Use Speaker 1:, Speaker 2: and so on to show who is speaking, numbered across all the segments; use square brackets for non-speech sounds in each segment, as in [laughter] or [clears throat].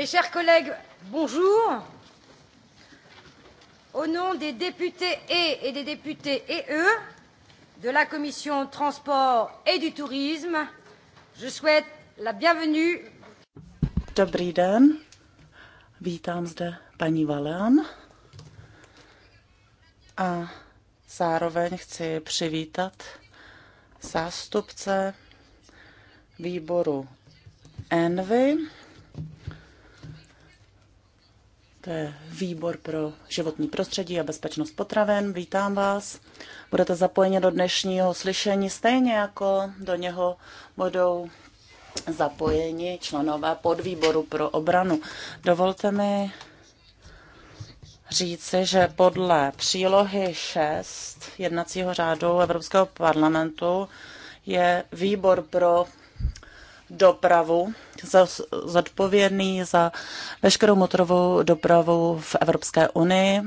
Speaker 1: Mes chers collègues, bonjour.
Speaker 2: Au nom des députés et, et des députés et eux de la commission transport et du tourisme, je souhaite la bienvenue.
Speaker 3: Dobrý den. Vítám zde paní Valán. A zároveň chci přivítat zástupce výboru Envy to je výbor pro životní prostředí a bezpečnost potraven. Vítám vás. Budete zapojeni do dnešního slyšení stejně jako do něho budou zapojeni členové podvýboru pro obranu. Dovolte mi říci, že podle přílohy 6 jednacího řádu Evropského parlamentu je výbor pro dopravu, zodpovědný za veškerou motorovou dopravu v Evropské unii,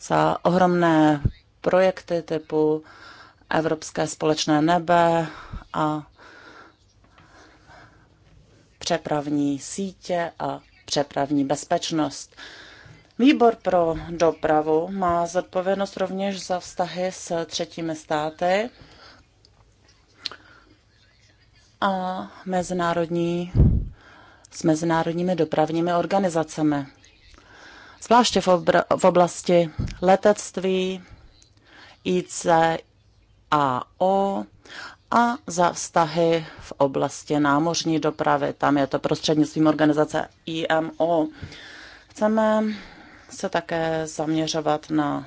Speaker 3: za ohromné projekty typu Evropské společné nebe a přepravní sítě a přepravní bezpečnost. Výbor pro dopravu má zodpovědnost rovněž za vztahy s třetími státy a mezinárodní, s mezinárodními dopravními organizacemi. Zvláště v, obr- v oblasti letectví, ICAO a za vztahy v oblasti námořní dopravy. Tam je to prostřednictvím organizace IMO. Chceme se také zaměřovat na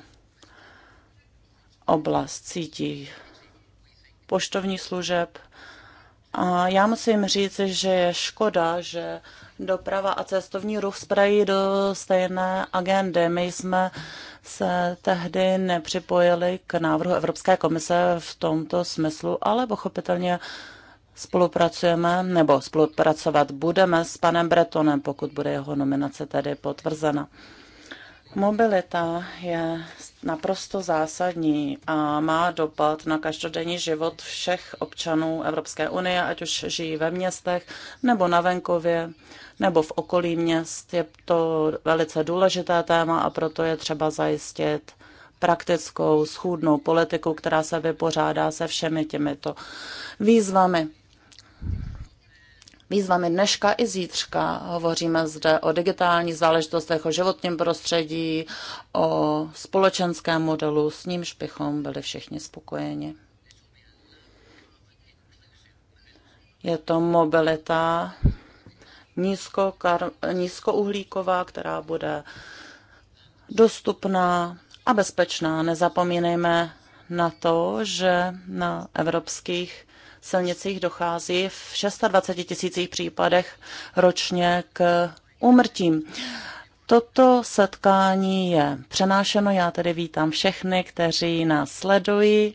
Speaker 3: oblast sítí poštovních služeb, a já musím říct, že je škoda, že doprava a cestovní ruch spadají do stejné agendy. My jsme se tehdy nepřipojili k návrhu Evropské komise v tomto smyslu, ale pochopitelně spolupracujeme nebo spolupracovat budeme s panem Bretonem, pokud bude jeho nominace tedy potvrzena. Mobilita je naprosto zásadní a má dopad na každodenní život všech občanů Evropské unie, ať už žijí ve městech nebo na venkově nebo v okolí měst. Je to velice důležité téma a proto je třeba zajistit praktickou, schůdnou politiku, která se vypořádá se všemi těmito výzvami výzvami dneška i zítřka. Hovoříme zde o digitálních záležitostech, o životním prostředí, o společenském modelu, s nímž bychom byli všichni spokojeni. Je to mobilita nízko, nízkouhlíková, která bude dostupná a bezpečná. Nezapomínejme na to, že na evropských silnicích dochází v 26 tisících případech ročně k úmrtím. Toto setkání je přenášeno, já tedy vítám všechny, kteří nás sledují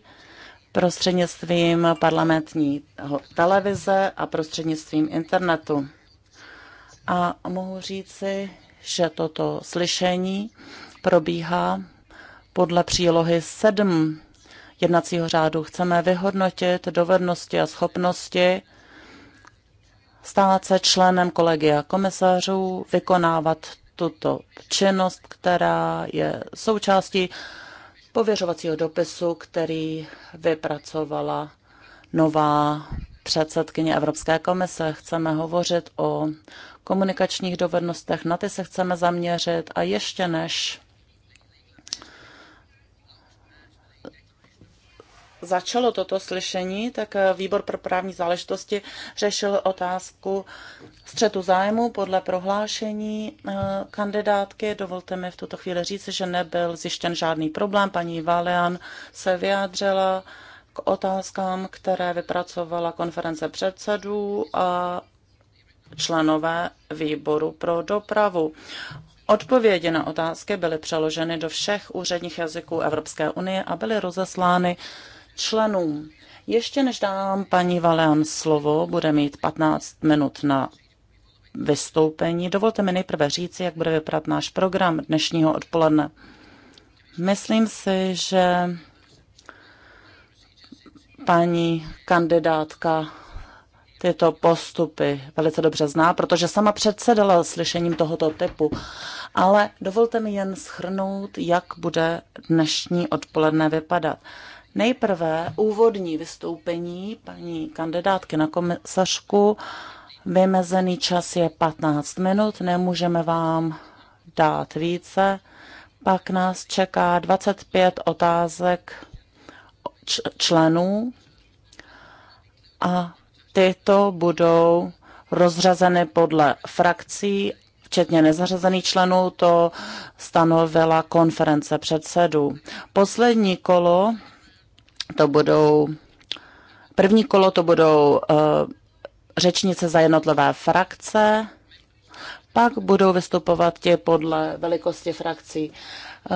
Speaker 3: prostřednictvím parlamentní televize a prostřednictvím internetu. A mohu říci, že toto slyšení probíhá podle přílohy 7 jednacího řádu. Chceme vyhodnotit dovednosti a schopnosti stát se členem kolegia komisařů, vykonávat tuto činnost, která je součástí pověřovacího dopisu, který vypracovala nová předsedkyně Evropské komise. Chceme hovořit o komunikačních dovednostech, na ty se chceme zaměřit a ještě než začalo toto slyšení, tak eh, výbor pro právní záležitosti řešil otázku střetu zájmu podle prohlášení eh, kandidátky. Dovolte mi v tuto chvíli říct, že nebyl zjištěn žádný problém. Paní Valean se vyjádřila k otázkám, které vypracovala konference předsedů a členové výboru pro dopravu. Odpovědi na otázky byly přeloženy do všech úředních jazyků Evropské unie a byly rozeslány členům. Ještě než dám paní Valean slovo, bude mít 15 minut na vystoupení. Dovolte mi nejprve říci, jak bude vypadat náš program dnešního odpoledne. Myslím si, že paní kandidátka tyto postupy velice dobře zná, protože sama předsedala slyšením tohoto typu. Ale dovolte mi jen schrnout, jak bude dnešní odpoledne vypadat. Nejprve úvodní vystoupení paní kandidátky na komisařku. Vymezený čas je 15 minut, nemůžeme vám dát více. Pak nás čeká 25 otázek členů a tyto budou rozřazeny podle frakcí, včetně nezařazených členů, to stanovila konference předsedů. Poslední kolo to budou, první kolo to budou uh, řečnice za jednotlivé frakce, pak budou vystupovat tě podle velikosti frakcí. Eh,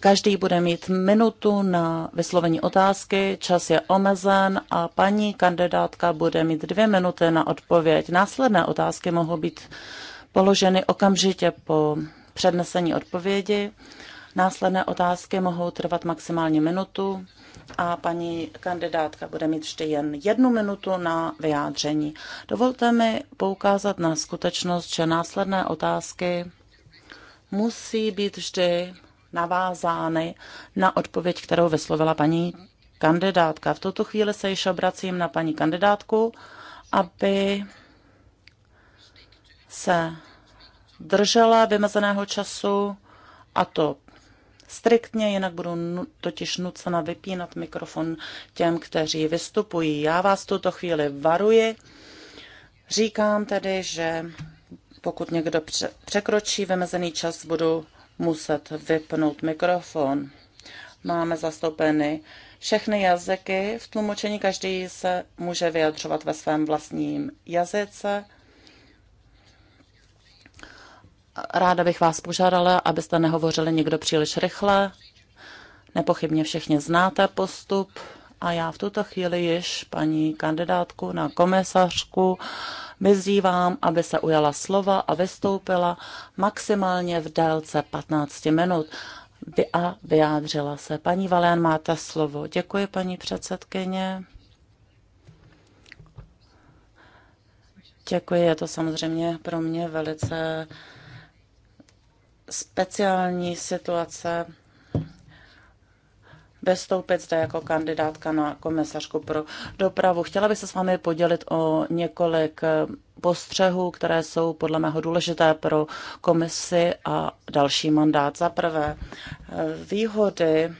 Speaker 3: každý bude mít minutu na vyslovení otázky, čas je omezen a paní kandidátka bude mít dvě minuty na odpověď. Následné otázky mohou být položeny okamžitě po přednesení odpovědi. Následné otázky mohou trvat maximálně minutu a paní kandidátka bude mít ještě jen jednu minutu na vyjádření. Dovolte mi poukázat na skutečnost, že následné otázky musí být vždy navázány na odpověď, kterou vyslovila paní kandidátka. V tuto chvíli se již obracím na paní kandidátku, aby se držela vymezeného času a to striktně, jinak budu totiž nucena vypínat mikrofon těm, kteří vystupují. Já vás tuto chvíli varuji. Říkám tedy, že pokud někdo překročí vymezený čas, budu muset vypnout mikrofon. Máme zastoupeny všechny jazyky v tlumočení, každý se může vyjadřovat ve svém vlastním jazyce. Ráda bych vás požádala, abyste nehovořili někdo příliš rychle. Nepochybně všichni znáte postup a já v tuto chvíli již paní kandidátku na komisařku vyzývám, aby se ujala slova a vystoupila maximálně v délce 15 minut a vyjádřila se. Paní Valén, máte slovo. Děkuji, paní předsedkyně. Děkuji, je to samozřejmě pro mě velice speciální situace vystoupit zde jako kandidátka na komisařku pro dopravu. Chtěla bych se s vámi podělit o několik postřehů, které jsou podle mého důležité pro komisi a další mandát. Za prvé, eh, výhody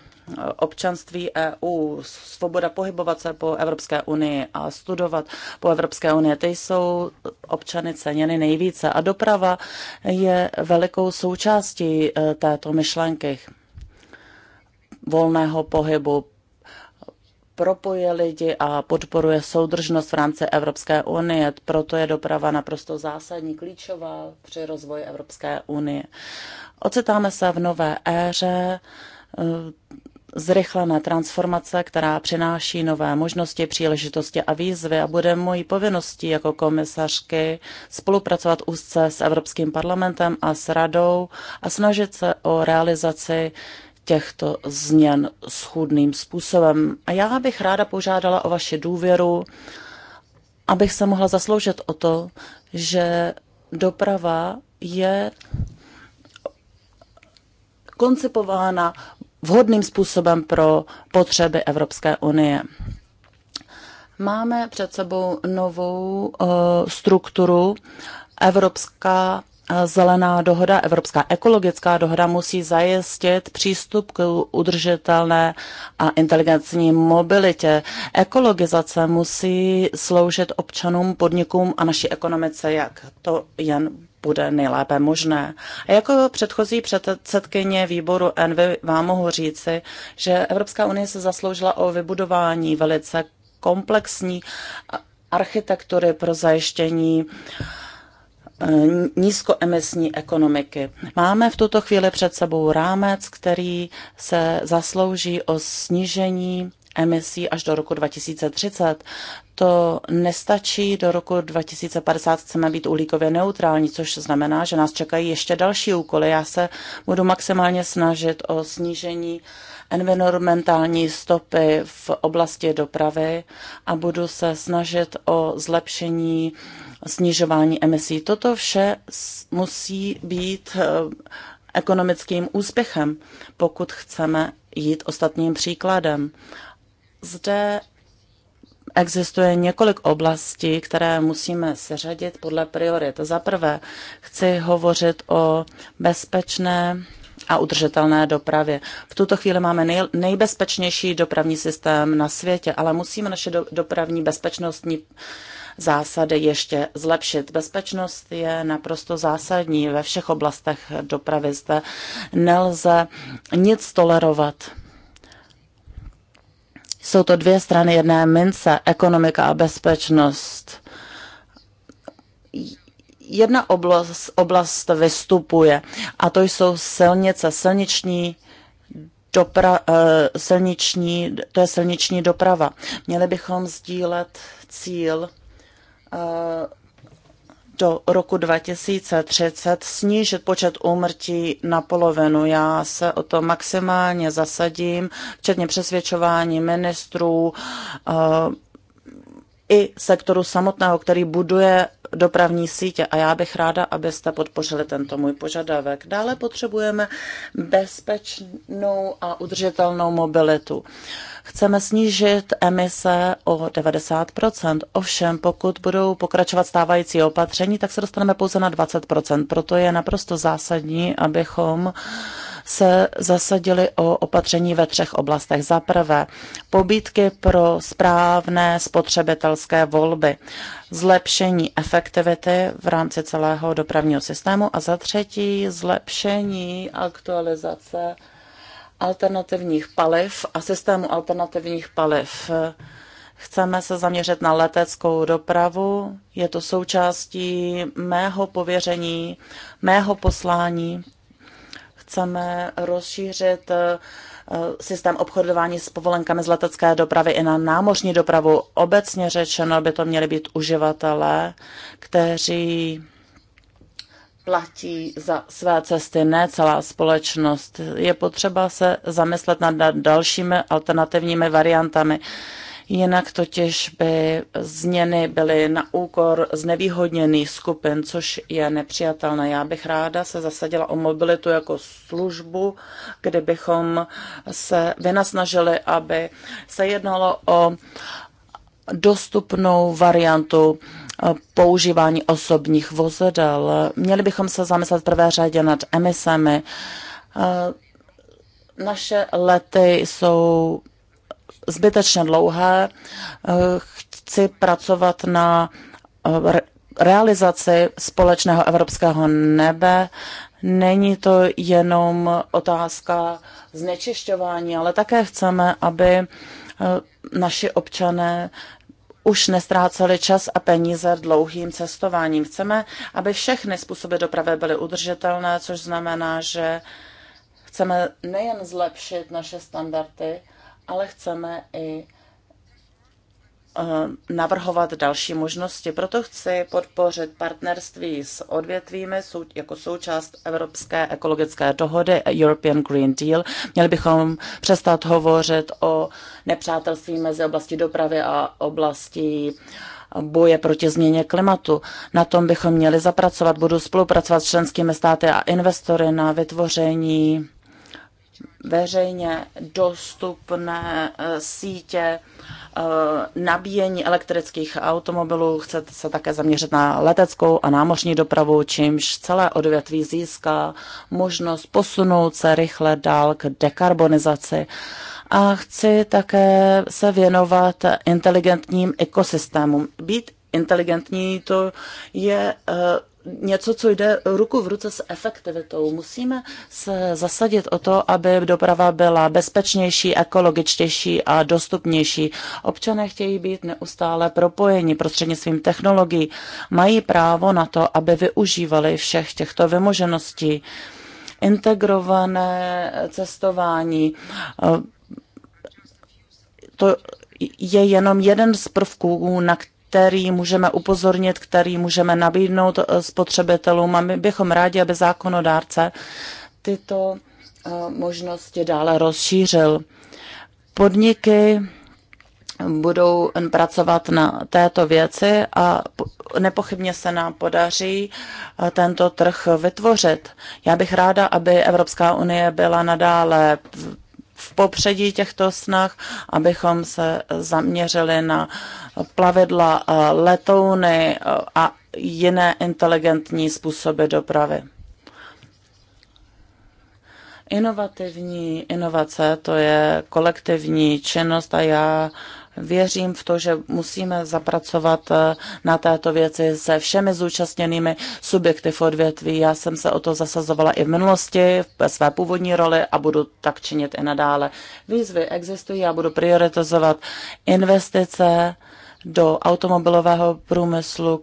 Speaker 3: občanství EU, svoboda pohybovat se po Evropské unii a studovat po Evropské unii, ty jsou občany ceněny nejvíce. A doprava je velikou součástí e, této myšlenky volného pohybu, propoje lidi a podporuje soudržnost v rámci Evropské unie. Proto je doprava naprosto zásadní, klíčová při rozvoji Evropské unie. Ocitáme se v nové éře e, zrychlené transformace, která přináší nové možnosti, příležitosti a výzvy a bude mojí povinností jako komisařky spolupracovat úzce s Evropským parlamentem a s radou a snažit se o realizaci těchto změn schůdným způsobem. A já bych ráda požádala o vaši důvěru, abych se mohla zasloužit o to, že doprava je koncipována vhodným způsobem pro potřeby Evropské unie. Máme před sebou novou eh, strukturu. Evropská eh, zelená dohoda, Evropská ekologická dohoda musí zajistit přístup k udržitelné a inteligentní mobilitě. Ekologizace musí sloužit občanům, podnikům a naší ekonomice, jak to jen bude nejlépe možné. A jako předchozí předsedkyně výboru Envy vám mohu říci, že Evropská unie se zasloužila o vybudování velice komplexní architektury pro zajištění eh, nízkoemisní ekonomiky. Máme v tuto chvíli před sebou rámec, který se zaslouží o snížení emisí až do roku 2030 to nestačí. Do roku 2050 chceme být uhlíkově neutrální, což znamená, že nás čekají ještě další úkoly. Já se budu maximálně snažit o snížení environmentální stopy v oblasti dopravy a budu se snažit o zlepšení snižování emisí. Toto vše musí být eh, ekonomickým úspěchem, pokud chceme jít ostatním příkladem. Zde existuje několik oblastí, které musíme seřadit podle priorit. Za prvé chci hovořit o bezpečné a udržitelné dopravě. V tuto chvíli máme nej, nejbezpečnější dopravní systém na světě, ale musíme naše do, dopravní bezpečnostní zásady ještě zlepšit. Bezpečnost je naprosto zásadní ve všech oblastech dopravy. Zde nelze nic tolerovat. Jsou to dvě strany jedné mince, ekonomika a bezpečnost. Jedna oblast, oblast vystupuje a to jsou silnice, silniční dopra, eh, silniční, to je silniční doprava. Měli bychom sdílet cíl eh, do roku 2030 snížit počet úmrtí na polovinu. Já se o to maximálně zasadím, včetně přesvědčování ministrů eh, i sektoru samotného, který buduje dopravní sítě a já bych ráda, abyste podpořili tento můj požadavek. Dále potřebujeme bezpečnou a udržitelnou mobilitu. Chceme snížit emise o 90%, ovšem pokud budou pokračovat stávající opatření, tak se dostaneme pouze na 20%, proto je naprosto zásadní, abychom uh, se zasadili o opatření ve třech oblastech. Za prvé, pobídky pro správné spotřebitelské volby, zlepšení efektivity v rámci celého dopravního systému a za třetí, zlepšení aktualizace alternativních paliv a systému alternativních paliv. Chceme se zaměřit na leteckou dopravu. Je to součástí mého pověření, mého poslání chceme rozšířit eh, systém obchodování s povolenkami z letecké dopravy i na námořní dopravu. Obecně řečeno by to měli být uživatelé, kteří platí za své cesty, ne celá společnost. Je potřeba se zamyslet nad dalšími alternativními variantami. Jinak totiž by změny byly na úkor znevýhodněných skupin, což je nepřijatelné. Já bych ráda se zasadila o mobilitu jako službu, kdybychom se vynasnažili, aby se jednalo o dostupnou variantu používání osobních vozidel. Měli bychom se zamyslet v prvé řadě nad emisemi. Naše lety jsou zbytečně dlouhé. Eh, chci pracovat na eh, realizaci společného evropského nebe. Není to jenom otázka znečišťování, ale také chceme, aby eh, naši občané už nestráceli čas a peníze dlouhým cestováním. Chceme, aby všechny způsoby dopravy byly udržitelné, což znamená, že chceme nejen zlepšit naše standardy, ale chceme i eh, navrhovat další možnosti. Proto chci podpořit partnerství s odvětvími jako součást Evropské ekologické dohody European Green Deal. Měli bychom přestat hovořit o nepřátelství mezi oblastí dopravy a oblastí boje proti změně klimatu. Na tom bychom měli zapracovat. Budu spolupracovat s členskými státy a investory na vytvoření veřejně dostupné eh, sítě eh, nabíjení elektrických automobilů. Chcete se také zaměřit na leteckou a námořní dopravu, čímž celé odvětví získá možnost posunout se rychle dál k dekarbonizaci. A chci také se věnovat inteligentním ekosystémům. Být inteligentní to je eh, něco, co jde ruku v ruce s efektivitou. Musíme se zasadit o to, aby doprava byla bezpečnější, ekologičtější a dostupnější. Občané chtějí být neustále propojeni prostřednictvím technologií. Mají právo na to, aby využívali všech těchto vymožeností. Integrované cestování, eh, to je jenom jeden z prvků, na který můžeme upozornit, který můžeme nabídnout eh, spotřebitelům a my bychom rádi, aby zákonodárce tyto eh, možnosti dále rozšířil. Podniky budou pracovat na této věci a nepochybně se nám podaří eh, tento trh vytvořit. Já bych ráda, aby Evropská unie byla nadále v popředí těchto snah, abychom se zaměřili na plavidla, eh, letouny eh, a jiné inteligentní způsoby dopravy. Inovativní inovace to je kolektivní činnost a já Věřím v to, že musíme zapracovat eh, na této věci se všemi zúčastněnými subjekty v odvětví. Já jsem se o to zasazovala i v minulosti ve své původní roli a budu tak činit i nadále. Výzvy existují, já budu prioritizovat investice do automobilového průmyslu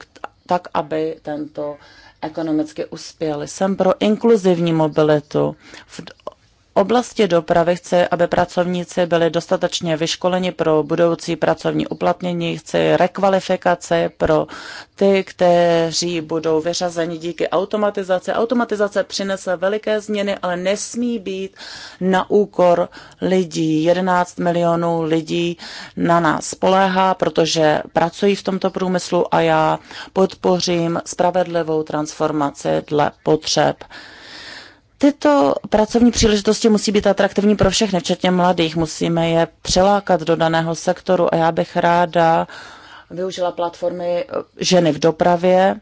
Speaker 3: tak, aby tento ekonomicky uspěli. Jsem pro inkluzivní mobilitu v oblasti dopravy chci, aby pracovníci byli dostatečně vyškoleni pro budoucí pracovní uplatnění, chci rekvalifikace pro ty, kteří budou vyřazeni díky automatizaci. Automatizace přinese veliké změny, ale nesmí být na úkor lidí. 11 milionů lidí na nás spoléhá, protože pracují v tomto průmyslu a já podpořím spravedlivou transformaci dle potřeb. Tyto pracovní příležitosti musí být atraktivní pro všechny, včetně mladých. Musíme je přelákat do daného sektoru a já bych ráda využila platformy eh, ženy v dopravě.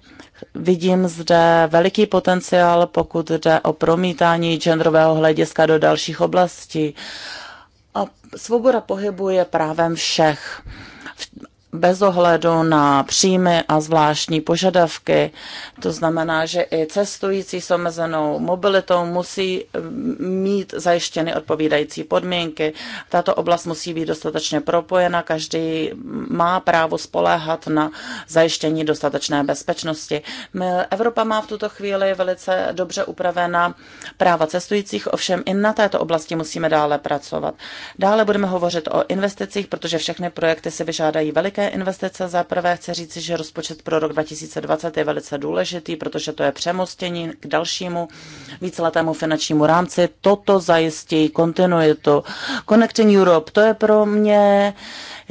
Speaker 3: Vidím zde veliký potenciál, pokud jde o promítání genderového hlediska do dalších oblastí. A svoboda pohybu je právem všech bez ohledu na příjmy a zvláštní požadavky. To znamená, že i cestující s omezenou mobilitou musí mm, mít zajištěny odpovídající podmínky. Tato oblast musí být dostatečně propojena, každý má právo spoléhat na zajištění dostatečné bezpečnosti. My, Evropa má v tuto chvíli velice dobře upravena práva cestujících, ovšem i na této oblasti musíme dále pracovat. Dále budeme hovořit o investicích, protože všechny projekty si vyžádají veliké velké investice. Za prvé chci říct, že rozpočet pro rok 2020 je velice důležitý, protože to je přemostění k dalšímu víceletému finančnímu rámci. Toto zajistí kontinuitu. Connecting Europe, to je pro mě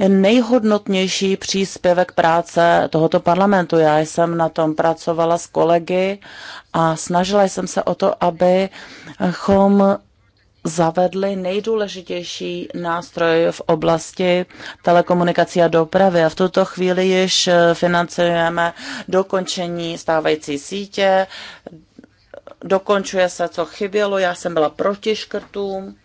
Speaker 3: nejhodnotnější příspěvek práce tohoto parlamentu. Já jsem na tom pracovala s kolegy a snažila jsem se o to, abychom zavedli nejdůležitější nástroj v oblasti telekomunikací a dopravy. A v tuto chvíli již eh, financujeme dokončení stávající sítě, dokončuje se, co chybělo. Já jsem byla proti škrtům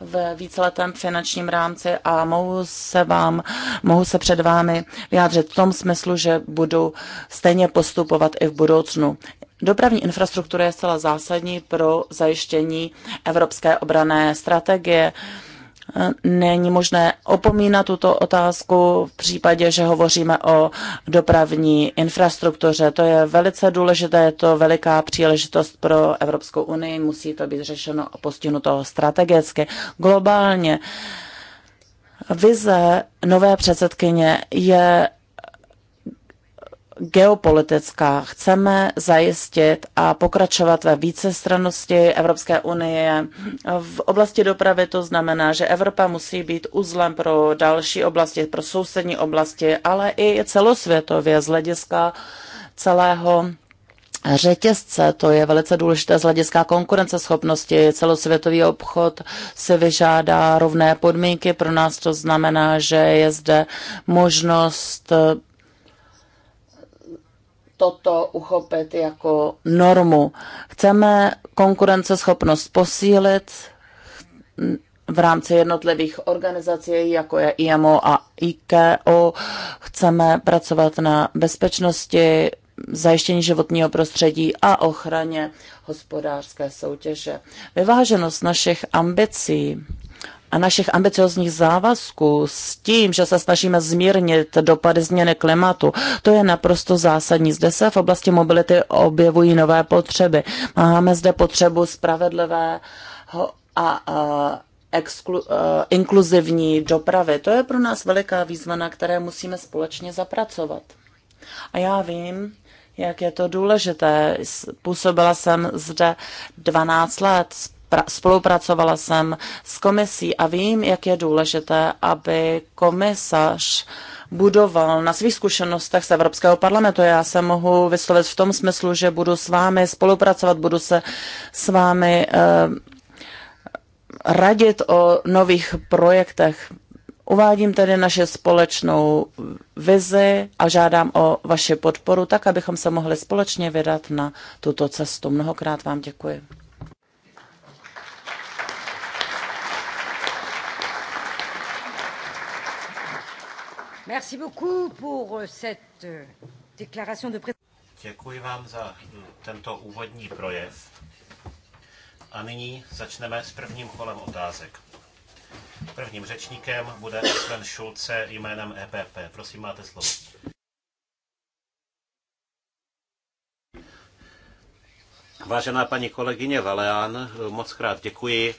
Speaker 3: v víceletém finančním rámci a mohu se vám, mohu se před vámi vyjádřit v tom smyslu, že budu stejně postupovat i v budoucnu. Dopravní infrastruktura je zcela zásadní pro zajištění evropské obrané strategie. Není možné opomínat tuto otázku v případě, že hovoříme o dopravní infrastruktuře. To je velice důležité, je to veliká příležitost pro Evropskou unii, musí to být řešeno a postihnuto strategicky, globálně. Vize nové předsedkyně je geopolitická. Chceme zajistit a pokračovat ve vícestrannosti Evropské unie. V oblasti dopravy to znamená, že Evropa musí být uzlem pro další oblasti, pro sousední oblasti, ale i celosvětově z hlediska celého řetězce, to je velice důležité z hlediska konkurenceschopnosti. Celosvětový obchod se vyžádá rovné podmínky, pro nás to znamená, že je zde možnost toto uchopit jako normu. Chceme konkurenceschopnost posílit v rámci jednotlivých organizací, jako je IMO a IKO. Chceme pracovat na bezpečnosti, zajištění životního prostředí a ochraně hospodářské soutěže. Vyváženost našich ambicí a našich ambiciozních závazků s tím, že se snažíme zmírnit dopady změny klimatu, to je naprosto zásadní. Zde se v oblasti mobility objevují nové potřeby. Máme zde potřebu spravedlivé a, a exklu, uh, inkluzivní dopravy. To je pro nás veliká výzva, na které musíme společně zapracovat. A já vím, jak je to důležité. Působila jsem zde 12 let spolupracovala jsem s komisí a vím, jak je důležité, aby komisař budoval na svých zkušenostech z Evropského parlamentu. Já se mohu vyslovit v tom smyslu, že budu s vámi spolupracovat, budu se s vámi eh, radit o nových projektech. Uvádím tedy naše společnou vizi a žádám o vaši podporu, tak abychom se mohli společně vydat na tuto cestu. Mnohokrát vám děkuji.
Speaker 1: Merci beaucoup pour euh, cette euh, déclaration de Děkuji vám za mm, tento úvodní projev. A nyní začneme s prvním kolem otázek. Prvním řečníkem bude Sven Šulce jménem EPP. Prosím, máte slovo. Vážená paní kolegyně Valeán, moc krát děkuji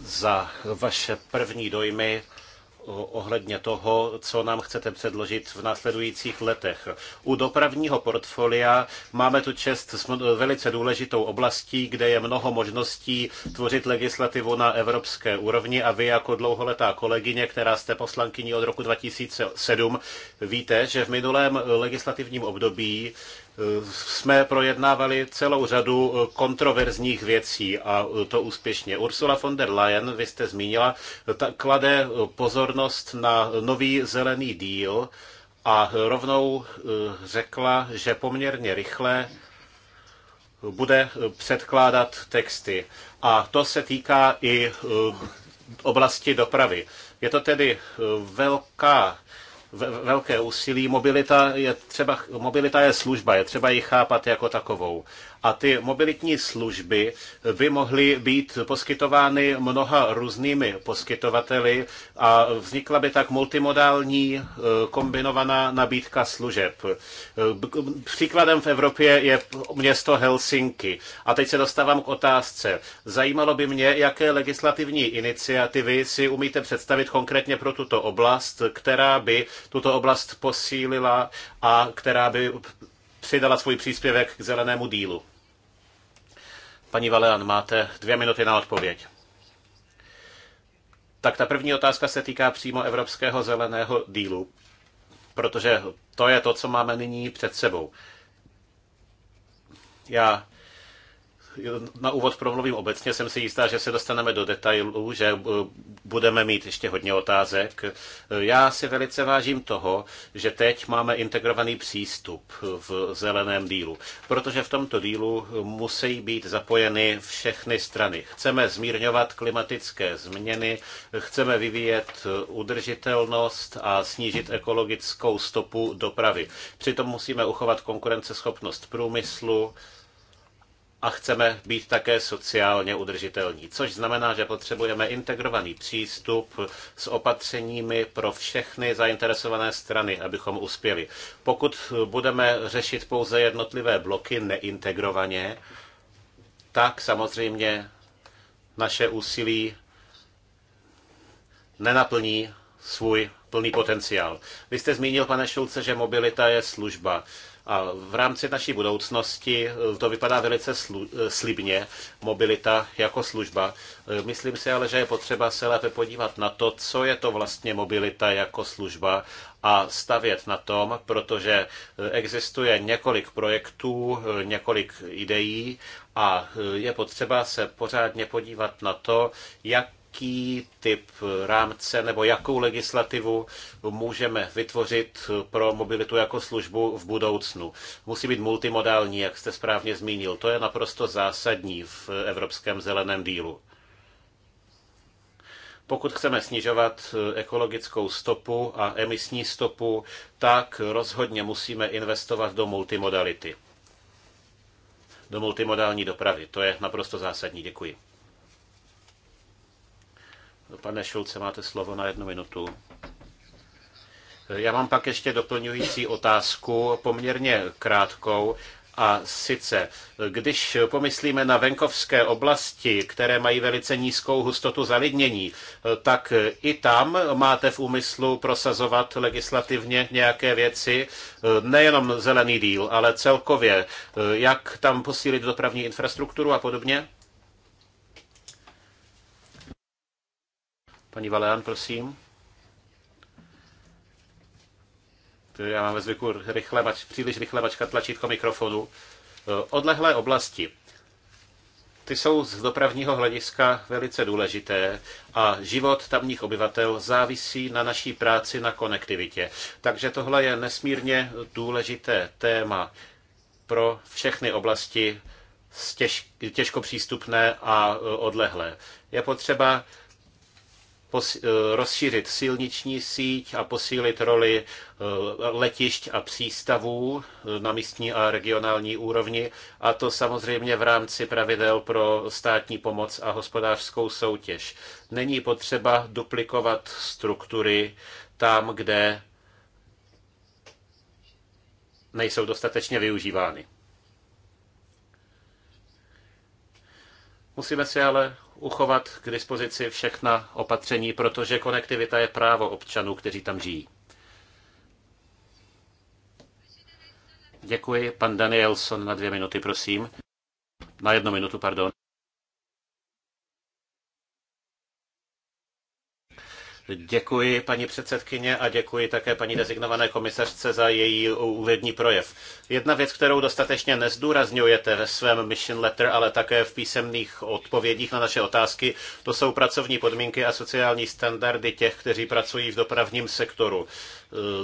Speaker 1: za vaše první dojmy ohledně toho, co nám chcete předložit v následujících letech. U dopravního portfolia máme tu čest s velice důležitou oblastí, kde je mnoho možností tvořit legislativu na evropské úrovni a vy jako dlouholetá kolegyně, která jste poslankyní od roku 2007, víte, že v minulém legislativním období jsme projednávali celou řadu eh, kontroverzních věcí a eh, to úspěšně. Ursula von der Leyen, vy jste zmínila, eh, ta klade pozornost na nový zelený díl a rovnou řekla, že poměrně rychle bude předkládat texty. A to se týká i oblasti dopravy. Je to tedy velká velké úsilí. Mobilita je, třeba, mobilita je služba, je třeba ji chápat jako takovou a ty mobilitní služby by mohly být poskytovány mnoha různými poskytovateli a vznikla by tak multimodální eh, kombinovaná nabídka služeb. Eh, příkladem v Evropě je město Helsinki. A teď se dostávám k otázce. Zajímalo by mě, jaké legislativní iniciativy si umíte představit konkrétně pro tuto oblast, která by tuto oblast posílila a která by přidala svůj příspěvek k zelenému dílu. Paní Valean, máte dvě minuty na odpověď. Tak ta první otázka se týká přímo Evropského zeleného dílu, protože to je to, co máme nyní před sebou. Já na úvod promluvím obecně. Jsem si jistá, že se dostaneme do detailů, že eh, budeme mít ještě hodně otázek. Eh, já si velice vážím toho, že teď máme integrovaný přístup v zeleném dílu, protože v tomto dílu musí být zapojeny všechny strany. Chceme zmírňovat klimatické změny, chceme vyvíjet udržitelnost a snížit ekologickou stopu dopravy. Přitom musíme uchovat konkurenceschopnost průmyslu, a chceme být také sociálně udržitelní, což znamená, že potřebujeme integrovaný přístup s opatřeními pro všechny zainteresované strany, abychom uspěli. Pokud budeme řešit pouze jednotlivé bloky neintegrovaně, tak samozřejmě naše úsilí nenaplní svůj plný potenciál. Vy jste zmínil, pane Šulce, že mobilita je služba. A v rámci naší budoucnosti eh, to vypadá velice slu- eh, slibně, mobilita jako služba. Eh, myslím si ale, že je potřeba se lépe podívat na to, co je to vlastně mobilita jako služba a stavět na tom, protože existuje několik projektů, několik ideí a je potřeba se pořádně podívat na to, jak jaký typ rámce nebo jakou legislativu můžeme vytvořit pro mobilitu jako službu v budoucnu. Musí být multimodální, jak jste správně zmínil. To je naprosto zásadní v Evropském zeleném dílu. Pokud chceme snižovat ekologickou stopu a emisní stopu, tak rozhodně musíme investovat do multimodality. Do multimodální dopravy. To je naprosto zásadní. Děkuji. Pane Šulce, máte slovo na jednu minutu. Já mám pak ještě doplňující otázku, poměrně krátkou. A sice, když pomyslíme na venkovské oblasti, které mají velice nízkou hustotu zalidnění, tak i tam máte v úmyslu prosazovat legislativně nějaké věci, nejenom zelený díl, ale celkově, jak tam posílit dopravní infrastrukturu a podobně? Paní Valean, prosím. Já mám ve zvyku rychle příliš rychle mačkat tlačítko mikrofonu. Eh, odlehlé oblasti. Ty jsou z dopravního hlediska velice důležité a život tamních obyvatel závisí na naší práci na konektivitě. Takže tohle je nesmírně důležité téma pro všechny oblasti těžko přístupné a eh, odlehlé. Je potřeba Eh, rozšířit silniční síť a posílit roli eh, letišť a přístavů eh, na místní a regionální úrovni, a to samozřejmě v rámci pravidel pro státní pomoc a hospodářskou soutěž. Není potřeba duplikovat struktury tam, kde nejsou dostatečně využívány. Musíme si ale uchovat k dispozici všechna opatření, protože konektivita je právo občanů, kteří tam žijí. Děkuji. Pan Danielson na dvě minuty, prosím. Na jednu minutu, pardon. Děkuji paní předsedkyně a děkuji také paní designované komisařce za její úvodní projev. Jedna věc, kterou dostatečně nezdůrazňujete ve svém mission letter, ale také v písemných odpovědích na naše otázky, to jsou pracovní podmínky a sociální standardy těch, kteří pracují v dopravním sektoru.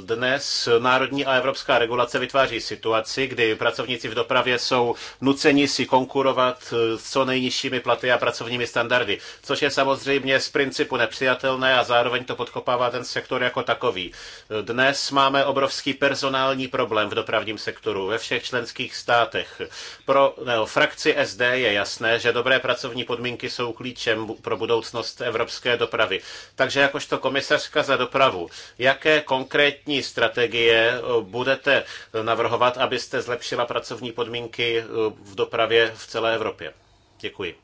Speaker 1: Dnes národní a evropská regulace vytváří situaci, kdy pracovníci v dopravě jsou nuceni si konkurovat s co nejnižšími platy a pracovními standardy, což je samozřejmě z principu nepřijatelné a zároveň to podkopává ten sektor jako takový. Dnes máme obrovský personální problém v dopravním sektoru ve všech členských státech. Pro ne, frakci SD je jasné, že dobré pracovní podmínky jsou klíčem pro budoucnost evropské dopravy. Takže jakožto komisařka za dopravu, jaké konkrétní konkrétní strategie eh, budete navrhovat, abyste zlepšila pracovní podmínky eh, v dopravě v celé Evropě? Děkuji.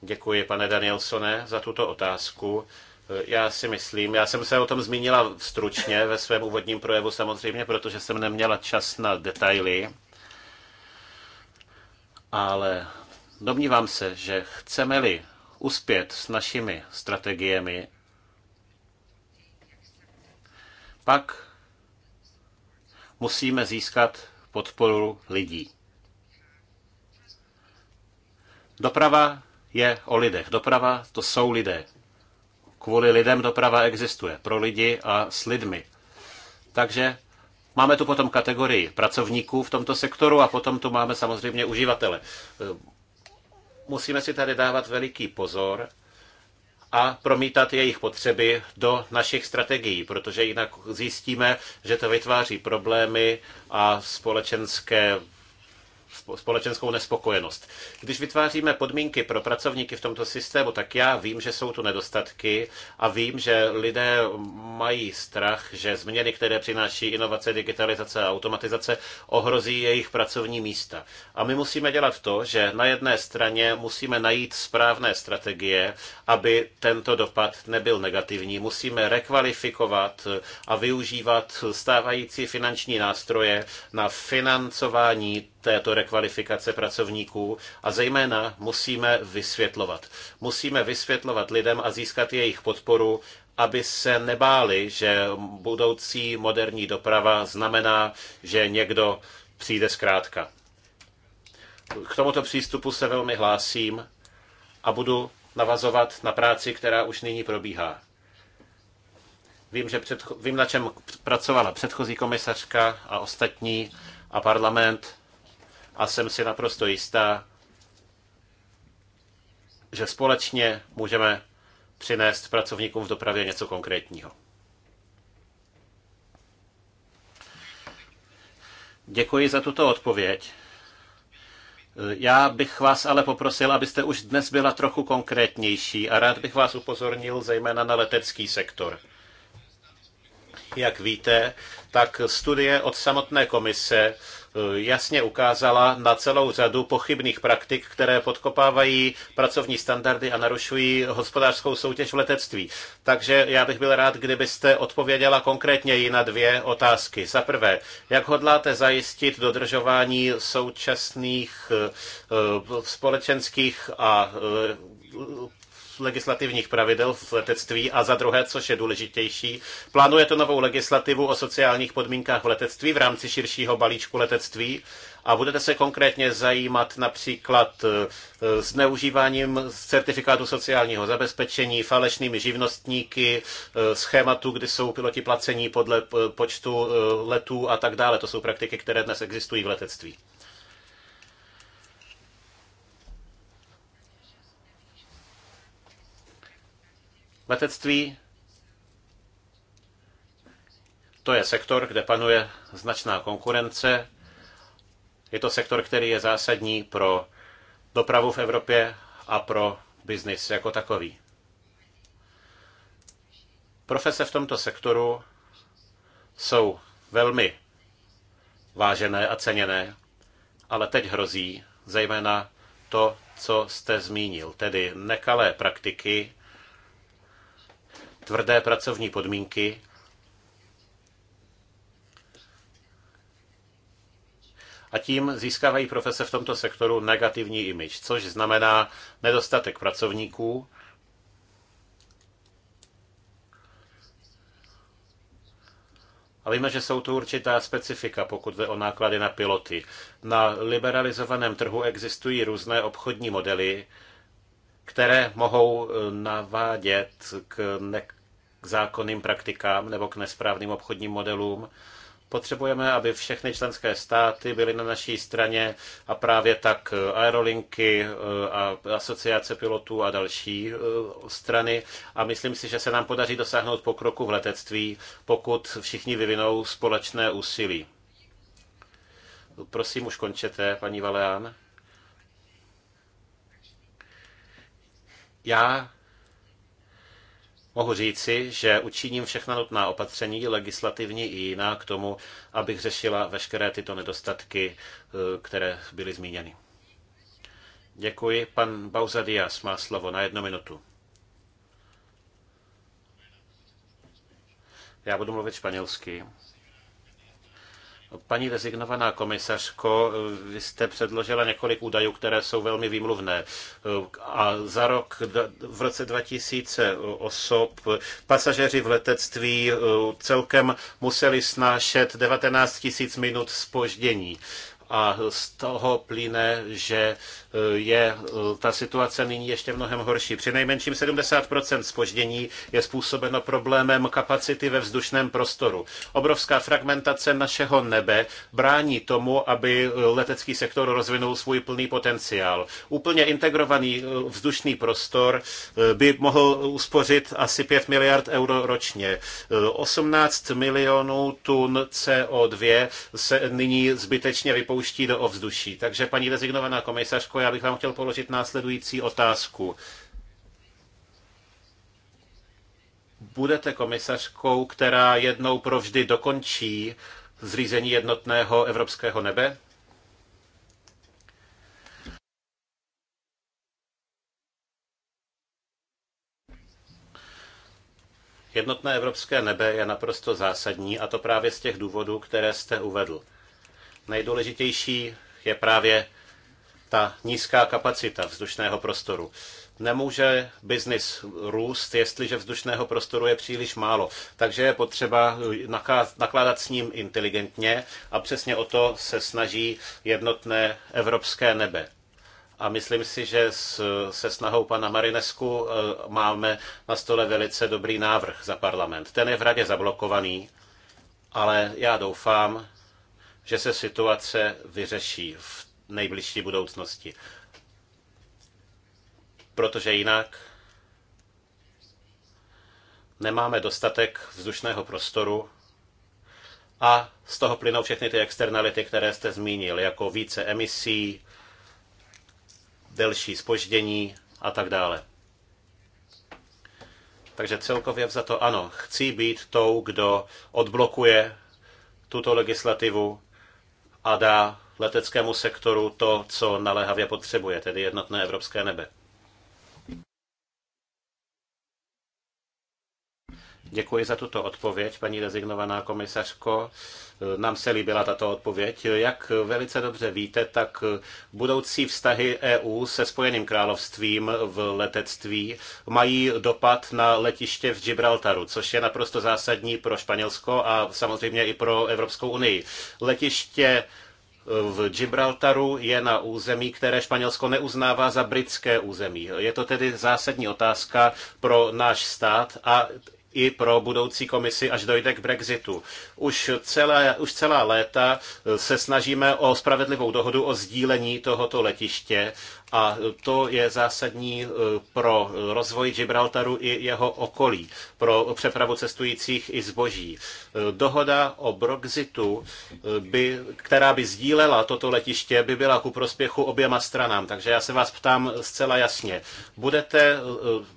Speaker 1: Děkuji, pane Danielsone, za tuto otázku. Eh, já si myslím, já jsem se o tom zmínila stručně ve svém úvodním projevu samozřejmě, protože jsem neměla čas na detaily. Ale domnívám se, že chceme-li uspět s našimi strategiemi, Pak musíme získat podporu lidí. Doprava je o lidech. Doprava to jsou lidé. Kvůli lidem doprava existuje. Pro lidi a s lidmi. Takže máme tu potom kategorii pracovníků v tomto sektoru a potom tu máme samozřejmě uživatele. Musíme si tady dávat veliký pozor, a promítat jejich potřeby do našich strategií, protože jinak zjistíme, že to vytváří problémy a společenské společenskou nespokojenost. Když vytváříme podmínky pro pracovníky v tomto systému, tak já vím, že jsou tu nedostatky a vím, že lidé mají strach, že změny, které přináší inovace, digitalizace a automatizace, ohrozí jejich pracovní místa. A my musíme dělat to, že na jedné straně musíme najít správné strategie, aby tento dopad nebyl negativní. Musíme rekvalifikovat a využívat stávající finanční nástroje na financování této rekvalifikace pracovníků a zejména musíme vysvětlovat. Musíme vysvětlovat lidem a získat jejich podporu, aby se nebáli, že budoucí moderní doprava znamená, že někdo přijde zkrátka. K tomuto přístupu se velmi hlásím a budu navazovat na práci, která už nyní probíhá. Vím, že předcho- vím, na čem pracovala předchozí komisařka a ostatní a parlament a jsem si naprosto jistá, že společně můžeme přinést pracovníkům v dopravě něco konkrétního. Děkuji za tuto odpověď. Já bych vás ale poprosil, abyste už dnes byla trochu konkrétnější a rád bych vás upozornil zejména na letecký sektor. Jak víte, tak studie od samotné komise Eh, jasně ukázala na celou řadu pochybných praktik, které podkopávají pracovní standardy a narušují hospodářskou soutěž v letectví. Takže já bych byl rád, kdybyste odpověděla konkrétněji na dvě otázky. Za prvé, jak hodláte zajistit dodržování současných eh, eh, společenských a legislativních pravidel v letectví a za druhé, což je důležitější, plánuje to novou legislativu o sociálních podmínkách v letectví v rámci širšího balíčku letectví a budete se konkrétně zajímat například e, e, zneužíváním certifikátu sociálního zabezpečení, falešnými živnostníky, e, schématu, kdy jsou piloti placení podle počtu letů a tak dále. To jsou praktiky, které dnes existují v letectví. Letectví to je sektor, kde panuje značná konkurence. Je to sektor, který je zásadní pro dopravu v Evropě a pro biznis jako takový. Profese v tomto sektoru jsou velmi vážené a ceněné, ale teď hrozí zejména to, co jste zmínil, tedy nekalé praktiky tvrdé pracovní podmínky a tím získávají profese v tomto sektoru negativní image, což znamená nedostatek pracovníků, A víme, že jsou tu určitá specifika, pokud jde o náklady na piloty. Na liberalizovaném trhu existují různé obchodní modely, které mohou eh, navádět k ne- zákonným praktikám nebo k nesprávným obchodním modelům. Potřebujeme, aby všechny členské státy byly na naší straně a právě tak eh, aerolinky eh, a asociace pilotů a další eh, strany. A myslím si, že se nám podaří dosáhnout pokroku v letectví, pokud všichni vyvinou společné úsilí. Prosím, už končete, paní Valeán. Já Mohu říci, že učiním všechna nutná opatření, legislativní i jiná, k tomu, abych řešila veškeré tyto nedostatky, eh, které byly zmíněny. Děkuji. Pan Bauza má slovo na jednu minutu. Já budu mluvit španělsky. Paní rezignovaná komisařko, vy jste předložila několik údajů, které jsou velmi výmluvné. A za rok v roce 2000 osob, pasažeři v letectví eh, celkem museli snášet 19 000 minut spoždění a z toho plyne, že e, je e, ta situace nyní ještě mnohem horší. Při nejmenším 70% spoždění je způsobeno problémem kapacity ve vzdušném prostoru. Obrovská fragmentace našeho nebe brání tomu, aby e, letecký sektor rozvinul svůj plný potenciál. Úplně integrovaný vzdušný prostor by mohl uspořit asi 5 miliard euro ročně. 18 milionů tun CO2 se nyní zbytečně vypouští vypouští do ovzduší. Takže paní rezignovaná komisařko, já bych vám chtěl položit následující otázku. Budete komisařkou, která jednou provždy dokončí zřízení jednotného evropského nebe? Jednotné evropské nebe je naprosto zásadní, a to právě z těch důvodů, které jste uvedl. Nejdůležitější je právě ta nízká kapacita vzdušného prostoru. Nemůže biznis růst, jestliže vzdušného prostoru je příliš málo. Takže je potřeba nakládat s ním inteligentně a přesně o to se snaží jednotné evropské nebe. A myslím si, že se snahou pana Marinesku eh, máme na stole velice dobrý návrh za parlament. Ten je v radě zablokovaný, ale já doufám, že se situace vyřeší v nejbližší budoucnosti. Protože jinak nemáme dostatek vzdušného prostoru a z toho plynou všechny ty externality, které jste zmínil, jako více emisí, delší spoždění a tak dále. Takže celkově za to ano, chci být tou, kdo odblokuje tuto legislativu a dá leteckému sektoru to, co naléhavě potřebuje, tedy jednotné evropské nebe. Děkuji za tuto odpověď, paní rezignovaná komisařko. Nám se líbila tato odpověď. Jak velice dobře víte, tak budoucí vztahy EU se Spojeným královstvím v letectví mají dopad na letiště v Gibraltaru, což je naprosto zásadní pro Španělsko a samozřejmě i pro Evropskou unii. Letiště v Gibraltaru je na území, které Španělsko neuznává za britské území. Je to tedy zásadní otázka pro náš stát a i pro budoucí komisi, až dojde k Brexitu. Už, celé, už celá léta se snažíme o spravedlivou dohodu o sdílení tohoto letiště a to je zásadní eh, pro rozvoj Gibraltaru i jeho okolí, pro přepravu cestujících i zboží. Eh, dohoda o Brexitu, eh, by, která by sdílela toto letiště, by byla ku prospěchu oběma stranám. Takže já se vás ptám zcela jasně. Budete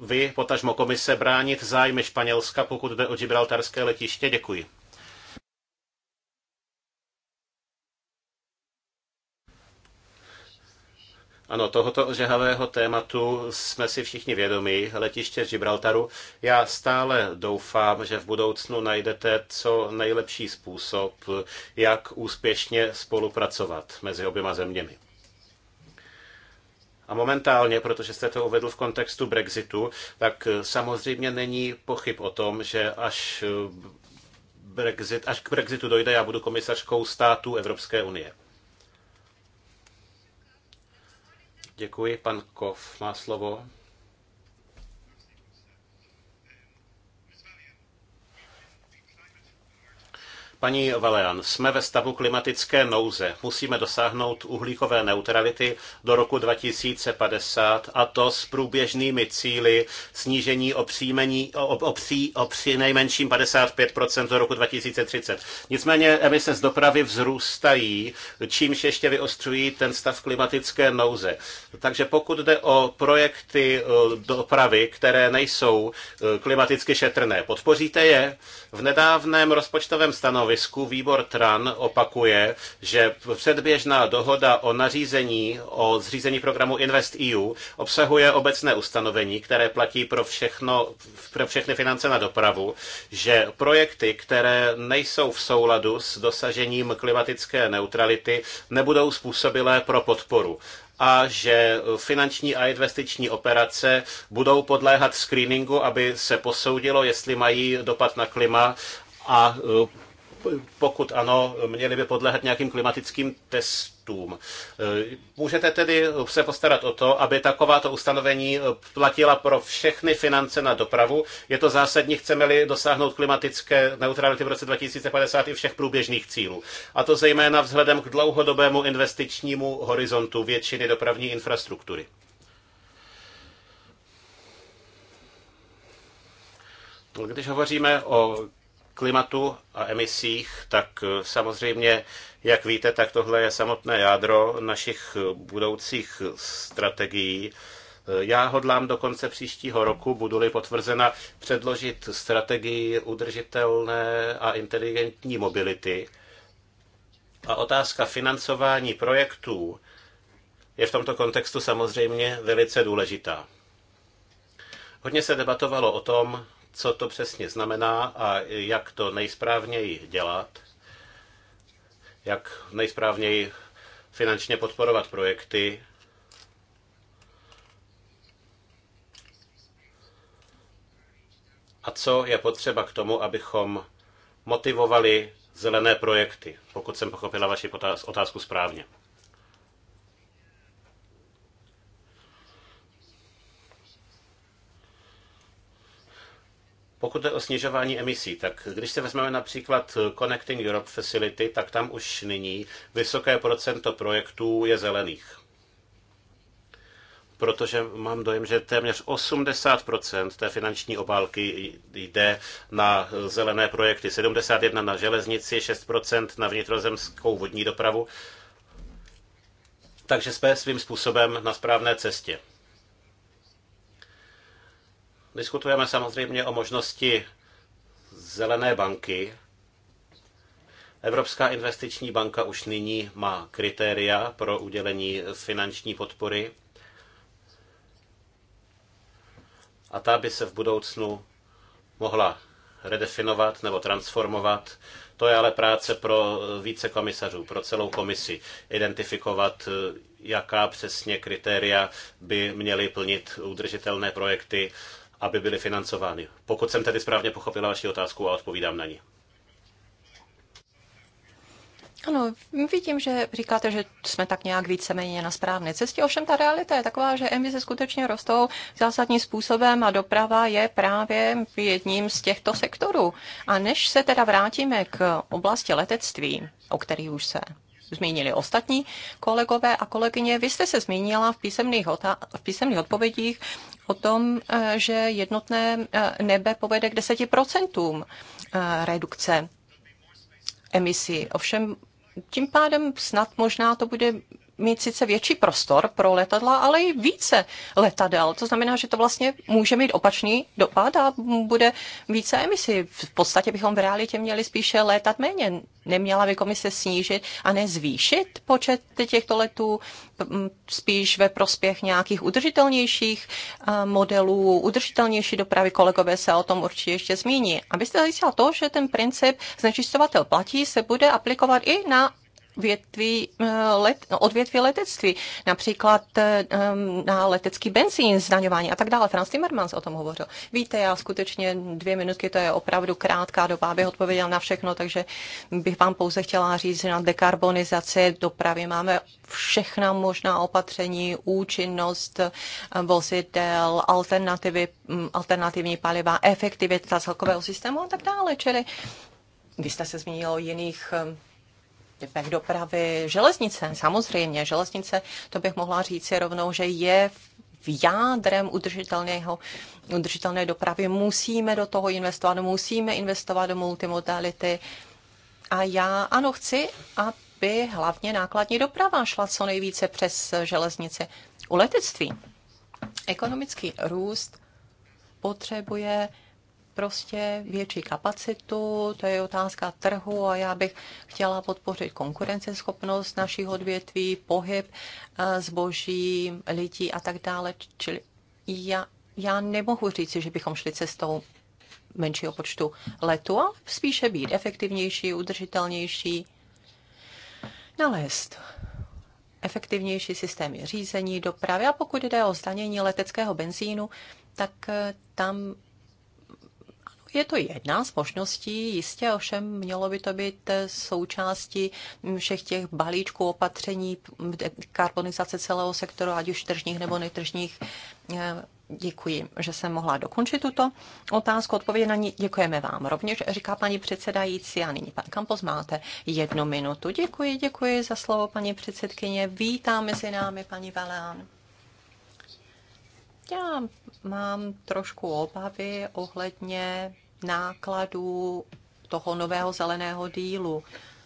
Speaker 1: vy, potažmo komise, bránit zájmy Španělska, pokud jde o Gibraltarské letiště? Děkuji. Ano, tohoto ožehavého tématu jsme si všichni vědomi, letiště Gibraltaru. Já stále doufám, že v budoucnu najdete co nejlepší způsob, jak úspěšně spolupracovat mezi oběma zeměmi. A momentálně, protože jste to uvedl v kontextu Brexitu, tak samozřejmě není pochyb o tom, že až eh, Brexit, až k Brexitu dojde, já budu komisařkou států Evropské unie. Děkuji, pan Kov má slovo. Paní Valean, jsme ve stavu klimatické nouze. Musíme dosáhnout uhlíkové neutrality do roku 2050 a to s průběžnými cíly snížení o, příjmení, o, o, pří, o při nejmenším 55% do roku 2030. Nicméně emise z dopravy vzrůstají, čímž ještě vyostřují ten stav klimatické nouze. Takže pokud jde o projekty e, dopravy, které nejsou e, klimaticky šetrné, podpoříte je? V nedávném rozpočtovém stanovisku stanovisku výbor TRAN opakuje, že předběžná dohoda o nařízení o zřízení programu InvestEU obsahuje obecné ustanovení, které platí pro, všechno, pro všechny finance na dopravu, že projekty, které nejsou v souladu s dosažením klimatické neutrality, nebudou způsobilé pro podporu a že finanční a investiční operace budou podléhat screeningu, aby se posoudilo, jestli mají dopad na klima a pokud ano, měly by podlehat nějakým klimatickým testům. Můžete tedy se postarat o to, aby takováto ustanovení platila pro všechny finance na dopravu. Je to zásadní, chceme-li dosáhnout klimatické neutrality v roce 2050 i všech průběžných cílů. A to zejména vzhledem k dlouhodobému investičnímu horizontu většiny dopravní infrastruktury. Když hovoříme o klimatu a emisích, tak eh, samozřejmě, jak víte, tak tohle je samotné jádro našich eh, budoucích strategií. Eh, já hodlám do konce příštího roku, budu-li potvrzena, předložit strategii udržitelné a inteligentní mobility. A otázka financování projektů je v tomto kontextu samozřejmě velice důležitá. Hodně se debatovalo o tom, co to přesně znamená a jak to nejsprávněji dělat, jak nejsprávněji finančně podporovat projekty, a co je potřeba k tomu, abychom motivovali zelené projekty, pokud jsem pochopila vaši otázku správně. Pokud je o snižování emisí, tak když se vezmeme například Connecting Europe Facility, tak tam už nyní vysoké procento projektů je zelených. Protože mám dojem, že téměř 80% té finanční obálky jde na zelené projekty. 71% na železnici, 6% na vnitrozemskou vodní dopravu. Takže jsme svým způsobem na správné cestě. Diskutujeme samozřejmě o možnosti zelené banky. Evropská investiční banka už nyní má kritéria pro udělení finanční podpory a ta by se v budoucnu mohla redefinovat nebo transformovat. To je ale práce pro více komisařů, pro celou komisi, identifikovat, jaká přesně kritéria by měly plnit udržitelné projekty aby byly financovány. Pokud jsem tedy správně pochopila vaši otázku a odpovídám na ní.
Speaker 2: Ano, vidím, že říkáte, že jsme tak nějak víceméně na správné cestě, ovšem ta realita je taková, že emise skutečně rostou zásadním způsobem a doprava je právě jedním z těchto sektorů. A než se teda vrátíme k oblasti letectví, o který už se zmínili ostatní kolegové a kolegyně. Vy jste se zmínila v písemných, v písemných odpovědích o tom, eh, že jednotné eh, nebe povede k 10% eh, redukce emisí. Ovšem tím pádem snad možná to bude mít sice větší prostor pro letadla, ale i více letadel. To znamená, že to vlastně může mít opačný dopad a bude více emisí. V podstatě bychom v realitě měli spíše létat méně. Neměla by komise snížit a nezvýšit počet těchto letů spíš ve prospěch nějakých udržitelnějších modelů, udržitelnější dopravy. Kolegové se o tom určitě ještě zmíní. Abyste zajistila to, že ten princip znečistovatel platí, se bude aplikovat i na odvětví, eh, let, no, odvětví letectví, například eh, na letecký benzín, zdaňování a tak dále. Franz Timmermans o tom hovořil. Víte, já skutečně dvě minutky, to je opravdu krátká doba, abych odpověděl na všechno, takže bych vám pouze chtěla říct, že na dekarbonizaci dopravy máme všechna možná opatření, účinnost eh, vozidel, alternativy, mm, alternativní paliva, efektivita celkového systému a tak dále. Čili vy jste se zmínil o jiných typech dopravy, železnice, samozřejmě, železnice, to bych mohla říct rovnou, že je v jádrem udržitelného, udržitelné dopravy. Musíme do toho investovat, musíme investovat do multimodality. A já ano chci, aby hlavně nákladní doprava šla co nejvíce přes železnici. U letectví ekonomický růst potřebuje prostě větší kapacitu, to je otázka trhu a já bych chtěla podpořit konkurenceschopnost našich odvětví, pohyb eh, zboží, lidí a tak dále. Čili já, já nemohu říct, že bychom šli cestou menšího počtu letu, ale spíše být efektivnější, udržitelnější, nalézt efektivnější systémy řízení, dopravy. A pokud jde o zdanění leteckého benzínu, tak eh, tam je to jedna z možností, jistě ovšem mělo by to být eh, součástí mm, všech těch balíčků opatření karbonizace celého sektoru, ať už tržních nebo netržních. Eh, děkuji, že jsem mohla dokončit tuto otázku. Odpověď na ní děkujeme vám. Rovněž říká paní předsedající a nyní pan Kampos máte jednu minutu. Děkuji, děkuji za slovo, paní předsedkyně. Vítám mezi námi paní Valán. Já mám trošku obavy ohledně nákladů toho nového zeleného dílu,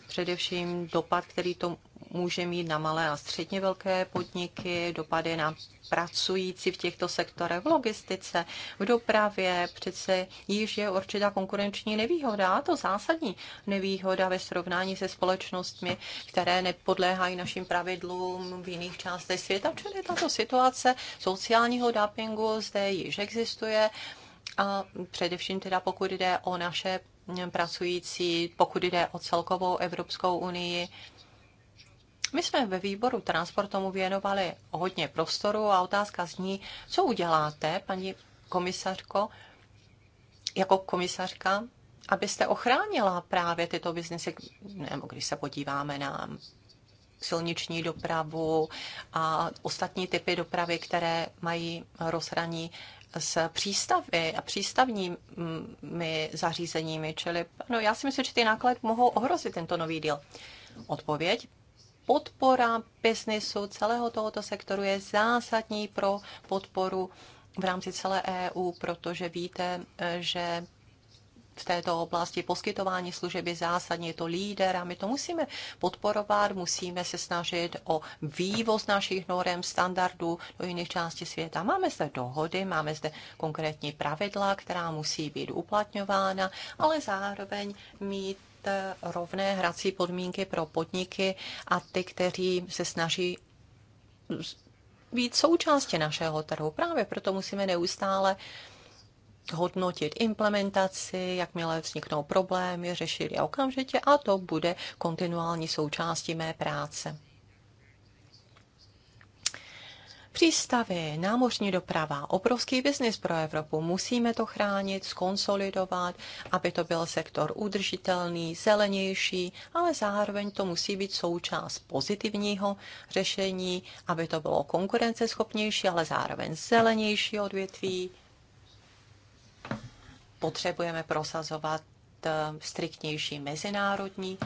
Speaker 2: především dopad, který to může mít na malé a středně velké podniky, dopady na pracující v těchto sektorech, v logistice, v dopravě, přece již je určitá konkurenční nevýhoda, a to zásadní nevýhoda ve srovnání se společnostmi, které nepodléhají našim pravidlům v jiných částech světa, čili tato situace sociálního dumpingu zde již existuje a především teda pokud jde o naše pracující, pokud jde o celkovou Evropskou unii, my jsme ve výboru transport tomu věnovali hodně prostoru a otázka zní, co uděláte, paní komisařko, jako komisařka, abyste ochránila právě tyto biznesy, nebo když se podíváme na silniční dopravu a ostatní typy dopravy, které mají rozhraní s přístavy a přístavními zařízeními, čili no, já si myslím, že ty náklady mohou ohrozit tento nový díl. Odpověď? Podpora biznisu celého tohoto sektoru je zásadní pro podporu v rámci celé EU, protože víte, že v této oblasti poskytování služeb je zásadně to líder a my to musíme podporovat, musíme se snažit o vývoz našich norem, standardů do jiných částí světa. Máme zde dohody, máme zde konkrétní pravidla, která musí být uplatňována, ale zároveň mít rovné hrací podmínky pro podniky a ty, kteří se snaží být součástí našeho trhu. Právě proto musíme neustále uh, hodnotit implementaci, jakmile vzniknou problémy, řešit je okamžitě a to bude kontinuální součástí mé práce. Přístavy, námořní doprava, obrovský biznis pro Evropu. Musíme to chránit, skonsolidovat, aby to byl sektor udržitelný, zelenější, ale zároveň to musí být součást pozitivního řešení, aby to bylo konkurenceschopnější, ale zároveň zelenější odvětví, potřebujeme prosazovat eh, striktnější mezinárodní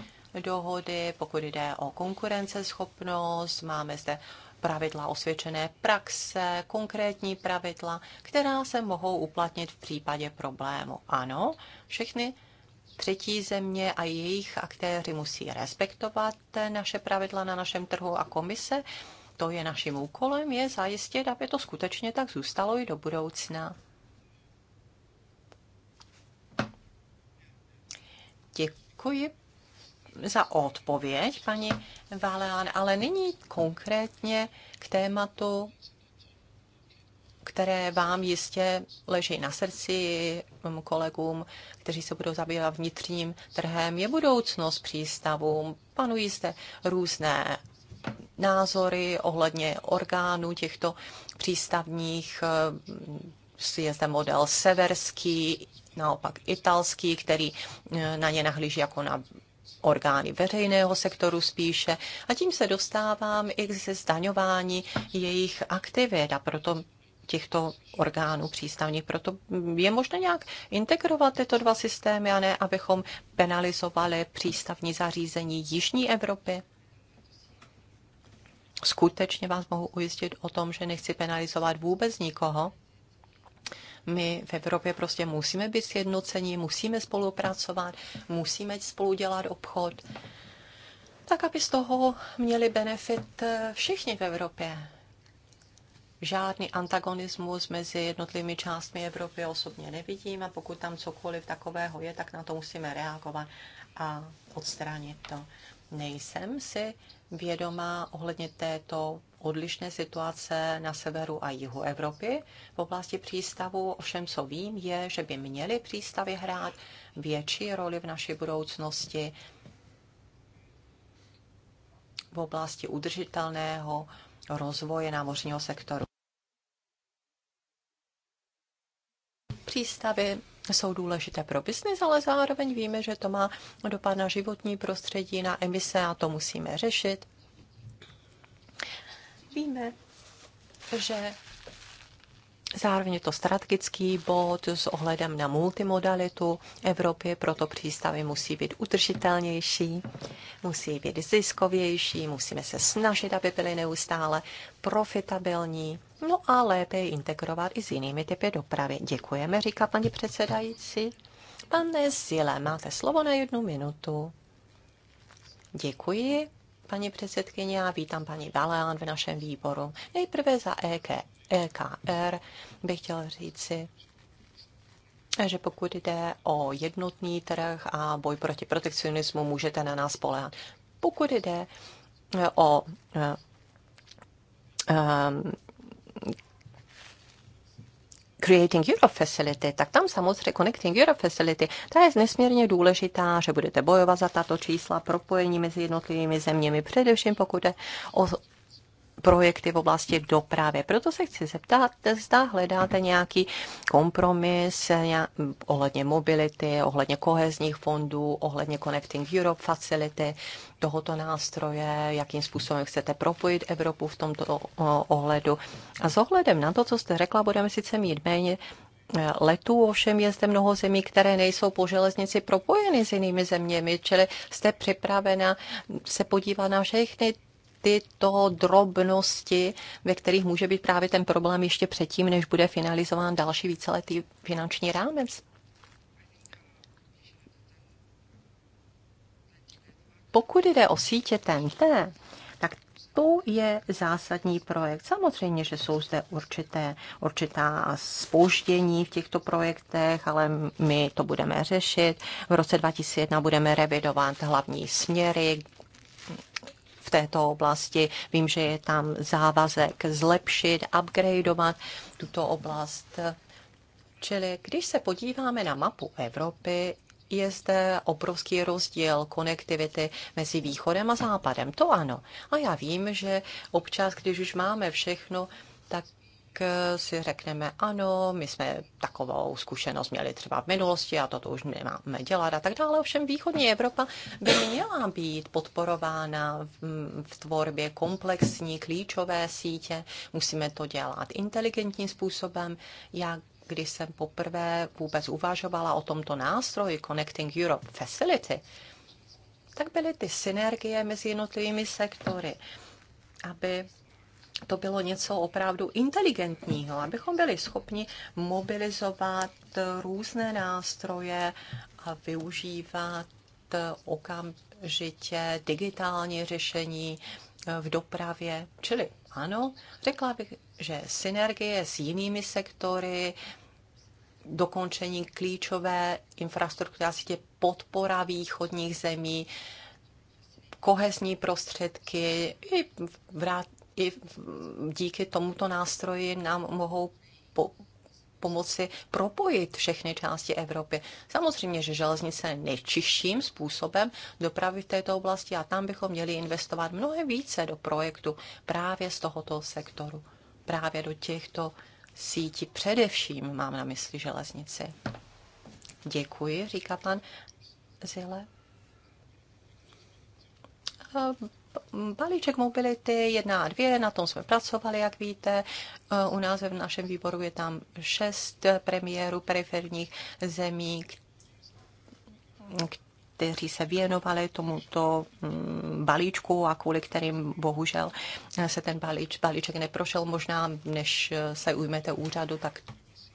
Speaker 2: dohody, pokud jde o konkurenceschopnost, máme zde pravidla osvědčené praxe, konkrétní pravidla, která se mohou uplatnit v případě problému. Ano, všechny třetí země a jejich aktéři musí respektovat eh, naše pravidla na našem trhu a komise. To je naším úkolem, je zajistit, aby to skutečně tak zůstalo i do budoucna. děkuji za odpověď, paní Valeán, ale nyní konkrétně k tématu, které vám jistě leží na srdci kolegům, kteří se budou zabývat vnitřním trhem, je budoucnost přístavů. Panují zde různé názory ohledně orgánů těchto přístavních je zde model severský, naopak italský, který eh, na ně nahlíží jako na orgány veřejného sektoru spíše. A tím se dostávám i k zdaňování jejich aktivit a proto těchto orgánů přístavních. Proto je možné nějak integrovat tyto dva systémy a ne, abychom penalizovali přístavní zařízení Jižní Evropy. Skutečně vás mohu ujistit o tom, že nechci penalizovat vůbec nikoho, my v Evropě prostě musíme být sjednocení, musíme spolupracovat, musíme spolu dělat obchod, tak aby z toho měli benefit eh, všichni v Evropě žádný antagonismus mezi jednotlivými částmi Evropy osobně nevidím a pokud tam cokoliv takového je, tak na to musíme reagovat a odstranit to. Nejsem si vědomá ohledně této odlišné situace na severu a jihu Evropy. V oblasti přístavu ovšem, co vím, je, že by měly přístavy hrát větší roli v naší budoucnosti v oblasti udržitelného rozvoje námořního sektoru. Přístavy jsou důležité pro biznis, ale zároveň víme, že to má dopad na životní prostředí, na emise a to musíme řešit. Víme, že Zároveň je to strategický bod s ohledem na multimodalitu Evropy, proto přístavy musí být utržitelnější, musí být ziskovější, musíme se snažit, aby byly neustále profitabilní, no a lépe je integrovat i s jinými typy dopravy. Děkujeme, říká paní předsedající. Pane Zile, máte slovo na jednu minutu. Děkuji paní předsedkyně, a vítám paní Valean v našem výboru. Nejprve za EK, EKR bych chtěl říci, že pokud jde o jednotný trh a boj proti protekcionismu, můžete na nás spolehat. Pokud jde o um, Creating Euro Facility, tak tam samozřejmě Connecting Euro Facility, ta je nesmírně důležitá, že budete bojovat za tato čísla, propojení mezi jednotlivými zeměmi, především pokud je o projekty v oblasti dopravy. Proto se chci zeptat, zda hledáte nějaký kompromis ohledně mobility, ohledně kohezních fondů, ohledně Connecting Europe Facility, tohoto nástroje, jakým způsobem chcete propojit Evropu v tomto ohledu. A s ohledem na to, co jste řekla, budeme sice mít méně eh, letů, ovšem je zde mnoho zemí, které nejsou po železnici propojeny s jinými zeměmi, čili jste připravena se podívat na všechny tyto drobnosti, ve kterých může být právě ten problém ještě předtím, než bude finalizován další víceletý finanční rámec. Pokud jde o sítě TNT, tak to je zásadní projekt. Samozřejmě, že jsou zde určité, určitá spouštění v těchto projektech, ale my to budeme řešit. V roce 2001 budeme revidovat hlavní směry, v této oblasti. Vím, že je tam závazek zlepšit, upgradeovat tuto oblast. Čili když se podíváme na mapu Evropy, je zde obrovský rozdíl konektivity mezi východem a západem. To ano. A já vím, že občas, když už máme všechno, tak si řekneme, ano, my jsme takovou zkušenost měli třeba v minulosti a toto už nemáme dělat a tak dále. Ovšem východní Evropa by měla být podporována v, v tvorbě komplexní klíčové sítě. Musíme to dělat inteligentním způsobem, jak když jsem poprvé vůbec uvažovala o tomto nástroji Connecting Europe Facility, tak byly ty synergie mezi jednotlivými sektory, aby to bylo něco opravdu inteligentního, abychom byli schopni mobilizovat různé nástroje a využívat okamžitě digitální řešení eh, v dopravě. Čili ano, řekla bych, že synergie s jinými sektory, dokončení klíčové infrastruktury asi tě podpora východních zemí, kohezní prostředky i vrát, i díky tomuto nástroji nám mohou po, pomoci propojit všechny části Evropy. Samozřejmě, že železnice nejčišším způsobem dopravy v této oblasti a tam bychom měli investovat mnohem více do projektu právě z tohoto sektoru, právě do těchto sítí. Především mám na mysli železnici. Děkuji, říká pan Zile balíček mobility 1 a 2, na tom jsme pracovali, jak víte. U nás v našem výboru je tam šest premiérů periferních zemí, kteří se věnovali tomuto mm, balíčku a kvůli kterým bohužel se ten balíč, balíček neprošel. Možná, než se ujmete úřadu, tak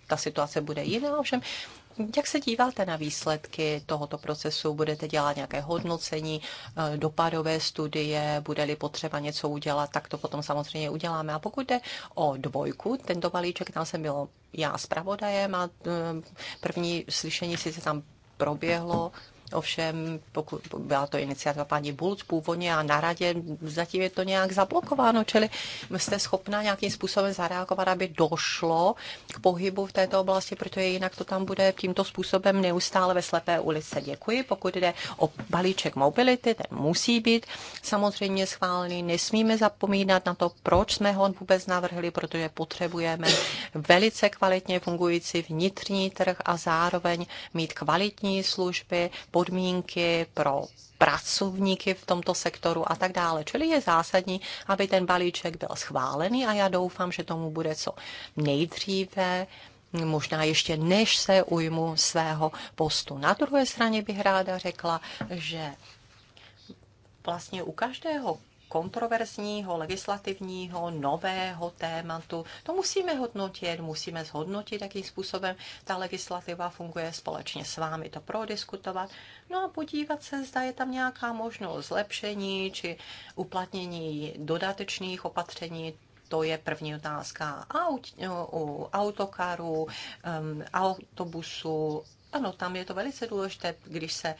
Speaker 2: ta situace bude jiná. Ovšem jak se díváte na výsledky tohoto procesu? Budete dělat nějaké hodnocení, eh, dopadové studie, bude-li potřeba něco udělat, tak to potom samozřejmě uděláme. A pokud jde o dvojku, tento balíček, tam jsem byl já s pravodajem a eh, první slyšení si se tam proběhlo Ovšem, pokud byla to iniciativa paní Bulc původně a na radě zatím je to nějak zablokováno, čili jste schopna nějakým způsobem zareagovat, aby došlo k pohybu v této oblasti, protože jinak to tam bude tímto způsobem neustále ve slepé ulice. Děkuji. Pokud jde o balíček mobility, ten musí být samozřejmě schválený. Nesmíme zapomínat na to, proč jsme ho vůbec navrhli, protože potřebujeme velice kvalitně fungující vnitřní trh a zároveň mít kvalitní služby, pod podmínky pro pracovníky v tomto sektoru a tak dále. Čili je zásadní, aby ten balíček byl schválený a já doufám, že tomu bude co nejdříve, možná ještě než se ujmu svého postu. Na druhé straně bych ráda řekla, že vlastně u každého kontroverzního, legislativního, nového tématu. To musíme hodnotit, musíme zhodnotit, jakým způsobem ta legislativa funguje společně s vámi, to prodiskutovat, no a podívat se, zda je tam nějaká možnost zlepšení či uplatnění dodatečných opatření, to je první otázka. Aut, u autokaru, um, autobusu, ano, tam je to velice důležité, když se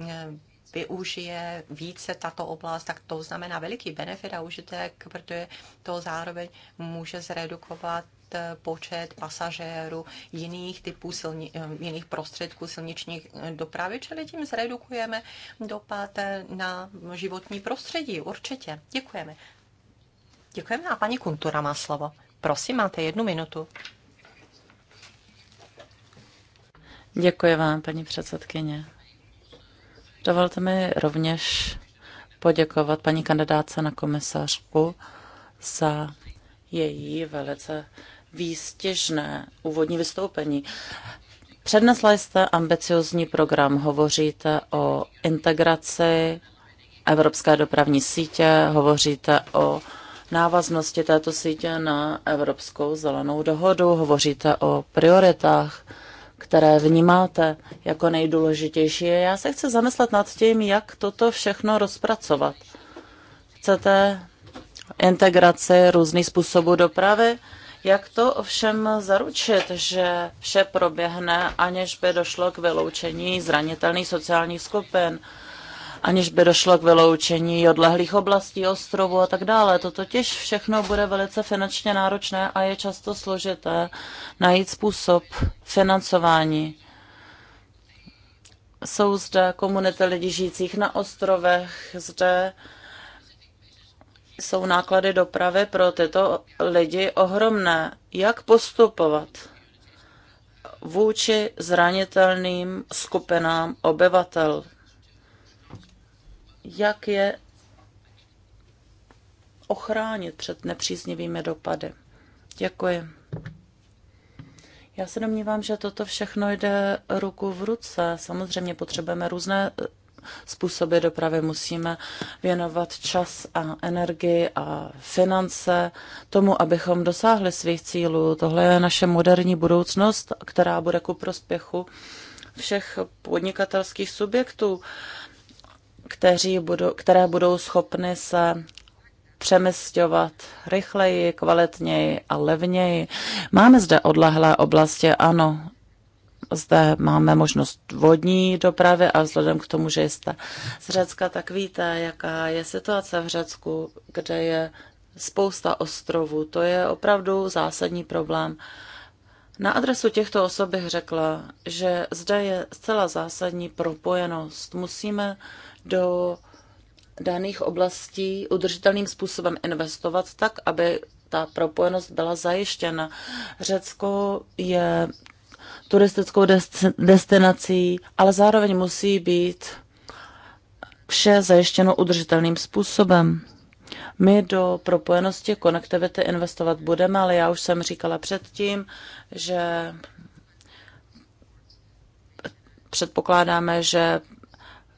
Speaker 2: um, využije více tato oblast, tak to znamená veliký benefit a užitek, protože to zároveň může zredukovat eh, počet pasažérů jiných typů silni, eh, jiných prostředků silničních eh, dopravy, čili tím zredukujeme dopad na životní prostředí. Určitě. Děkujeme. Děkujeme a paní Kuntura má slovo.
Speaker 3: Prosím, máte jednu minutu. Děkuji vám, paní předsedkyně. Dovolte mi rovněž poděkovat paní kandidáce na komisařku za její velice výstěžné úvodní vystoupení. Přednesla jste ambiciozní program, hovoříte o integraci evropské dopravní sítě, hovoříte o návaznosti této sítě na Evropskou zelenou dohodu, hovoříte o prioritách které vnímáte jako nejdůležitější. Já se chci zamyslet nad tím, jak toto všechno rozpracovat. Chcete integraci různých způsobů dopravy? Jak to ovšem zaručit, že vše proběhne, aniž by došlo k vyloučení zranitelných sociálních skupin? aniž by došlo k vyloučení odlehlých oblastí, ostrovů a tak dále. To totiž všechno bude velice finančně náročné a je často složité najít způsob financování. Jsou zde komunity lidí žijících na ostrovech, zde jsou náklady dopravy pro tyto lidi ohromné. Jak postupovat vůči zranitelným skupinám obyvatel? jak je ochránit před nepříznivými dopady. Děkuji. Já se domnívám, že toto všechno jde ruku v ruce. Samozřejmě potřebujeme různé eh, způsoby dopravy. Musíme věnovat čas a energii a finance tomu, abychom dosáhli svých cílů. Tohle je naše moderní budoucnost, která bude ku prospěchu všech podnikatelských subjektů kteří budou, které budou schopny se přemysťovat rychleji, kvalitněji a levněji. Máme zde odlehlé oblasti, ano, zde máme možnost vodní dopravy a vzhledem k tomu, že jste z Řecka, tak víte, jaká je situace v Řecku, kde je spousta ostrovů. To je opravdu zásadní problém. Na adresu těchto osob bych řekla, že zde je zcela zásadní propojenost. Musíme do daných oblastí udržitelným způsobem investovat tak, aby ta propojenost byla zajištěna. Řecko je turistickou destinací, ale zároveň musí být vše zajištěno udržitelným způsobem. My do propojenosti konektivity investovat budeme, ale já už jsem říkala předtím, že předpokládáme, že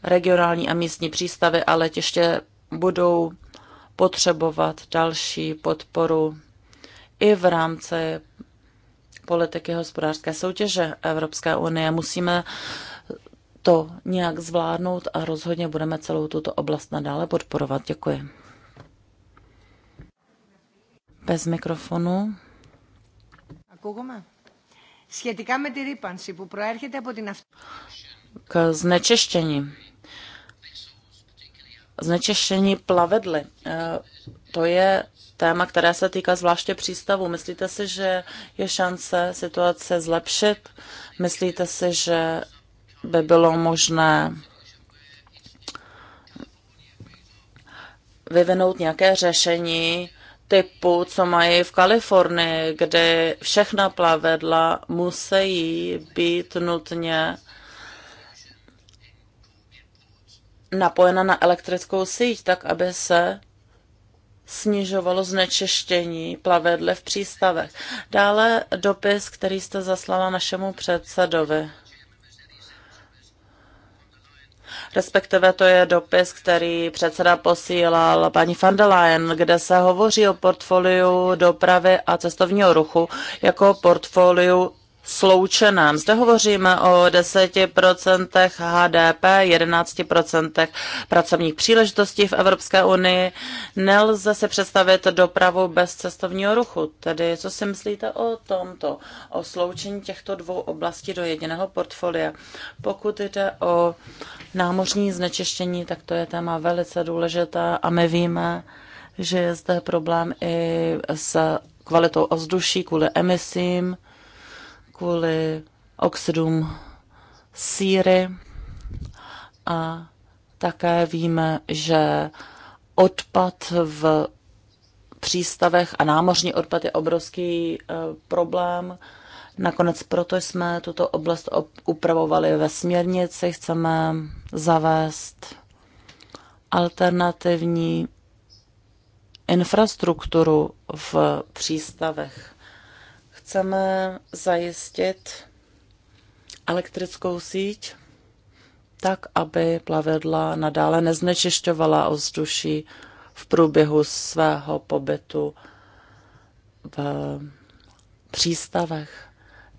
Speaker 3: regionální a místní přístavy a letiště budou potřebovat další podporu i v rámci politiky hospodářské soutěže Evropské unie. Musíme to nějak zvládnout a rozhodně budeme celou tuto oblast nadále podporovat. Děkuji. Bez mikrofonu. K znečištění znečištění plavedly. Eh, to je téma, které se týká zvláště přístavu. Myslíte si, že je šance situace zlepšit? Myslíte si, že by bylo možné vyvinout nějaké řešení typu, co mají v Kalifornii, kde všechna plavedla musí být nutně napojena na elektrickou síť, tak aby se snižovalo znečištění plavedle v přístavech. Dále dopis, který jste zaslala našemu předsedovi. Respektive to je dopis, který předseda posílal paní van der Leyen, kde se hovoří o portfoliu dopravy a cestovního ruchu jako portfoliu sloučené. Zde hovoříme o 10% HDP, 11% pracovních příležitostí v Evropské unii. Nelze si představit dopravu bez cestovního ruchu. Tedy co si myslíte o tomto, o sloučení těchto dvou oblastí do jediného portfolia? Pokud jde o námořní znečištění, tak to je téma velice důležité a my víme, že je zde problém i s kvalitou ovzduší kvůli emisím kvůli oxidům síry a také víme, že odpad v přístavech a námořní odpad je obrovský e, problém. Nakonec proto jsme tuto oblast upravovali ve směrnici. Chceme zavést alternativní infrastrukturu v přístavech chceme zajistit elektrickou síť tak, aby plavidla nadále neznečišťovala ovzduší v průběhu svého pobytu v přístavech.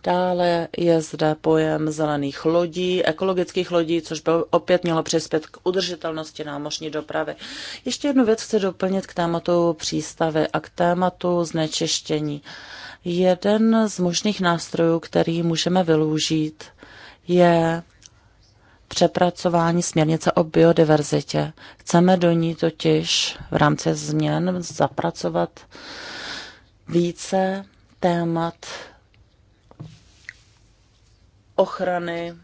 Speaker 3: Dále je zde pojem zelených lodí, ekologických lodí, což by opět mělo přispět k udržitelnosti námořní dopravy. Ještě jednu věc chci doplnit k tématu přístavy a k tématu znečištění. Jeden z možných nástrojů, který můžeme využít, je přepracování směrnice o biodiverzitě. Chceme do ní totiž v rámci změn zapracovat více témat ochrany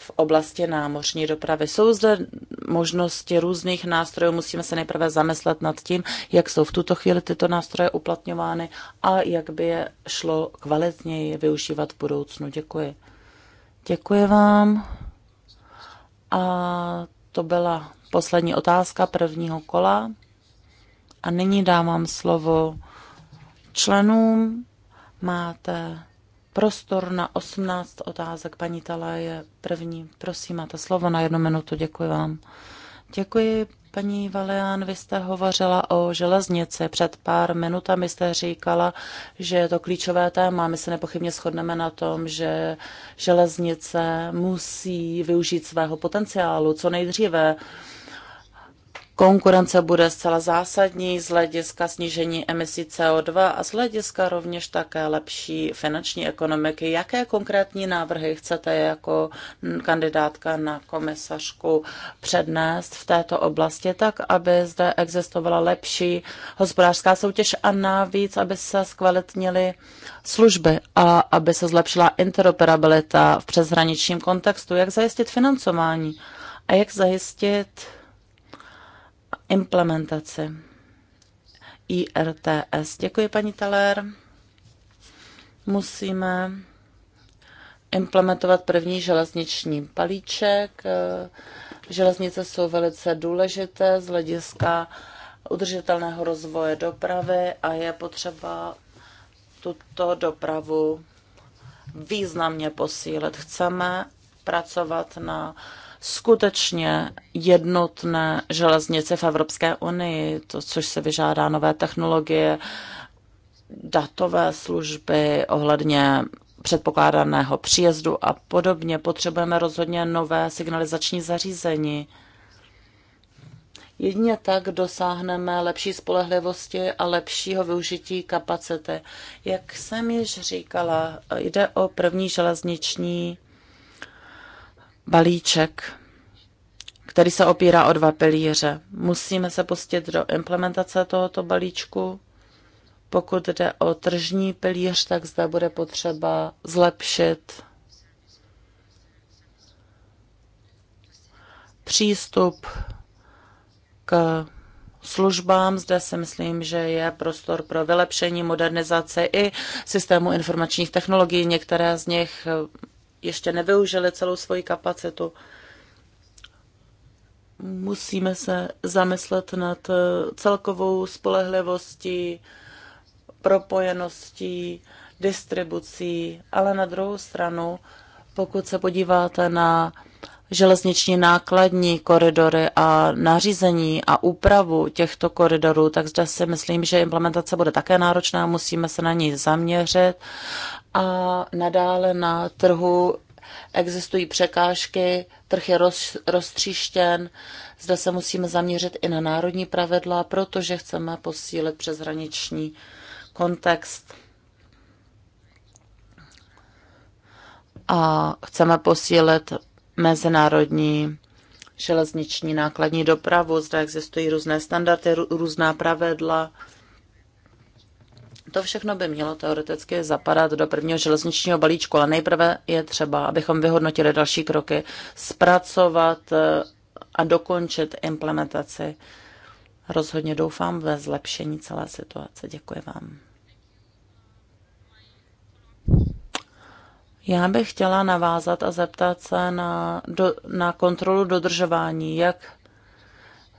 Speaker 3: v oblasti námořní dopravy. Jsou zde možnosti různých nástrojů, musíme se nejprve zamyslet nad tím, jak jsou v tuto chvíli tyto nástroje uplatňovány a jak by je šlo kvalitněji využívat v budoucnu. Děkuji. Děkuji vám. A to byla poslední otázka prvního kola. A nyní dávám slovo členům. Máte prostor na 18 otázek. Paní Tala je první. Prosím, máte slovo na jednu minutu. Děkuji vám. Děkuji, paní Valián. Vy jste hovořila o železnici. Před pár minutami jste říkala, že je to klíčové téma. My se nepochybně shodneme na tom, že železnice musí využít svého potenciálu co nejdříve. Konkurence bude zcela zásadní z hlediska snížení emisí CO2 a z hlediska rovněž také lepší finanční ekonomiky. Jaké konkrétní návrhy chcete jako kandidátka na komisařku přednést v této oblasti, tak aby zde existovala lepší hospodářská soutěž a navíc, aby se zkvalitnily služby a aby se zlepšila interoperabilita v přeshraničním kontextu? Jak zajistit financování a jak zajistit implementaci IRTS. Děkuji, paní Taler. Musíme implementovat první železniční palíček. Železnice jsou velice důležité z hlediska udržitelného rozvoje dopravy a je potřeba tuto dopravu významně posílit. Chceme pracovat na skutečně jednotné železnice v Evropské unii, to, což se vyžádá nové technologie, datové služby ohledně předpokládaného příjezdu a podobně. Potřebujeme rozhodně nové signalizační zařízení. Jedině tak dosáhneme lepší spolehlivosti a lepšího využití kapacity. Jak jsem již říkala, jde o první železniční balíček, který se opírá o dva pilíře. Musíme se pustit do implementace tohoto balíčku. Pokud jde o tržní pilíř, tak zde bude potřeba zlepšit přístup k službám. Zde si myslím, že je prostor pro vylepšení modernizace i systému informačních technologií. Některé z nich ještě nevyužili celou svoji kapacitu. Musíme se zamyslet nad eh, celkovou spolehlivostí, propojeností, distribucí, ale na druhou stranu, pokud se podíváte na železniční nákladní koridory a nařízení a úpravu těchto koridorů, tak zde si myslím, že implementace bude také náročná, musíme se na ní zaměřit a nadále na trhu existují překážky, trh je roz, roztříštěn, zde se musíme zaměřit i na národní pravidla, protože chceme posílit přeshraniční kontext. A chceme posílit mezinárodní železniční nákladní dopravu. Zde existují různé standardy, různá pravidla. To všechno by mělo teoreticky zapadat do prvního železničního balíčku, ale nejprve je třeba, abychom vyhodnotili další kroky, zpracovat eh, a dokončit implementaci. Rozhodně doufám ve zlepšení celé situace. Děkuji vám. Já bych chtěla navázat a zeptat se na, do, na kontrolu dodržování. Jak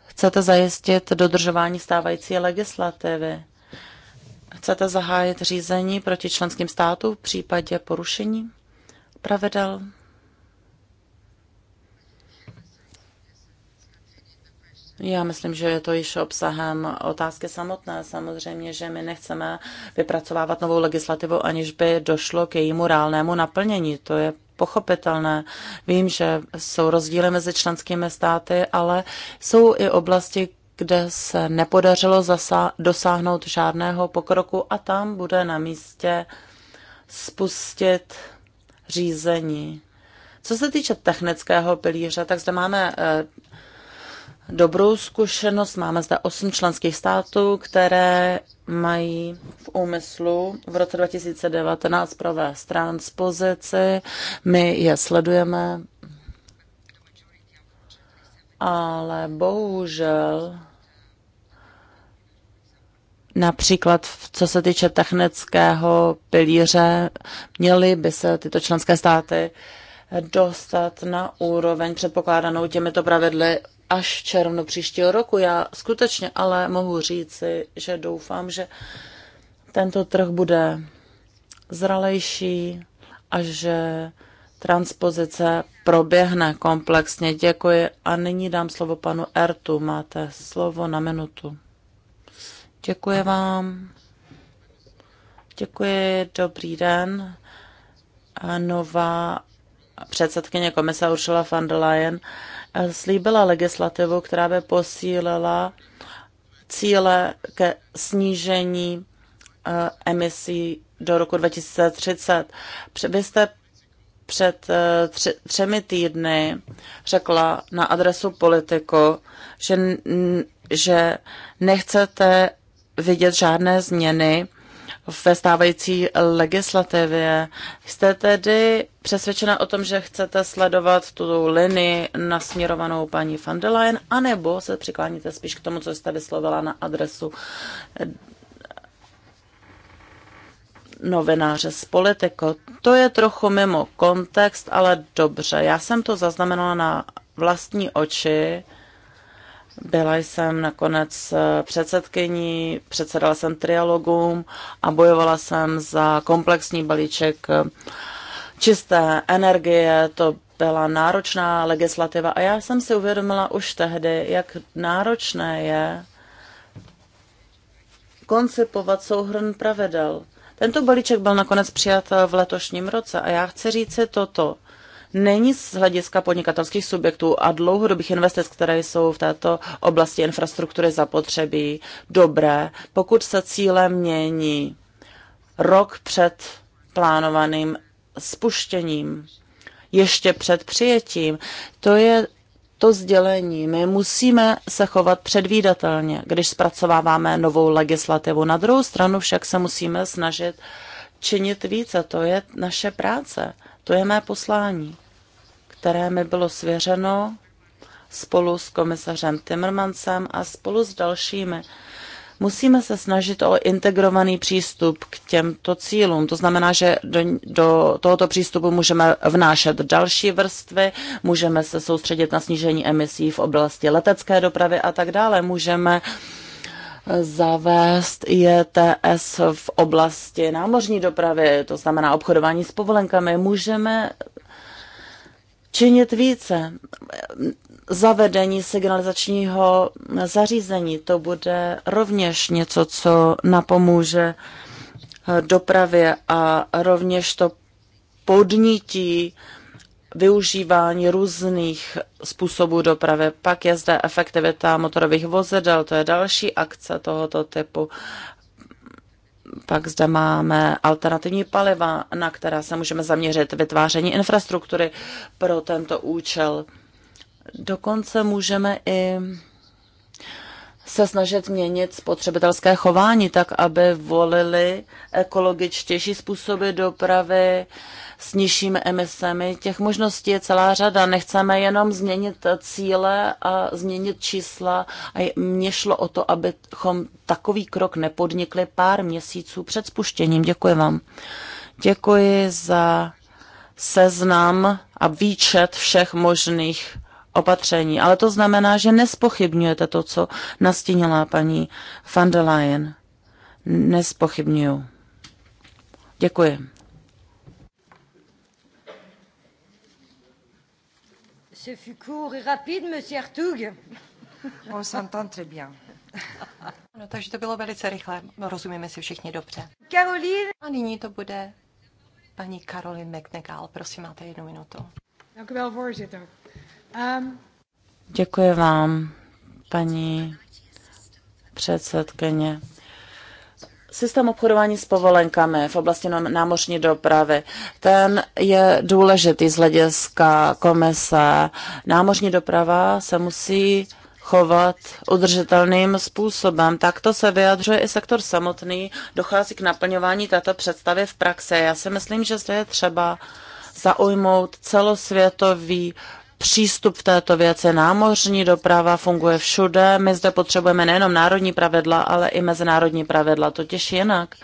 Speaker 3: chcete zajistit dodržování stávající legislativy? Chcete zahájit řízení proti členským státům v případě porušení pravidel? Já myslím, že je to již obsahem otázky samotné. Samozřejmě, že my nechceme vypracovávat novou legislativu, aniž by došlo k jejímu reálnému naplnění. To je pochopitelné. Vím, že jsou rozdíly mezi členskými státy, ale jsou i oblasti, kde se nepodařilo dosáhnout žádného pokroku a tam bude na místě spustit řízení. Co se týče technického pilíře, tak zde máme eh, dobrou zkušenost. Máme zde osm členských států, které mají v úmyslu v roce 2019 provést transpozici. My je sledujeme, ale bohužel Například, co se týče technického pilíře, měly by se tyto členské státy dostat na úroveň předpokládanou těmito pravidly až v červnu příštího roku. Já skutečně ale mohu říci, že doufám, že tento trh bude zralejší a že transpozice proběhne komplexně. Děkuji a nyní dám slovo panu Ertu. Máte slovo na minutu. Děkuji vám. Děkuji, dobrý den. A nová předsedkyně komise Ursula von der Leyen eh, slíbila legislativu, která by posílila cíle ke snížení eh, emisí do roku 2030. Vy jste před eh, třemi týdny řekla na adresu politiku, že, že nechcete vidět žádné změny ve stávající legislativě. Jste tedy přesvědčena o tom, že chcete sledovat tu linii nasměrovanou paní van der Leyen, anebo se přikláníte spíš k tomu, co jste vyslovila na adresu eh, novináře z Politico. To je trochu mimo kontext, ale dobře. Já jsem to zaznamenala na vlastní oči. Byla jsem nakonec eh, předsedkyní, předsedala jsem trialogům a bojovala jsem za komplexní balíček eh, čisté energie. To byla náročná legislativa a já jsem si uvědomila už tehdy, jak náročné je koncipovat souhrn pravidel. Tento balíček byl nakonec přijat v letošním roce a já chci říct si toto není z hlediska podnikatelských subjektů a dlouhodobých investic, které jsou v této oblasti infrastruktury zapotřebí, dobré, pokud se cíle mění rok před plánovaným spuštěním, ještě před přijetím. To je to sdělení. My musíme se chovat předvídatelně, když zpracováváme novou legislativu. Na druhou stranu však se musíme snažit činit více. To je naše práce. To je mé poslání které mi bylo svěřeno spolu s komisařem Timmermansem a spolu s dalšími. Musíme se snažit o integrovaný přístup k těmto cílům. To znamená, že do, do tohoto přístupu můžeme vnášet další vrstvy, můžeme se soustředit na snížení emisí v oblasti letecké dopravy a tak dále. Můžeme eh, zavést JTS e v oblasti námořní dopravy, to znamená obchodování s povolenkami. Můžeme činit více. Zavedení signalizačního zařízení, to bude rovněž něco, co napomůže dopravě a rovněž to podnítí využívání různých způsobů dopravy. Pak je zde efektivita motorových vozidel, to je další akce tohoto typu. Pak zde máme alternativní paliva, na která se můžeme zaměřit, vytváření infrastruktury pro tento účel. Dokonce můžeme i se snažit měnit spotřebitelské chování tak, aby volili ekologičtější způsoby dopravy s nižšími emisemi. Těch možností je celá řada. Nechceme jenom změnit cíle a změnit čísla. A mně šlo o to, abychom takový krok nepodnikli pár měsíců před spuštěním. Děkuji vám. Děkuji za seznam a výčet všech možných opatření. Ale to znamená, že nespochybňujete to, co nastínila paní van der Leyen. Nespochybňuju. Děkuji.
Speaker 2: Ce fut court et rapide, monsieur Artug. On s'entend très bien. No, takže to bylo velice rychle, rozumíme si všichni dobře. Karolín. A nyní to bude paní Karolin McNegal. Prosím, máte jednu minutu. Děkuji voorzitter. Um,
Speaker 3: Děkuji vám, paní předsedkyně. Systém obchodování s povolenkami v oblasti námořní dopravy, ten je důležitý z hlediska komise. Námořní doprava se musí chovat udržitelným způsobem. Takto se vyjadřuje i sektor samotný. Dochází k naplňování této představy v praxi. Já si myslím, že zde je třeba zaujmout celosvětový uh, přístup v této věci. Námořní doprava funguje všude. My zde potřebujeme nejenom národní pravidla, ale i mezinárodní pravidla. Totiž jinak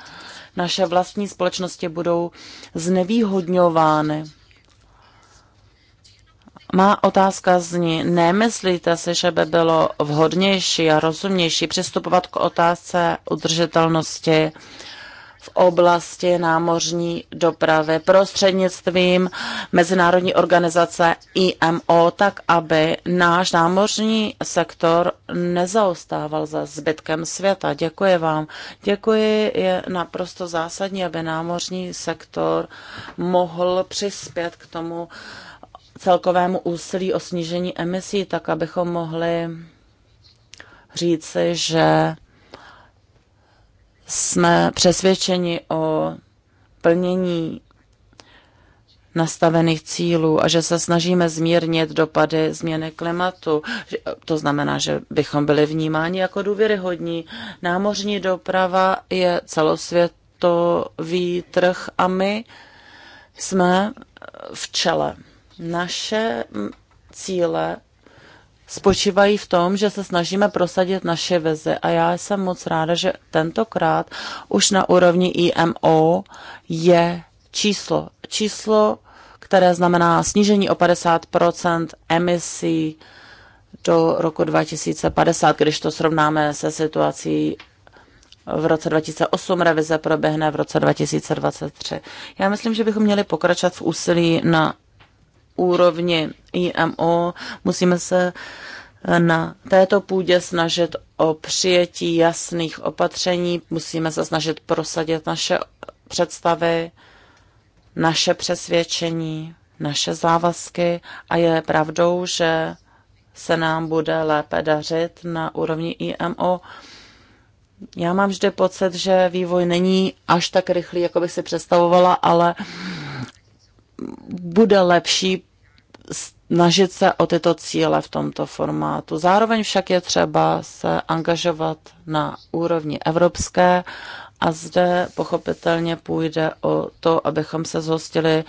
Speaker 3: naše vlastní společnosti budou znevýhodňovány. Má otázka zní, nemyslíte si, že by bylo vhodnější a rozumnější přistupovat k otázce udržitelnosti v oblasti námořní dopravy prostřednictvím Mezinárodní organizace IMO, tak aby náš námořní sektor nezaostával za zbytkem světa. Děkuji vám. Děkuji, je naprosto zásadní, aby námořní sektor mohl přispět k tomu celkovému úsilí o snížení emisí, tak abychom mohli říci, že jsme přesvědčeni o plnění nastavených cílů a že se snažíme zmírnit dopady změny klimatu. To znamená, že bychom byli vnímáni jako důvěryhodní. Námořní doprava je celosvětový trh a my jsme v čele. Naše cíle spočívají v tom, že se snažíme prosadit naše vizi a já jsem moc ráda, že tentokrát už na úrovni IMO je číslo. Číslo, které znamená snížení o 50% emisí do roku 2050, když to srovnáme se situací v roce 2008, revize proběhne v roce 2023. Já myslím, že bychom měli pokračovat v úsilí na úrovni IMO musíme se na této půdě snažit o přijetí jasných opatření, musíme se snažit prosadit naše představy, naše přesvědčení, naše závazky a je pravdou, že se nám bude lépe dařit na úrovni IMO. Já mám vždy pocit, že vývoj není až tak rychlý, jako bych si představovala, ale bude lepší, snažit se o tyto cíle v tomto formátu. Zároveň však je třeba se angažovat na úrovni evropské a zde pochopitelně půjde o to, abychom se zhostili eh,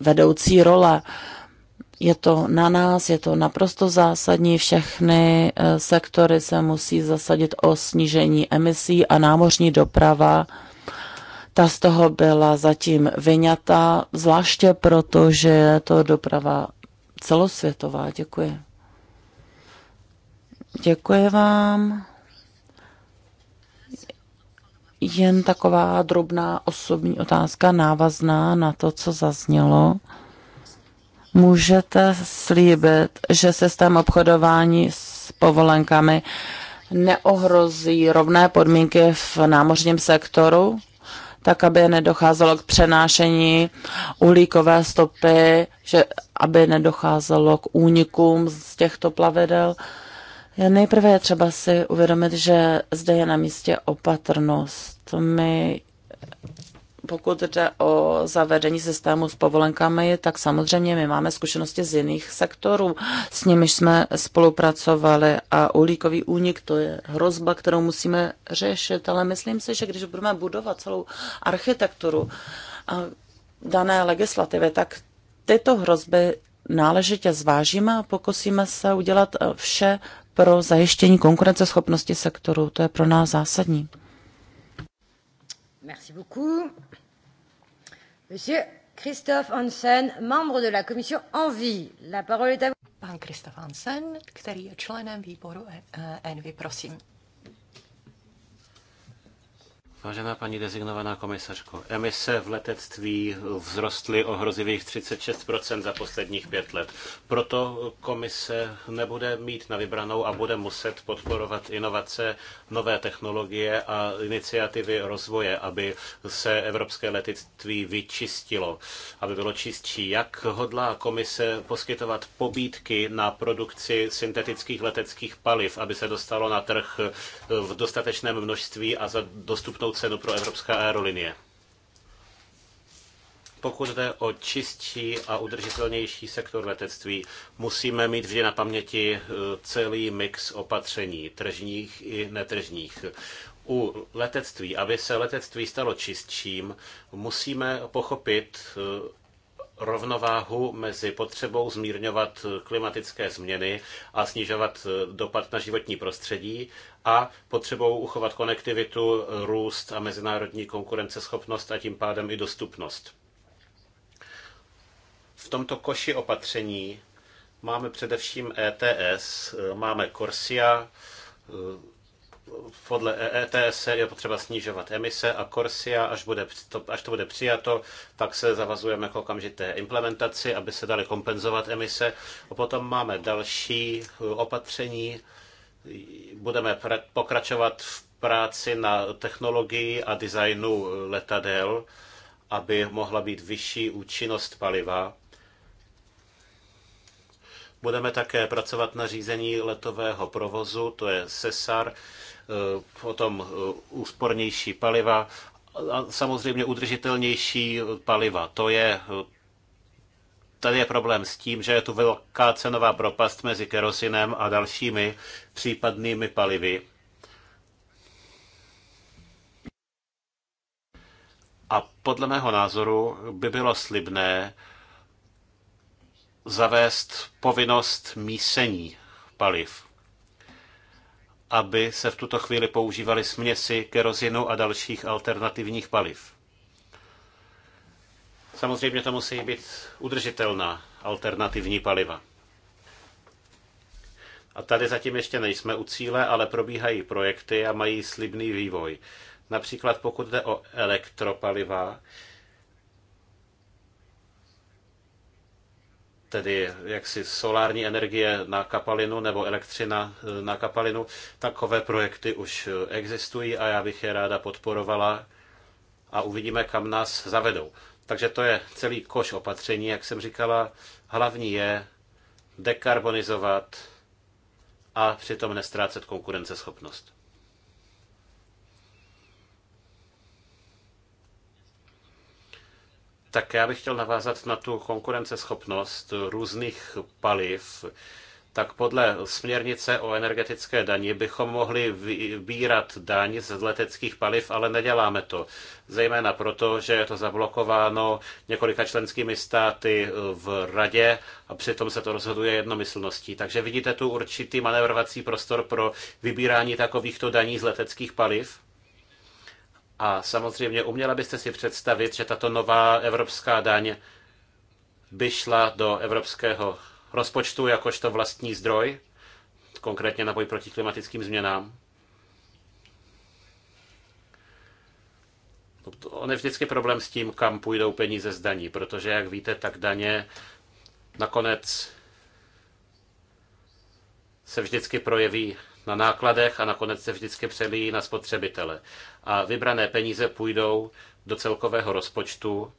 Speaker 3: vedoucí role. Je to na nás, je to naprosto zásadní. Všechny eh, sektory se musí zasadit o snížení emisí a námořní doprava ta z toho byla zatím vyňata, zvláště proto, že je to doprava celosvětová. Děkuji. Děkuji vám. Jen taková drobná osobní otázka návazná na to, co zaznělo. Můžete slíbit, že systém obchodování s povolenkami neohrozí rovné podmínky v námořním sektoru? tak aby nedocházelo k přenášení uhlíkové stopy, že aby nedocházelo k únikům z těchto plavidel. Nejprve je třeba si uvědomit, že zde je na místě opatrnost. My pokud jde o zavedení systému s povolenkami, tak samozřejmě my máme zkušenosti z jiných sektorů, s nimiž jsme spolupracovali a uhlíkový únik to je hrozba, kterou musíme řešit, ale myslím si, že když budeme budovat celou architekturu dané legislativy, tak tyto hrozby náležitě zvážíme a pokusíme se udělat vše pro zajištění konkurenceschopnosti sektoru. To je pro nás zásadní.
Speaker 2: Merci beaucoup. Monsieur Christophe Hansen, membre de la commission Envy. La parole est à vous. Pan Hansen, který je členem výboru Envy, e prosím.
Speaker 1: Vážená paní dezignovaná komisařko, emise v letectví vzrostly o hrozivých 36% za posledních pět let. Proto komise nebude mít na vybranou a bude muset podporovat inovace, nové technologie a iniciativy rozvoje, aby se evropské letectví vyčistilo, aby bylo čistší. Jak hodlá komise poskytovat pobídky na produkci syntetických leteckých paliv, aby se dostalo na trh v dostatečném množství a za dostupnou vysokou cenu pro evropská aerolinie. Pokud jde o čistší a udržitelnější sektor letectví, musíme mít vždy na paměti eh, celý mix opatření, tržních i netržních. U letectví, aby se letectví stalo čistším, musíme pochopit eh, rovnováhu mezi potřebou zmírňovat eh, klimatické změny a snižovat dopad na životní prostředí a potřebou uchovat konektivitu, růst a mezinárodní konkurenceschopnost a tím pádem i dostupnost. V tomto koši opatření máme především ETS, máme Corsia, podle ETS je potřeba snižovat emise a Corsia, až, bude, to, až to bude přijato, tak se zavazujeme k okamžité implementaci, aby se daly kompenzovat emise. A potom máme další opatření, budeme pokračovat v práci na technologii a designu letadel, aby mohla být vyšší účinnost paliva. Budeme také pracovat na řízení letového provozu, to je SESAR, eh, potom eh, úspornější paliva a samozřejmě udržitelnější paliva. To je eh, tady je problém s tím, že je tu velká cenová propast mezi kerosinem a dalšími případnými palivy. A podle mého názoru by bylo slibné zavést povinnost mísení paliv, aby se v tuto chvíli používaly směsi kerozinu a dalších alternativních paliv. Samozřejmě to musí být udržitelná alternativní paliva. A tady zatím ještě nejsme u cíle, ale probíhají projekty a mají slibný vývoj. Například pokud jde o elektropaliva, tedy jaksi solární energie na kapalinu nebo elektřina e, na kapalinu, takové projekty už e, existují a já bych je ráda podporovala a uvidíme, kam nás zavedou. Takže to je celý koš opatření, jak jsem říkala. Hlavní je dekarbonizovat a přitom nestrácet konkurenceschopnost. Tak já bych chtěl navázat na tu konkurenceschopnost různých paliv, tak podle směrnice o energetické dani bychom mohli vybírat daň z leteckých paliv, ale neděláme to. Zejména proto, že je to zablokováno několika členskými státy v radě a přitom se to rozhoduje jednomyslností. Takže vidíte tu určitý manevrovací prostor pro vybírání takovýchto daní z leteckých paliv? A samozřejmě uměla byste si představit, že tato nová evropská daň by šla do evropského rozpočtu jakožto vlastní zdroj, konkrétně na boj proti klimatickým změnám. On je vždycky problém s tím, kam půjdou peníze z daní, protože, jak víte, tak daně nakonec se vždycky projeví na nákladech a nakonec se vždycky přelíjí na spotřebitele. A vybrané peníze půjdou do celkového rozpočtu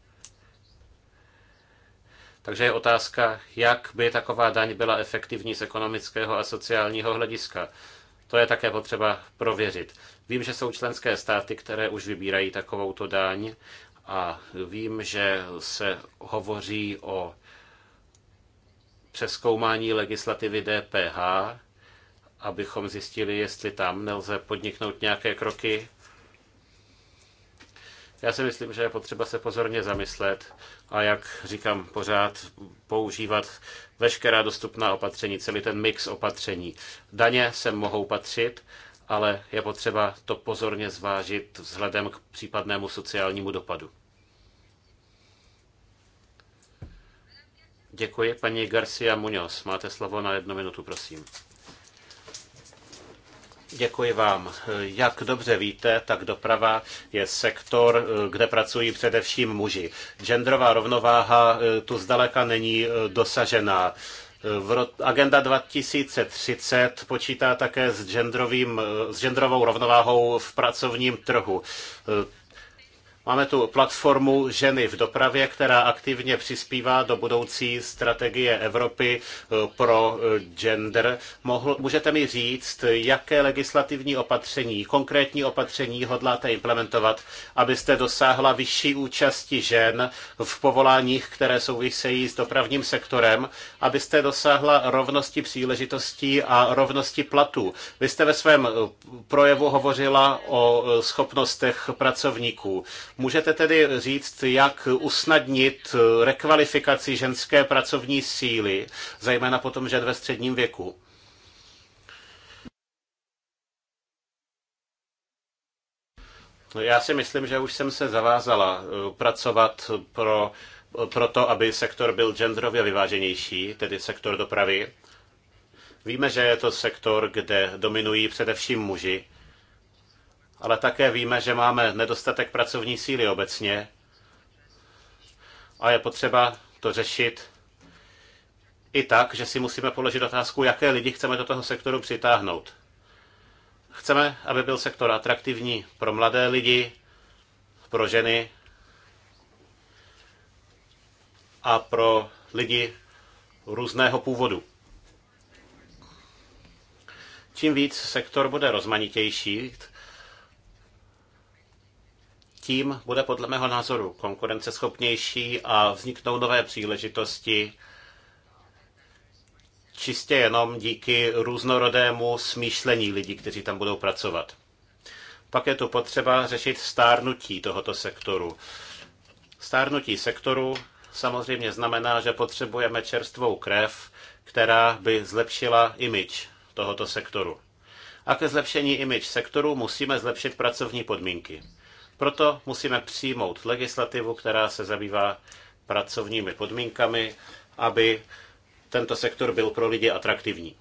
Speaker 1: takže je otázka, jak by taková daň byla efektivní z ekonomického a sociálního hlediska. To je také potřeba prověřit. Vím, že jsou členské státy, které už vybírají takovouto daň a vím, že se hovoří o přeskoumání legislativy DPH, abychom zjistili, jestli tam nelze podniknout nějaké kroky já si myslím, že je potřeba se pozorně zamyslet a jak říkám pořád, používat veškerá dostupná opatření, celý ten mix opatření. Daně sem mohou patřit, ale je potřeba to pozorně zvážit vzhledem k případnému sociálnímu dopadu. Děkuji, paní Garcia Muñoz. Máte slovo na jednu minutu, prosím. Děkuji vám. Jak dobře víte, tak doprava je sektor, kde pracují především muži. Genderová rovnováha eh, tu zdaleka není eh, dosažená. Eh, Agenda 2030 počítá také s, genderovým, s genderovou rovnováhou v pracovním trhu. Máme tu platformu Ženy v dopravě, která aktivně přispívá do budoucí strategie Evropy eh, pro eh, gender. Mohl, můžete mi říct, jaké legislativní opatření, konkrétní opatření hodláte implementovat, abyste dosáhla vyšší účasti žen v povoláních, které souvisejí s dopravním sektorem, abyste dosáhla rovnosti příležitostí a rovnosti platů. Vy jste ve svém eh, projevu hovořila o schopnostech pracovníků. Můžete tedy říct, jak usnadnit rekvalifikaci ženské pracovní síly, zejména potom že ve středním věku? No, já si myslím, že už jsem se zavázala eh, pracovat pro, eh, pro to, aby sektor byl genderově vyváženější, tedy sektor dopravy. Víme, že je to sektor, kde dominují především muži ale také víme, že máme nedostatek pracovní síly obecně a je potřeba to řešit i tak, že si musíme položit otázku, jaké lidi chceme do toho sektoru přitáhnout. Chceme, aby byl sektor atraktivní pro mladé lidi, pro ženy a pro lidi různého původu. Čím víc sektor bude rozmanitější, tím bude podle mého názoru konkurenceschopnější a vzniknou nové příležitosti čistě jenom díky různorodému smýšlení lidí, kteří tam budou pracovat. Pak je tu potřeba řešit stárnutí tohoto sektoru. Stárnutí sektoru samozřejmě znamená, že potřebujeme čerstvou krev, která by zlepšila imič tohoto sektoru. A ke zlepšení imič sektoru musíme zlepšit pracovní podmínky. Proto musíme přijmout legislativu, která se zabývá pracovními podmínkami, aby tento sektor byl pro lidi atraktivní.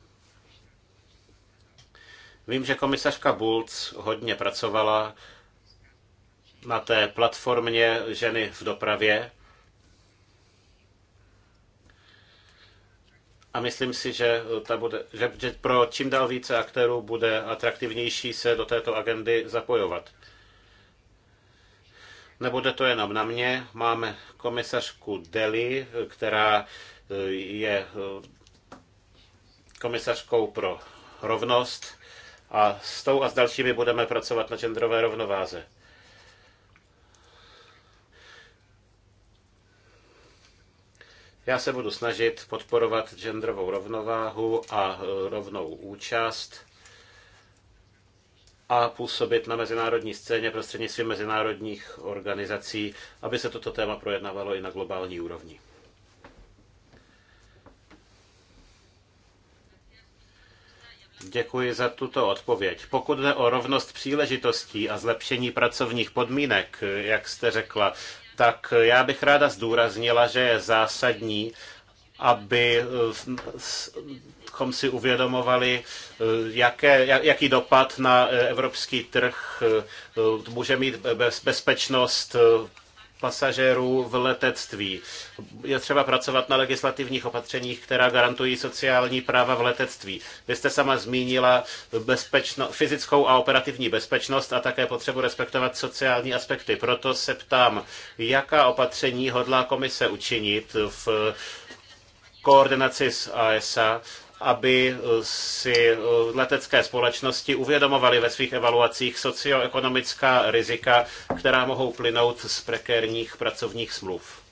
Speaker 1: Vím, že komisařka Bulc hodně pracovala na té platformě ženy v dopravě. A myslím si, že, ta bude, že, že pro čím dál více aktérů bude atraktivnější se do této agendy zapojovat. Nebude to jenom na mě. Máme komisařku Deli, která eh, je eh, komisařkou pro rovnost a s tou a s dalšími budeme pracovat na genderové rovnováze. Já se budu snažit podporovat genderovou rovnováhu a eh, rovnou účast a působit na mezinárodní scéně prostřednictvím mezinárodních organizací, aby se toto téma projednávalo i na globální úrovni. Děkuji za tuto odpověď. Pokud jde o rovnost příležitostí a zlepšení pracovních podmínek, jak jste řekla, tak já bych ráda zdůraznila, že je zásadní, aby abychom si uvědomovali, eh, jaké, jaký dopad na eh, evropský trh eh, může mít bezpečnost pasažérů v letectví. Je třeba pracovat na legislativních opatřeních, která garantují sociální práva v letectví. Vy jste sama zmínila bezpečno, fyzickou a operativní bezpečnost a také potřebu respektovat sociální aspekty. Proto se ptám, jaká opatření hodlá komise učinit v koordinaci s ASA, aby eh, si eh, letecké společnosti uvědomovaly ve svých evaluacích socioekonomická rizika, která mohou plynout z prekérních pracovních smluv.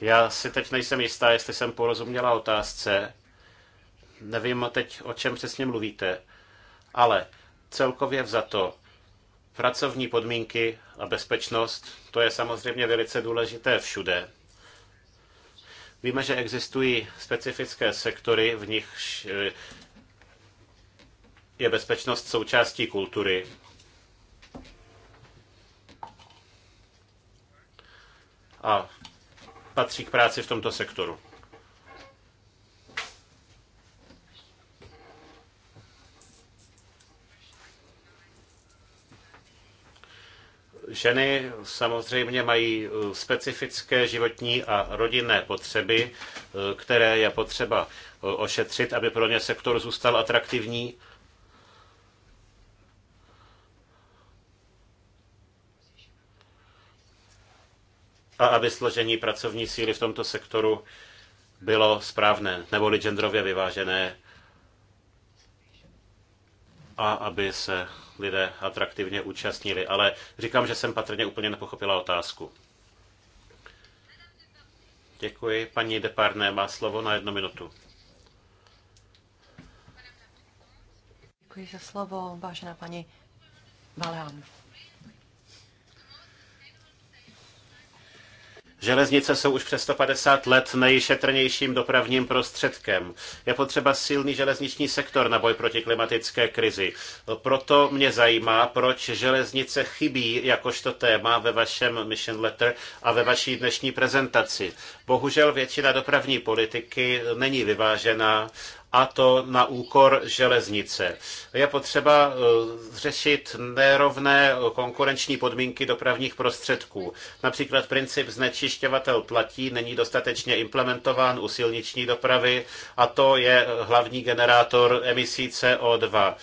Speaker 1: Já si teď nejsem jistá, jestli jsem porozuměla otázce. Nevím teď, o čem přesně mluvíte, ale celkově vzato pracovní podmínky a bezpečnost, to je samozřejmě velice důležité všude. Víme, že existují specifické sektory, v nichž eh, je bezpečnost součástí kultury. A patří k práci v tomto sektoru. Ženy samozřejmě mají eh, specifické životní a rodinné potřeby, eh, které je potřeba eh, ošetřit, aby pro ně sektor zůstal atraktivní. A aby složení pracovní síly v tomto sektoru bylo správné, neboli genderově vyvážené, a aby se lidé atraktivně účastnili. Ale říkám, že jsem patrně úplně nepochopila otázku. Děkuji. Paní Deparné má slovo na jednu minutu.
Speaker 2: Děkuji za slovo, vážená paní Valéan.
Speaker 1: Železnice jsou už přes 150 let nejšetrnějším dopravním prostředkem. Je potřeba silný železniční sektor na boj proti klimatické krizi. Proto mě zajímá, proč železnice chybí jakožto téma ve vašem mission letter a ve vaší dnešní prezentaci. Bohužel většina dopravní politiky není vyvážená a to na úkor železnice. Je potřeba e, řešit nerovné konkurenční podmínky dopravních prostředků. Například princip znečišťovatel platí není dostatečně implementován u silniční dopravy a to je hlavní generátor emisí CO2.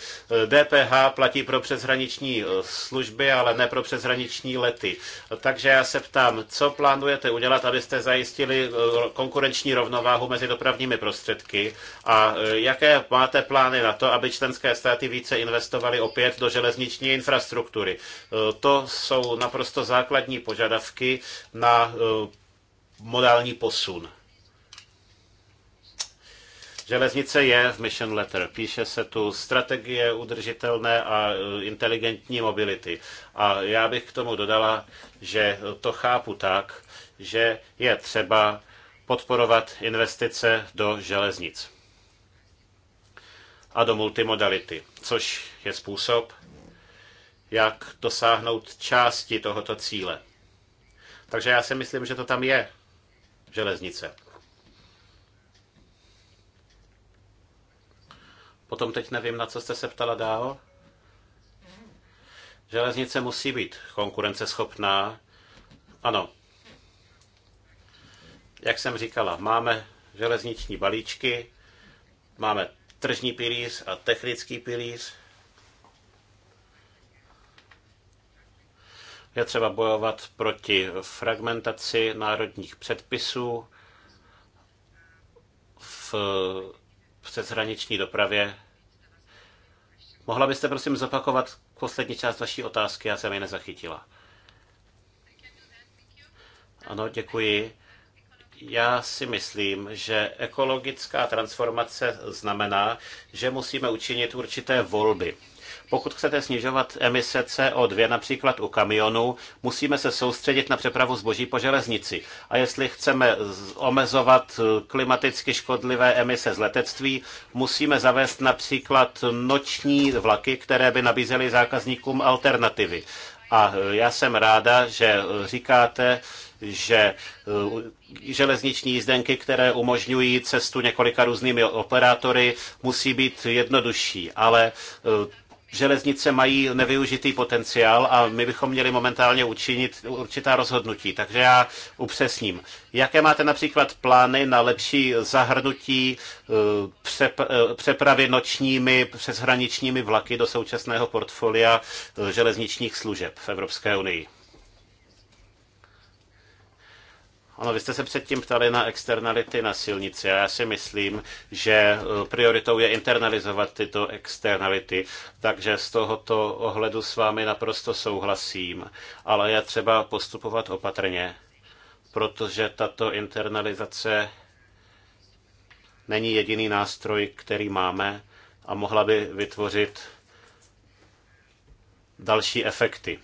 Speaker 1: DPH e, platí pro přeshraniční e, služby, ale ne pro přeshraniční lety. Takže já se ptám, co plánujete udělat, abyste zajistili konkurenční rovnováhu mezi dopravními prostředky a Eh, jaké máte plány na to, aby členské státy více investovaly opět do železniční infrastruktury? Eh, to jsou naprosto základní požadavky na eh, modální posun. Železnice je v Mission Letter. Píše se tu strategie udržitelné a inteligentní mobility. A já bych k tomu dodala, že to chápu tak, že je třeba podporovat investice do železnic a do multimodality, což je způsob, jak dosáhnout části tohoto cíle. Takže já si myslím, že to tam je, železnice. Potom teď nevím, na co jste se ptala dál. Železnice musí být konkurenceschopná. Ano. Jak jsem říkala, máme železniční balíčky, máme tržní pilíř a technický pilíř. Je třeba bojovat proti fragmentaci národních předpisů v přeshraniční dopravě. Mohla byste prosím zopakovat poslední část vaší otázky, já jsem ji nezachytila. Ano, děkuji. Já si myslím, že ekologická transformace znamená, že musíme učinit určité volby. Pokud chcete snižovat emise CO2 například u kamionů, musíme se soustředit na přepravu zboží po železnici. A jestli chceme omezovat eh, klimaticky škodlivé emise z letectví, musíme zavést například noční vlaky, které by nabízely zákazníkům alternativy. A e, já jsem ráda, že e, říkáte, že e, železniční jízdenky, které umožňují cestu několika různými operátory, musí být jednodušší, ale železnice mají nevyužitý potenciál a my bychom měli momentálně učinit určitá rozhodnutí. Takže já upřesním. Jaké máte například plány na lepší zahrnutí eh, eh, přepravy nočními přeshraničními vlaky do současného portfolia eh, železničních služeb v Evropské unii? Ano, vy jste se předtím ptali na externality na silnici a já si myslím, že eh, prioritou je internalizovat tyto externality, takže z tohoto ohledu s vámi naprosto souhlasím, ale je třeba postupovat opatrně, protože tato internalizace není jediný nástroj, který máme a mohla by vytvořit další efekty.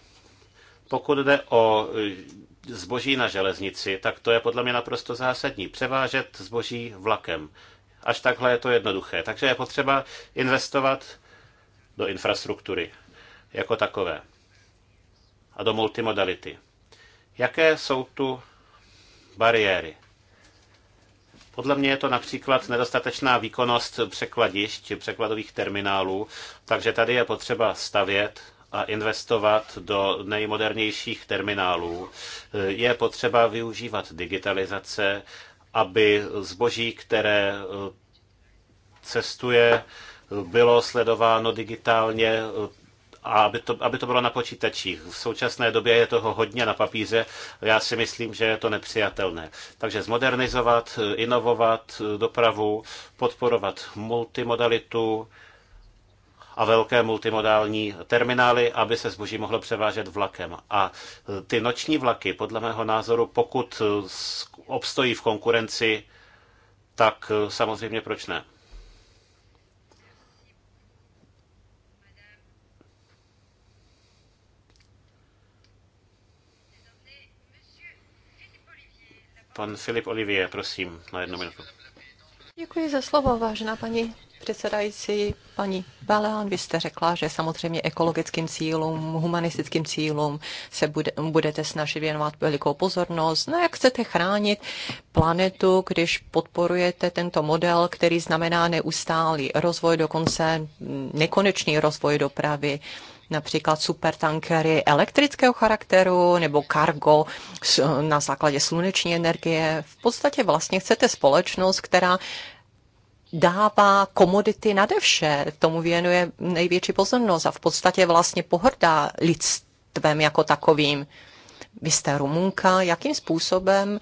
Speaker 1: Pokud jde o eh, zboží na železnici, tak to je podle mě naprosto zásadní. Převážet zboží vlakem. Až takhle je to jednoduché. Takže je potřeba investovat do infrastruktury jako takové a do multimodality. Jaké jsou tu bariéry? Podle mě je to například nedostatečná výkonnost překladišť, překladových terminálů, takže tady je potřeba stavět a investovat do nejmodernějších terminálů, je potřeba využívat digitalizace, aby zboží, které eh, cestuje, bylo sledováno digitálně eh, a aby to, aby to bylo na počítačích. V současné době je toho hodně na papíře. Já si myslím, že je to nepřijatelné. Takže zmodernizovat, eh, inovovat dopravu, podporovat multimodalitu, a velké multimodální terminály, aby se zboží mohlo převážet vlakem. A e, ty noční vlaky, podle mého názoru, pokud e, obstojí v konkurenci, tak e, samozřejmě proč ne? Pan Filip Olivier, prosím, na jednu minutu.
Speaker 2: Děkuji za slovo, vážená paní předsedající, paní Balán, vy jste řekla, že samozřejmě ekologickým cílům, humanistickým cílům se bude, budete snažit věnovat velikou pozornost. No jak chcete chránit planetu, když podporujete tento model, který znamená neustálý rozvoj, dokonce nekonečný rozvoj dopravy, například supertankery elektrického charakteru nebo kargo na základě sluneční energie. V podstatě vlastně chcete společnost, která dává komodity nade vše, tomu věnuje největší pozornost a v podstatě vlastně pohrdá lidstvem jako takovým. Vy jste Rumunka, jakým způsobem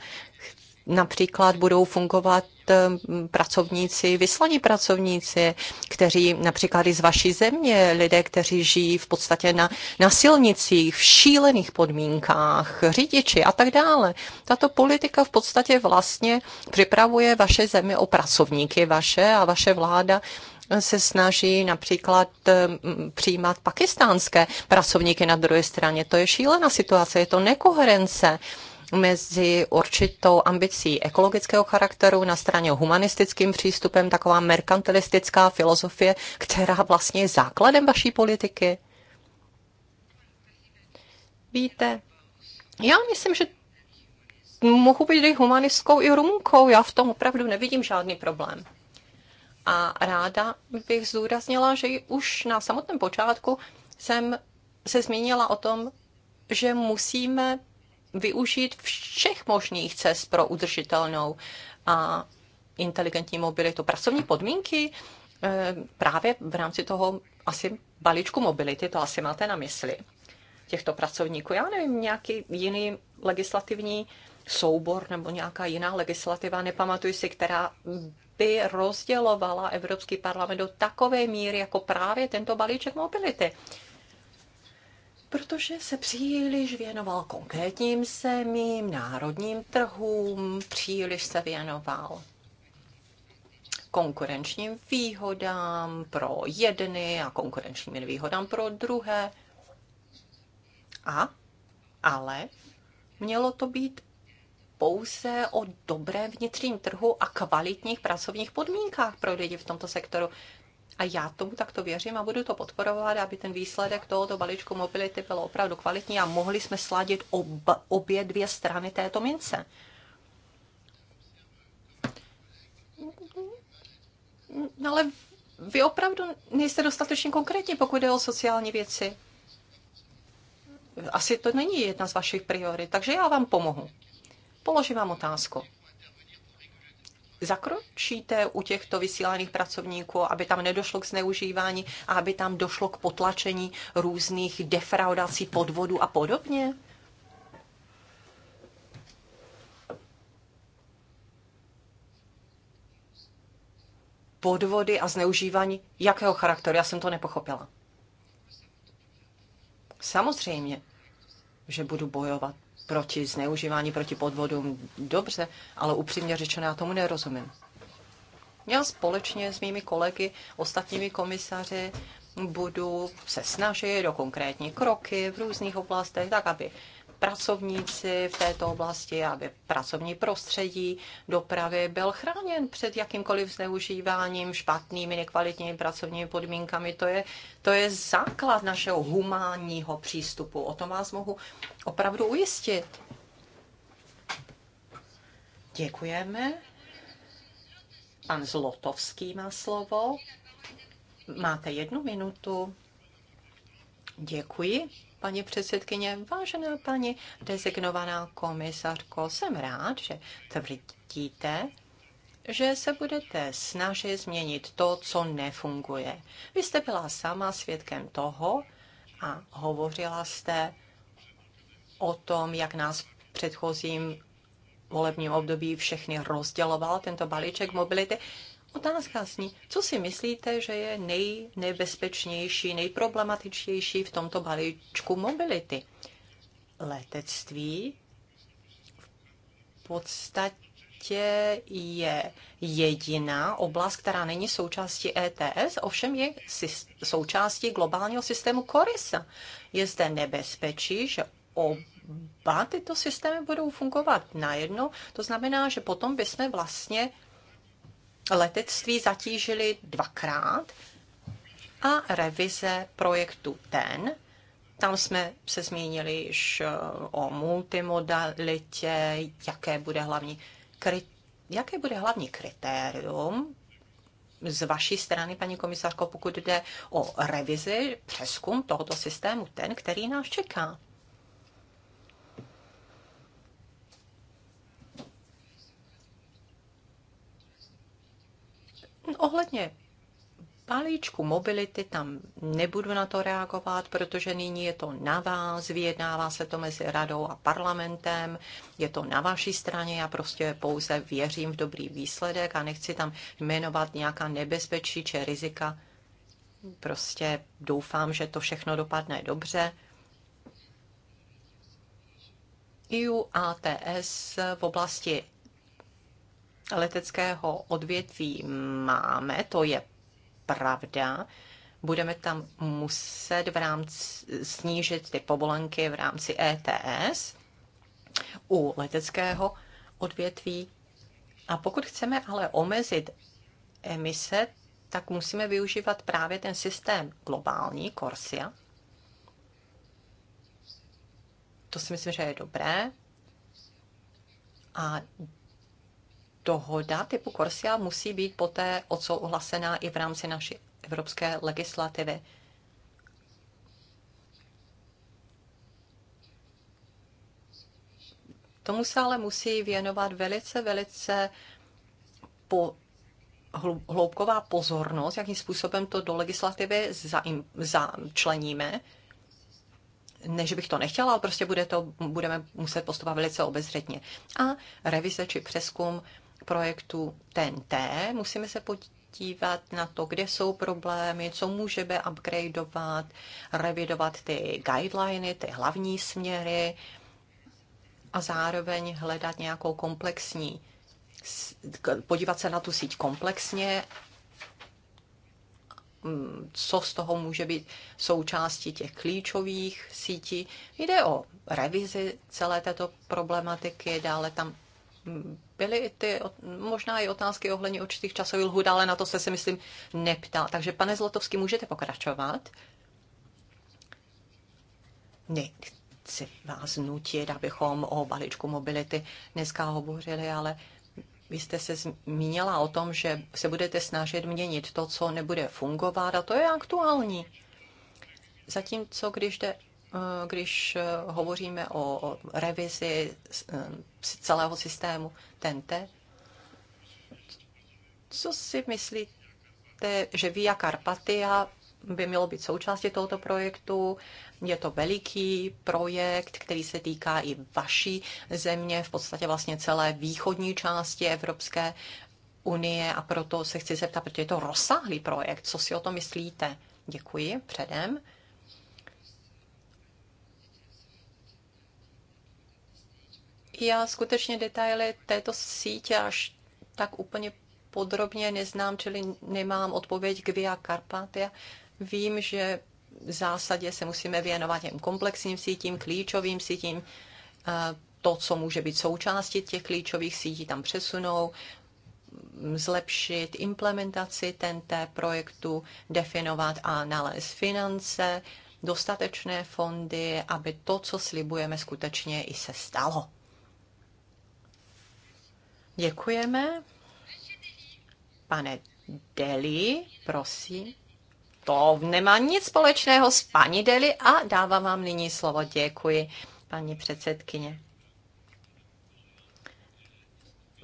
Speaker 2: například budou fungovat eh, pracovníci, vyslaní pracovníci, kteří například i z vaší země, lidé, kteří žijí v podstatě na, na silnicích, v šílených podmínkách, řidiči a tak dále. Tato politika v podstatě vlastně připravuje vaše země o pracovníky vaše a vaše vláda se snaží například eh, přijímat pakistánské pracovníky na druhé straně. To je šílená situace, je to nekoherence mezi určitou ambicí ekologického charakteru na straně humanistickým přístupem, taková merkantilistická filozofie, která vlastně je základem vaší politiky? Víte, já myslím, že mohu být i humanistkou, i rumunkou. Já v tom opravdu nevidím žádný problém. A ráda bych zdůraznila, že už na samotném počátku jsem se zmínila o tom, že musíme využít všech možných cest pro udržitelnou a inteligentní mobilitu. Pracovní podmínky eh, právě v rámci toho asi balíčku mobility, to asi máte na mysli, těchto pracovníků. Já nevím, nějaký jiný legislativní soubor nebo nějaká jiná legislativa, nepamatuji si, která by rozdělovala Evropský parlament do takové míry, jako právě tento balíček mobility protože se příliš věnoval konkrétním zemím, národním trhům, příliš se věnoval konkurenčním výhodám pro jedny a konkurenčním výhodám pro druhé. A, ale mělo to být pouze o dobrém vnitřním trhu a kvalitních pracovních podmínkách pro lidi v tomto sektoru. A já tomu takto věřím a budu to podporovat, aby ten výsledek tohoto balíčku mobility byl opravdu kvalitní a mohli jsme sladit ob, obě dvě strany této mince. No ale vy opravdu nejste dostatečně konkrétní, pokud jde o sociální věci. Asi to není jedna z vašich priorit, takže já vám pomohu. Položím vám otázku zakročíte u těchto vysílaných pracovníků, aby tam nedošlo k zneužívání a aby tam došlo k potlačení různých defraudací, podvodů a podobně? podvody a zneužívání jakého charakteru? Já jsem to nepochopila. Samozřejmě, že budu bojovat proti zneužívání, proti podvodům. Dobře, ale upřímně řečeno, já tomu nerozumím. Já společně s mými kolegy, ostatními komisaři, budu se snažit do konkrétní kroky v různých oblastech, tak aby pracovníci v této oblasti, aby pracovní prostředí dopravy byl chráněn před jakýmkoliv zneužíváním, špatnými, nekvalitními pracovními podmínkami. To je, to je základ našeho humánního přístupu. O tom vás mohu opravdu ujistit. Děkujeme. Pan Zlotovský má slovo. Máte jednu minutu. Děkuji paní předsedkyně. Vážená paní designovaná komisařko, jsem rád, že tvrdíte, že se budete snažit změnit to, co nefunguje. Vy jste byla sama svědkem toho a hovořila jste o tom, jak nás v předchozím volebním období všechny rozděloval tento balíček mobility. Otázka zní, co si myslíte, že je nejnebezpečnější, nejproblematičtější v tomto balíčku mobility? Letectví v podstatě je jediná oblast, která není součástí ETS, ovšem je součástí globálního systému Korisa. Je zde nebezpečí, že oba tyto systémy budou fungovat najednou. To znamená, že potom bychom vlastně letectví zatížili dvakrát a revize projektu TEN. Tam jsme se zmínili již eh, o multimodalitě, jaké bude hlavní, krit, jaké bude hlavní kritérium z vaší strany, paní komisařko, pokud jde o revizi, přeskum tohoto systému, ten, který nás čeká. Hm, ohledně balíčku mobility tam nebudu na to reagovat, protože nyní je to na vás, vyjednává se to mezi radou a parlamentem, je to na vaší straně, já prostě pouze věřím v dobrý výsledek a nechci tam jmenovat nějaká nebezpečí či rizika. Prostě doufám, že to všechno dopadne dobře. EU ATS v oblasti leteckého odvětví máme, to je pravda. Budeme tam muset v rámci, snížit ty povolenky v rámci ETS u leteckého odvětví. A pokud chceme ale omezit emise, tak musíme využívat právě ten systém globální, Corsia. To si myslím, že je dobré. A dohoda typu Corsia musí být poté odsouhlasená i v rámci naší evropské legislativy. Tomu se ale musí věnovat velice, velice po, hloubková pozornost, jakým způsobem to do legislativy začleníme. Ne, že bych to nechtěla, ale prostě bude to, budeme muset postupovat velice obezřetně. A revize či přeskum projektu TNT, musíme se podívat na to, kde jsou problémy, co můžeme upgradeovat, revidovat ty guideliny, ty hlavní směry a zároveň hledat nějakou komplexní, podívat se na tu síť komplexně mm, co z toho může být součástí těch klíčových sítí. Jde o revizi celé této problematiky, dále tam byly ty možná i otázky ohledně určitých časových lhůt, ale na to se si myslím neptal. Takže pane Zlotovský, můžete pokračovat? Ne, chci vás nutit, abychom o balíčku mobility dneska hovořili, ale vy jste se zmínila o tom, že se budete snažit měnit to, co nebude fungovat a to je aktuální. Zatímco, když jde Eh, když eh, hovoříme o revizi eh, celého systému TNT. Co si myslíte, že Via Carpatia by mělo být součástí tohoto projektu? Je to veliký projekt, který se týká i vaší země, v podstatě vlastně celé východní části Evropské unie a proto se chci zeptat, protože je to rozsáhlý projekt, co si o tom myslíte? Děkuji předem. Já skutečně detaily této sítě až tak úplně podrobně neznám, čili nemám odpověď k Via Carpatia. Vím, že v zásadě se musíme věnovat těm komplexním sítím, klíčovým sítím, eh, to, co může být součástí těch klíčových sítí, tam přesunou, zlepšit implementaci TNT projektu, definovat a nalézt finance, dostatečné fondy, aby to, co slibujeme, skutečně i se stalo. Děkujeme. Pane Deli, prosím. To nemá nic společného s paní Deli a dávám vám nyní slovo. Děkuji, paní předsedkyně.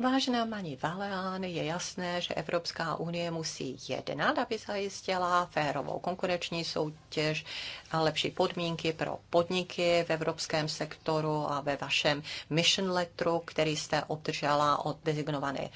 Speaker 2: Vážená paní Valeán, je jasné, že Evropská unie musí jednat, aby zajistila férovou konkurenční soutěž a lepší podmínky pro podniky v evropském sektoru a ve vašem mission letteru, který jste obdržela od designované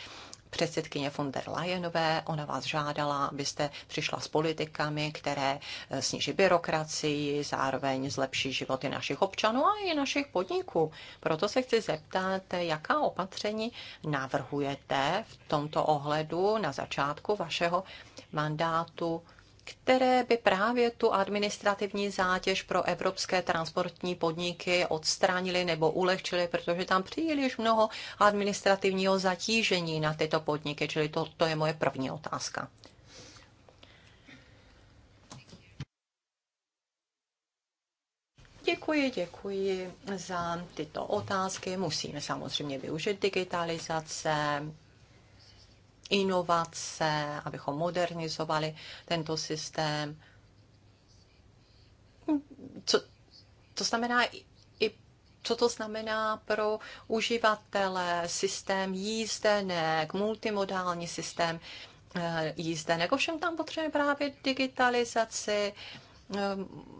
Speaker 2: předsedkyně von der Leyenové. Ona vás žádala, abyste přišla s politikami, které eh, sníží byrokracii, zároveň zlepší životy našich občanů a i našich podniků. Proto se chci zeptat, jaká opatření navrhujete v tomto ohledu na začátku vašeho mandátu které by právě tu administrativní zátěž pro evropské transportní podniky odstranili nebo ulehčili, protože tam příliš mnoho administrativního zatížení na tyto podniky, čili to, to je moje první otázka. Děkuji, děkuji za tyto otázky. Musíme samozřejmě využít digitalizace, inovace, abychom modernizovali tento systém. Co, to znamená i, co to znamená pro uživatele, systém jízdenek, multimodální systém eh, jízdenek. Ovšem tam potřebujeme právě digitalizaci, Eh,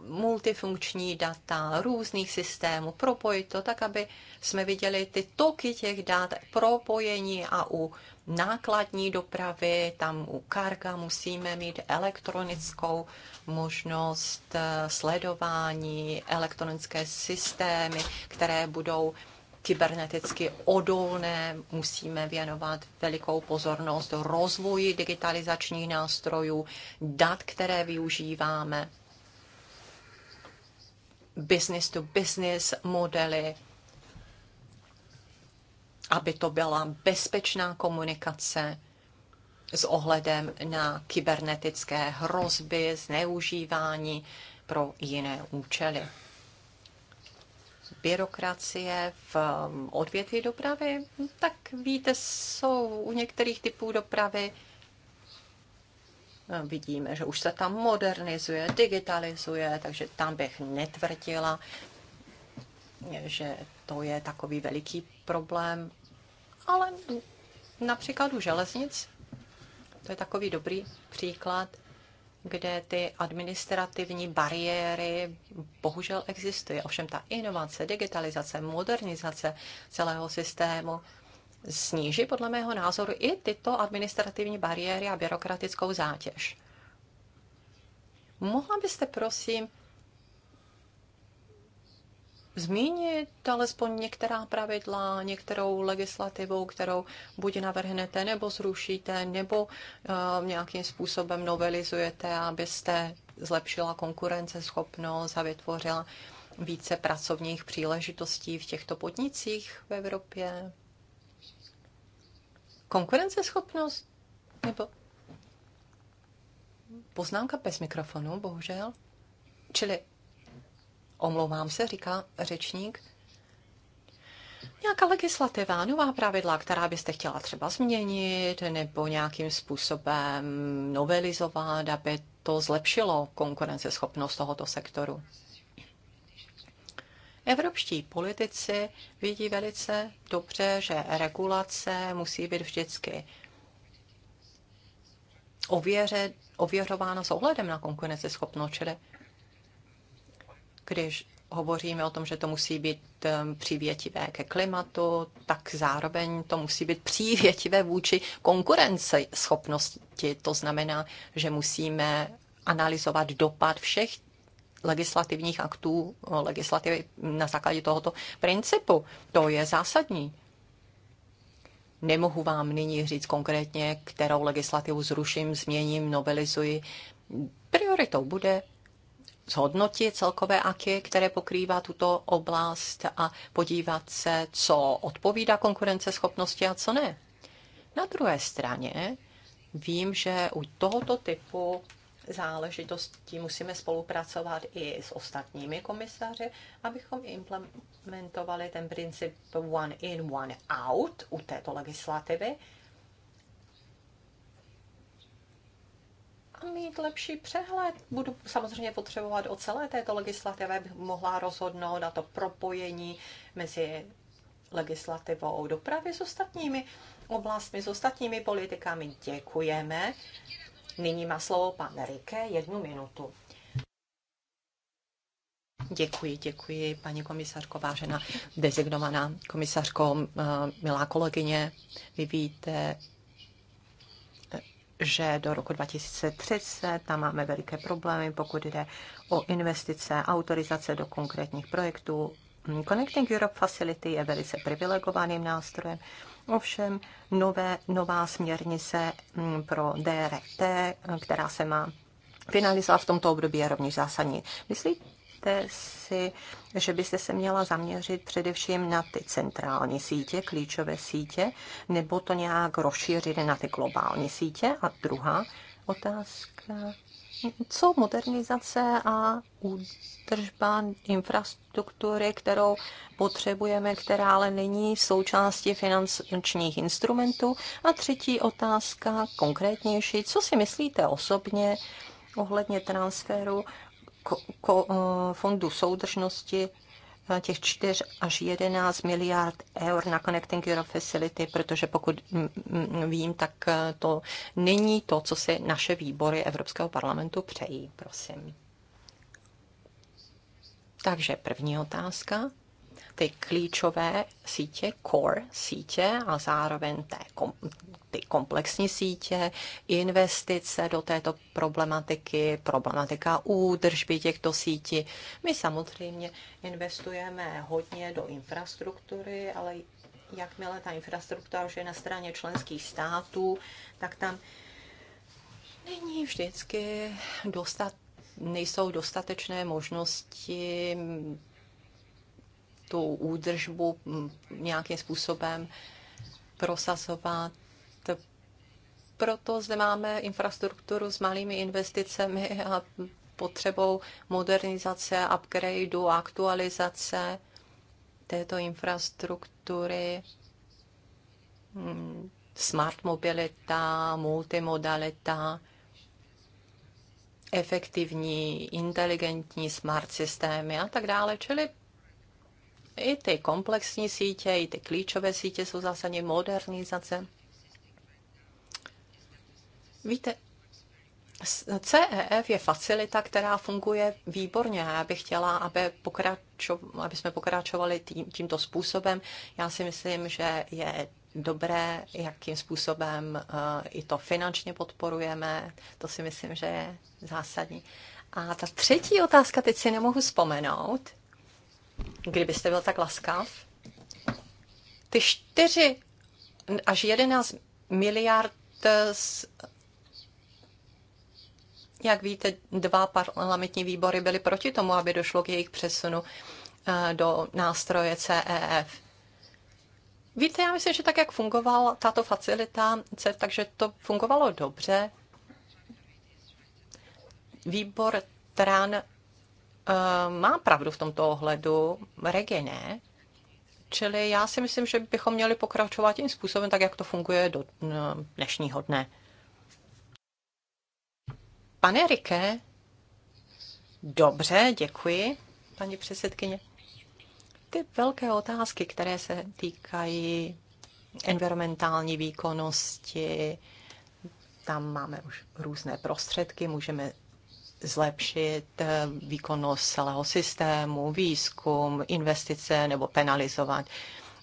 Speaker 2: multifunkční data různých systémů, propojit to tak, aby jsme viděli ty toky těch dat, propojení a u nákladní dopravy, tam u karga musíme mít elektronickou možnost eh, sledování, elektronické systémy, které budou kyberneticky odolné, musíme věnovat velikou pozornost rozvoji digitalizačních nástrojů, dat, které využíváme business to business modely, aby to byla bezpečná komunikace s ohledem na kybernetické hrozby, zneužívání pro jiné účely. Byrokracie v um, odvětví dopravy, tak víte, jsou u některých typů dopravy Vidíme, že už se tam modernizuje, digitalizuje, takže tam bych netvrdila, že to je takový veliký problém. Ale například u železnic, to je takový dobrý příklad, kde ty administrativní bariéry bohužel existují. Ovšem ta inovace, digitalizace, modernizace celého systému, sníží podle mého názoru i tyto administrativní bariéry a byrokratickou zátěž. Mohla byste prosím zmínit alespoň některá pravidla, některou legislativou, kterou buď navrhnete, nebo zrušíte, nebo uh, nějakým způsobem novelizujete, abyste zlepšila konkurenceschopnost a vytvořila více pracovních příležitostí v těchto podnicích v Evropě? konkurenceschopnost? Nebo poznámka bez mikrofonu, bohužel. Čili omlouvám se, říká řečník, nějaká legislativa, nová pravidla, která byste chtěla třeba změnit nebo nějakým způsobem novelizovat, aby to zlepšilo konkurenceschopnost tohoto sektoru? Evropští politici vidí velice dobře, že regulace musí být vždycky ověře, ověřována s ohledem na konkurenceschopnost, čili když hovoříme o tom, že to musí být ehm, přívětivé ke klimatu, tak zároveň to musí být přívětivé vůči konkurenceschopnosti. To znamená, že musíme analyzovat dopad všech legislativních aktů, eh, legislativy na základě tohoto principu. To je zásadní. Nemohu vám nyní říct konkrétně, kterou legislativu zruším, změním, novelizuji. Prioritou bude zhodnotit celkové aky, které pokrývá tuto oblast a podívat se, co odpovídá konkurenceschopnosti a co ne. Na druhé straně vím, že u tohoto typu záležitostí musíme spolupracovat i s ostatními komisaři, abychom implementovali ten princip one in, one out u této legislativy a mít lepší přehled. Budu samozřejmě potřebovat o celé této legislativě, abych mohla rozhodnout na to propojení mezi legislativou dopravy s ostatními oblastmi, s ostatními politikami. Děkujeme Nyní má slovo pan Rike, jednu minutu. Děkuji, děkuji, paní komisařko, vážená dezignovaná komisařko, eh, milá kolegyně. Vy víte, eh, že do roku 2030 tam máme veliké problémy, pokud jde o investice, autorizace do konkrétních projektů. Connecting Europe Facility je velice privilegovaným nástrojem, Ovšem nové, nová směrnice mm, pro DRT, která se má finalizovat v tomto období, je rovněž zásadní. Myslíte si, že byste se měla zaměřit především na ty centrální sítě, klíčové sítě, nebo to nějak rozšířit na ty globální sítě? A druhá otázka, co modernizace a údržba infrastruktury, kterou potřebujeme, která ale není součástí finančních instrumentů. A třetí otázka, konkrétnější, co si myslíte osobně ohledně transferu k, k, eh, fondu soudržnosti těch 4 až 11 miliard eur na Connecting Europe Facility, protože pokud mm, mm, mm, vím, tak eh, to není to, co si naše výbory Evropského parlamentu přejí, prosím. Takže první otázka ty klíčové sítě, core sítě a zároveň té kom, ty komplexní sítě, investice do této problematiky, problematika údržby těchto sítí. My samozřejmě investujeme hodně do infrastruktury, ale jakmile ta infrastruktura už je na straně členských států, tak tam není vždycky dostat, nejsou dostatečné možnosti tu údržbu nějakým způsobem prosazovat. Proto zde máme infrastrukturu s malými investicemi a potřebou modernizace, upgradeu, aktualizace této infrastruktury, hmm, smart mobilita, multimodalita, efektivní, inteligentní smart systémy a tak dále. Čili i ty komplexní sítě, i ty klíčové sítě jsou zásadně modernizace. Víte, CEF je facilita, která funguje výborně. Já bych chtěla, aby, pokračo, aby jsme pokračovali tím, tímto způsobem. Já si myslím, že je dobré, jakým způsobem eh, i to finančně podporujeme. To si myslím, že je zásadní. A ta třetí otázka, teď si nemohu vzpomenout, kdybyste byl tak laskav, ty 4 až 11 miliard z jak víte, dva parlamentní výbory byly proti tomu, aby došlo k jejich přesunu eh, do nástroje CEF. Víte, já myslím, že tak, jak fungovala tato facilita, e takže to fungovalo dobře. Výbor TRAN Eh, má pravdu v tomto ohledu Regine, čili já si myslím, že bychom měli pokračovat tím způsobem, tak jak to funguje do eh, dnešního dne. Pane Rike, dobře, děkuji, paní předsedkyně. Ty velké otázky, které se týkají environmentální výkonnosti, tam máme už různé prostředky, můžeme zlepšit eh, výkonnost celého systému, výzkum, investice nebo penalizovat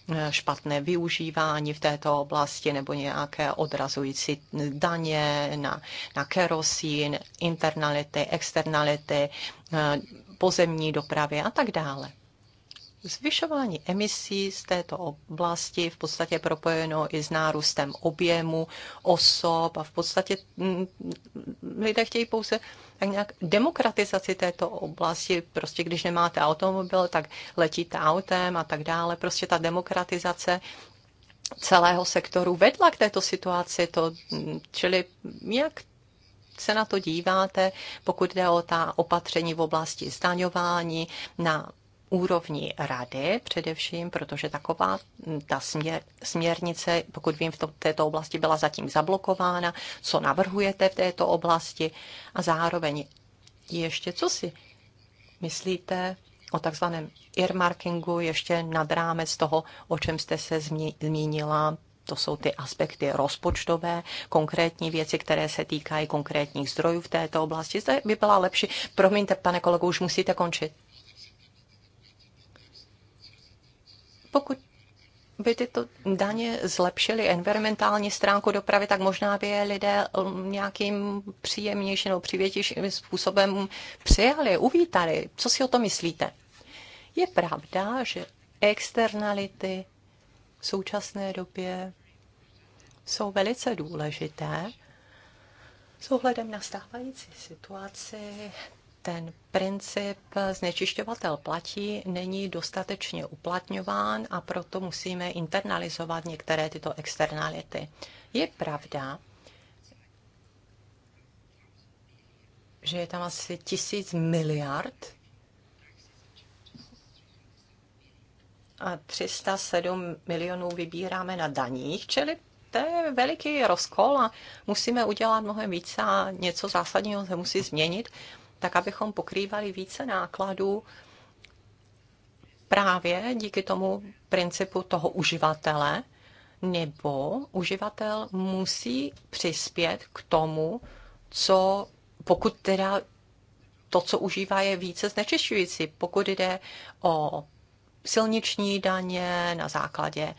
Speaker 2: eh, špatné využívání v této oblasti nebo nějaké odrazující daně na, na kerosín, internality, externality, eh, pozemní dopravy a tak dále. Zvyšování emisí z této oblasti v podstatě propojeno i s nárůstem objemu osob a v podstatě mm, lidé chtějí pouze nějak demokratizaci této oblasti. Prostě když nemáte automobil, tak letíte autem a tak dále. Prostě ta demokratizace celého sektoru vedla k této situaci. To, čili jak se na to díváte, pokud jde o ta opatření v oblasti zdaňování, na úrovni rady především, protože taková mm, ta směr, směrnice, pokud vím, v to, této oblasti byla zatím zablokována, co navrhujete v této oblasti a zároveň ještě, co si myslíte o takzvaném earmarkingu ještě nad rámec toho, o čem jste se zmínila, to jsou ty aspekty rozpočtové, konkrétní věci, které se týkají konkrétních zdrojů v této oblasti. Zde by byla lepší. Promiňte, pane kolego, už musíte končit. Pokud by tyto daně zlepšily environmentální stránku dopravy, tak možná by je lidé um, nějakým příjemnějším nebo přivětějším způsobem přijali, uvítali. Co si o to myslíte? Je pravda, že externality v současné době jsou velice důležité. S ohledem na stávající situaci ten princip znečišťovatel platí není dostatečně uplatňován a proto musíme internalizovat některé tyto externality. Je pravda, že je tam asi tisíc miliard a 307 milionů vybíráme na daních, čili to je veliký rozkol a musíme udělat mnohem více a něco zásadního se musí změnit tak abychom pokrývali více nákladů právě díky tomu principu toho uživatele, nebo uživatel musí přispět k tomu, co pokud teda to, co užívá, je více znečišťující. Pokud jde o silniční daně na základě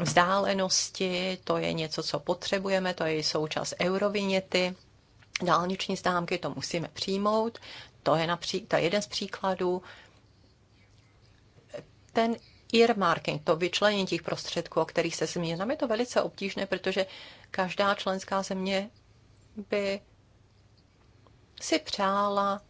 Speaker 2: vzdálenosti, to je něco, co potřebujeme, to je součást eurovinety dálniční známky, to musíme přijmout. To je, například jeden z příkladů. Ten earmarking, to vyčlenění těch prostředků, o kterých se zmínil, nám je to velice obtížné, protože každá členská země by si přála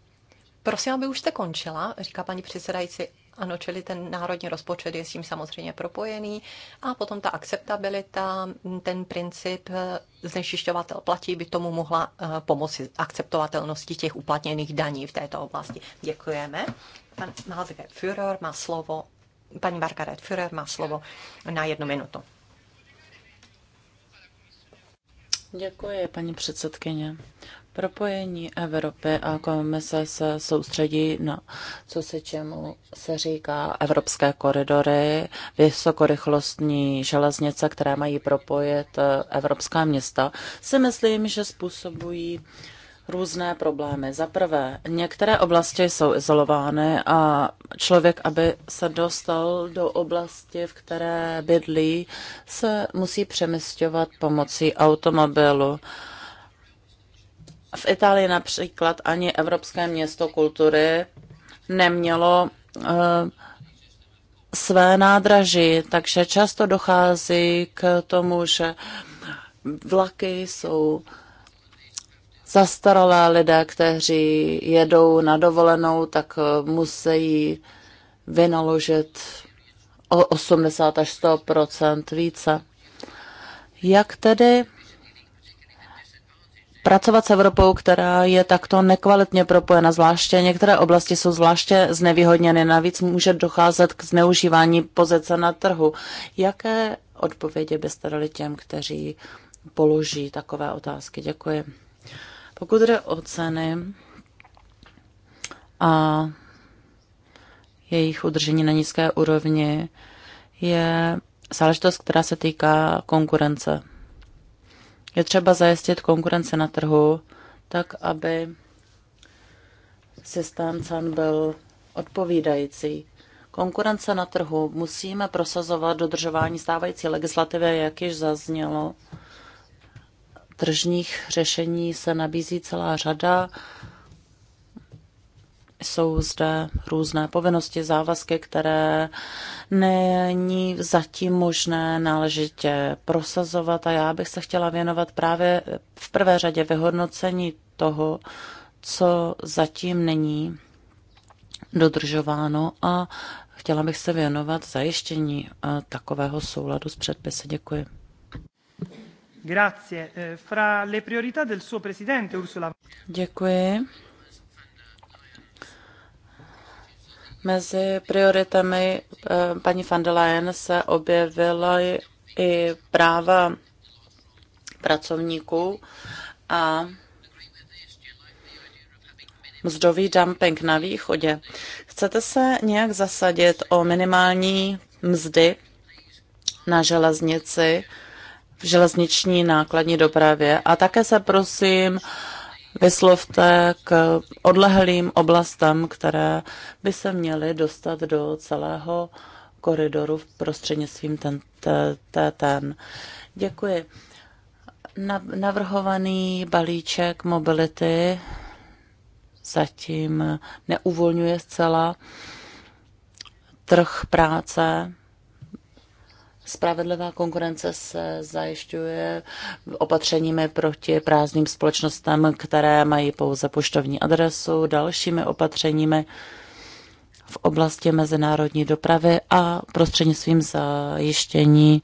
Speaker 2: Prosím, aby už jste končila, říká paní předsedající. Ano, čili ten národní rozpočet je s tím samozřejmě propojený. A potom ta akceptabilita, ten princip eh, znečišťovatel platí, by tomu mohla eh, pomoci akceptovatelnosti těch uplatněných daní v této oblasti. Děkujeme. Pan Margaret Führer má slovo. Paní Margaret Führer má slovo na jednu minutu.
Speaker 3: Děkuji, paní předsedkyně. Propojení Evropy a komise se soustředí na co se čemu se říká evropské koridory, vysokorychlostní železnice, které mají propojit eh, evropská města, si myslím, že způsobují různé problémy. Za prvé, některé oblasti jsou izolovány a člověk, aby se dostal do oblasti, v které bydlí, se musí přemysťovat pomocí automobilu. V Itálii například ani Evropské město kultury nemělo uh, své nádraží, takže často dochází k tomu, že vlaky jsou zastaralé lidé, kteří jedou na dovolenou, tak eh, musí vynaložit o 80 až 100 více. Jak tedy pracovat s Evropou, která je takto nekvalitně propojena, zvláště některé oblasti jsou zvláště znevýhodněny, navíc může docházet k zneužívání pozice na trhu. Jaké odpovědi byste dali těm, kteří položí takové otázky? Děkuji. Pokud jde o ceny a jejich udržení na nízké úrovni, je záležitost, která se týká konkurence je třeba zajistit konkurence na trhu tak, aby systém cen byl odpovídající. Konkurence na trhu musíme prosazovat dodržování stávající legislativy, jak již zaznělo. Tržních řešení se nabízí celá řada jsou zde různé povinnosti, závazky, které není zatím možné náležitě prosazovat a já bych se chtěla věnovat právě v prvé řadě vyhodnocení toho, co zatím není dodržováno a chtěla bych se věnovat zajištění eh, takového souladu s předpisy. Děkuji. Grazie. Eh, fra le priorità del suo presidente Ursula. Děkuji. Mezi prioritami eh, paní van der Leyen se objevila i práva pracovníků a mzdový dumping na východě. Chcete se nějak zasadit o minimální mzdy na železnici, v železniční nákladní dopravě a také se prosím vyslovte k odlehlým oblastem, které by se měly dostat do celého koridoru prostřednictvím ten, ten, ten. Děkuji. Navrhovaný balíček mobility zatím neuvolňuje zcela trh práce Spravedlivá konkurence se zajišťuje opatřeními proti prázdným společnostem, které mají pouze poštovní adresu, dalšími opatřeními v oblasti mezinárodní dopravy a prostřednictvím zajištění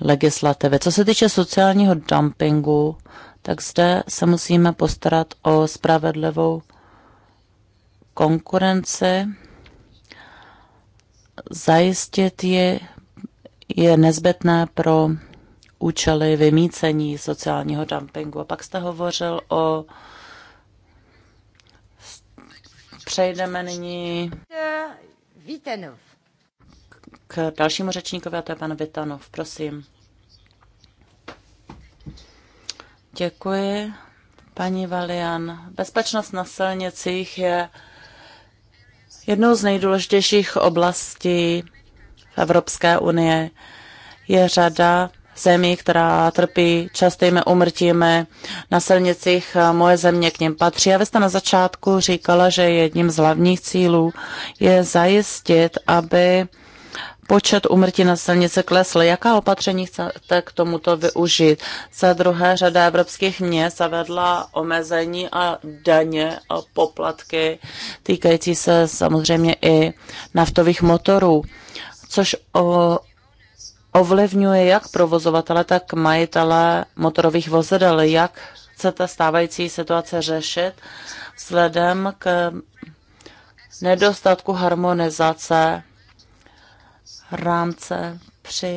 Speaker 3: legislativy. Co se týče sociálního dumpingu, tak zde se musíme postarat o spravedlivou konkurenci, zajistit ji je nezbytné pro účely vymícení sociálního dumpingu. A pak jste hovořil o Přejdeme nyní k dalšímu řečníkovi, a to je pan Vitanov. Prosím. Děkuji, paní Valian. Bezpečnost na silnicích je jednou z nejdůležitějších oblastí v Evropské unii. Je řada zemí, která trpí častými umrtími na silnicích. Moje země k něm patří. A vy jste na začátku říkala, že jedním z hlavních cílů je zajistit, aby počet umrtí na silnice klesl. Jaká opatření chcete k tomuto využít? Za druhé řada evropských měst zavedla omezení a daně a poplatky týkající se samozřejmě i naftových motorů což o, ovlivňuje jak provozovatele, tak majitele motorových vozidel. Jak chcete stávající situace řešit vzhledem k nedostatku harmonizace rámce při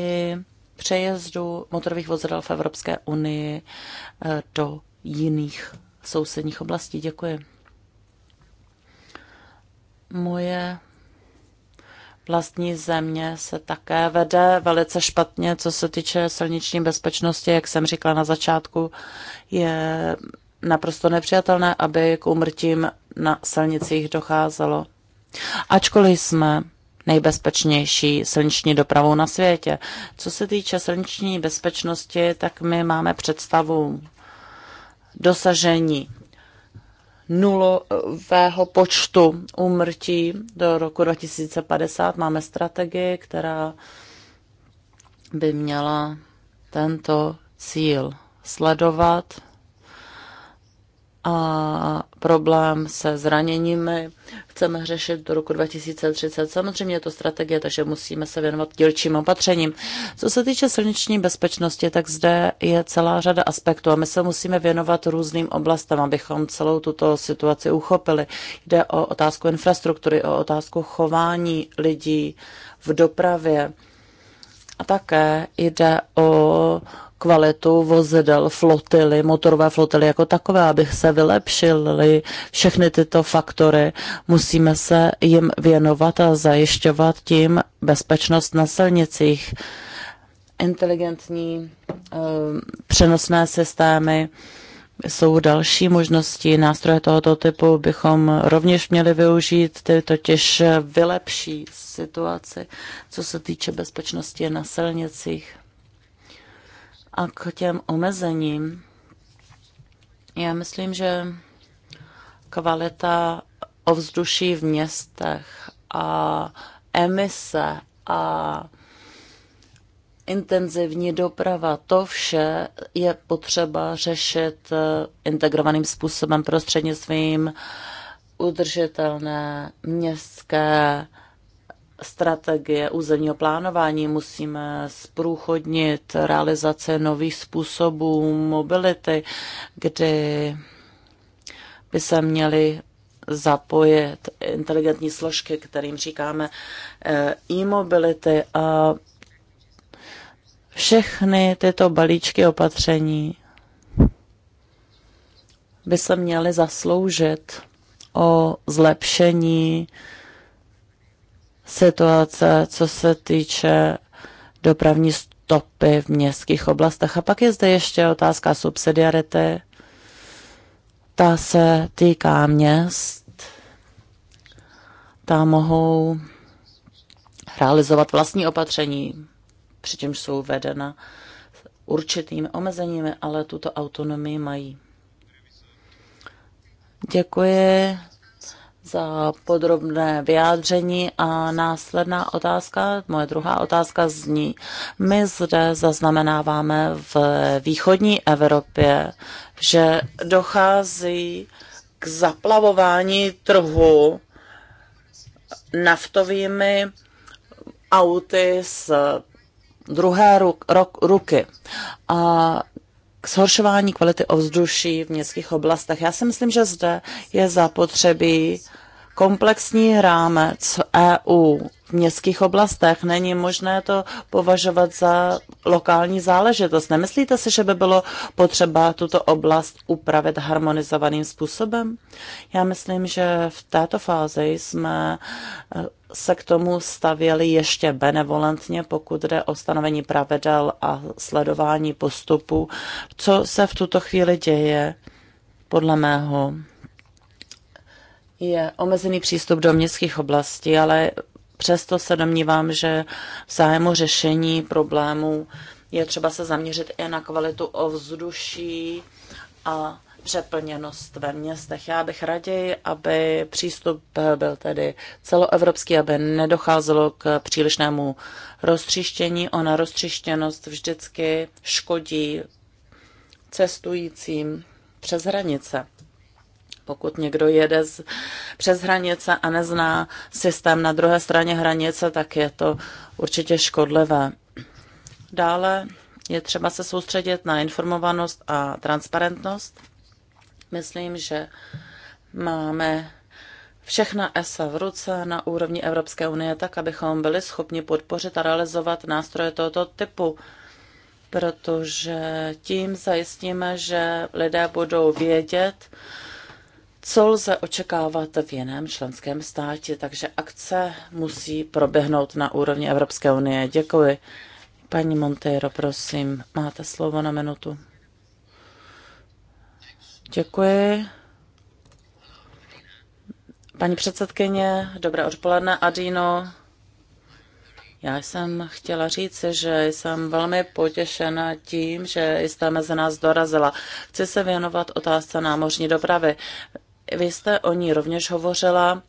Speaker 3: přejezdu motorových vozidel v Evropské unii eh, do jiných sousedních oblastí. Děkuji. Moje vlastní země se také vede velice špatně, co se týče silniční bezpečnosti. Jak jsem říkala na začátku, je naprosto nepřijatelné, aby k úmrtím na silnicích docházelo. Ačkoliv jsme nejbezpečnější silniční dopravou na světě. Co se týče silniční bezpečnosti, tak my máme představu dosažení nulového počtu úmrtí do roku 2050. Máme strategii, která by měla tento cíl sledovat a problém se zraněními chceme řešit do roku 2030. Samozřejmě je to strategie, takže musíme se věnovat dílčím opatřením. Co se týče silniční bezpečnosti, tak zde je celá řada aspektů a my se musíme věnovat různým oblastem, abychom celou tuto situaci uchopili. Jde o otázku infrastruktury, o otázku chování lidí v dopravě a také jde o kvalitu vozidel, flotily, motorové flotily jako takové, aby se vylepšily všechny tyto faktory. Musíme se jim věnovat a zajišťovat tím bezpečnost na silnicích, inteligentní eh, přenosné systémy, jsou další možnosti. Nástroje tohoto typu bychom rovněž měli využít, ty totiž vylepší situaci, co se týče bezpečnosti na silnicích a k těm omezením. Já myslím, že kvalita ovzduší v městech a emise a intenzivní doprava, to vše je potřeba řešit eh, integrovaným způsobem prostřednictvím udržitelné městské strategie územního plánování, musíme zprůchodnit realizace nových způsobů mobility, kdy by se měly zapojit inteligentní složky, kterým říkáme eh, e-mobility a všechny tyto balíčky opatření by se měly zasloužit o zlepšení situace, co se týče dopravní stopy v městských oblastech. A pak je zde ještě otázka subsidiarity. Ta se týká měst. Ta mohou realizovat vlastní opatření, přičemž jsou vedena určitými omezeními, ale tuto autonomii mají. Děkuji za podrobné vyjádření a následná otázka, moje druhá otázka zní, my zde zaznamenáváme v východní Evropě, že dochází k zaplavování trhu naftovými auty z druhé ruk, rok, ruky a k zhoršování kvality ovzduší v městských oblastech. Já si myslím, že zde je zapotřebí komplexní rámec EU v městských oblastech. Není možné to považovat za lokální záležitost. Nemyslíte si, že by bylo potřeba tuto oblast upravit harmonizovaným způsobem? Já myslím, že v této fázi jsme eh, se k tomu stavěli ještě benevolentně, pokud jde o stanovení pravidel a sledování postupu. Co se v tuto chvíli děje, podle mého je omezený přístup do městských oblastí, ale přesto se domnívám, že v zájmu řešení problémů je třeba se zaměřit i na kvalitu ovzduší a přeplněnost ve městech. Já bych raději, aby přístup byl tedy celoevropský, aby nedocházelo k přílišnému roztřištění. Ona roztřištěnost vždycky škodí cestujícím přes hranice. Pokud někdo jede z, přes hranice a nezná systém na druhé straně hranice, tak je to určitě škodlivé. Dále je třeba se soustředit na informovanost a transparentnost. Myslím, že máme všechna ESA v ruce na úrovni Evropské unie tak, abychom byli schopni podpořit a realizovat nástroje tohoto typu, protože tím zajistíme, že lidé budou vědět, co lze očekávat v jiném členském státě, takže akce musí proběhnout na úrovni Evropské unie. Děkuji. Paní Monteiro, prosím, máte slovo na minutu. Děkuji. Paní předsedkyně, dobré odpoledne, Adino. Já jsem chtěla říct, že jsem velmi potěšena tím, že jste mezi nás dorazila. Chci se věnovat otázce námořní dopravy. Vy jste o ní rovněž hovořila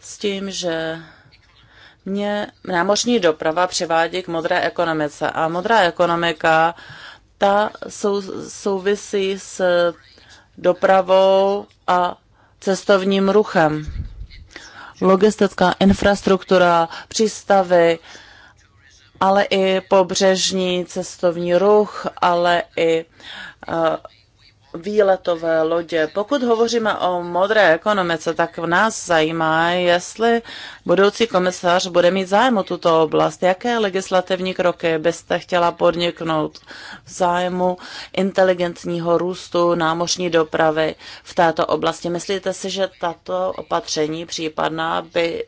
Speaker 3: s tím, že mě námořní doprava přivádí k modré ekonomice. A modrá ekonomika, ta sou, souvisí s dopravou a cestovním ruchem. Logistická infrastruktura, přístavy, ale i pobřežní cestovní ruch, ale i uh, výletové lodě. Pokud hovoříme o modré ekonomice, tak v nás zajímá, jestli budoucí komisař bude mít zájem o tuto oblast. Jaké legislativní kroky byste chtěla podniknout v zájmu inteligentního růstu námořní dopravy v této oblasti? Myslíte si, že tato opatření případná by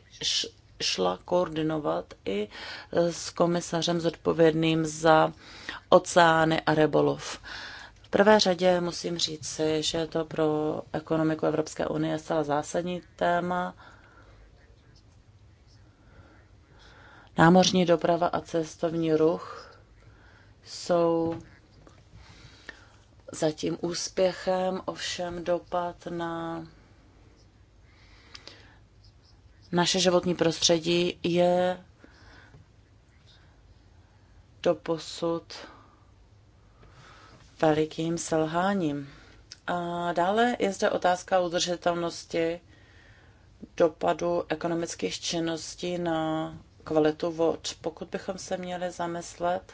Speaker 3: šla koordinovat i s komisařem zodpovědným za oceány a rybolov? prvé řadě musím říci, že je to pro ekonomiku Evropské unie zcela zásadní téma. Námořní doprava a cestovní ruch jsou zatím úspěchem, ovšem dopad na naše životní prostředí je doposud velikým selháním. A dále je zde otázka udržitelnosti dopadu ekonomických činností na kvalitu vod. Pokud bychom se měli zamyslet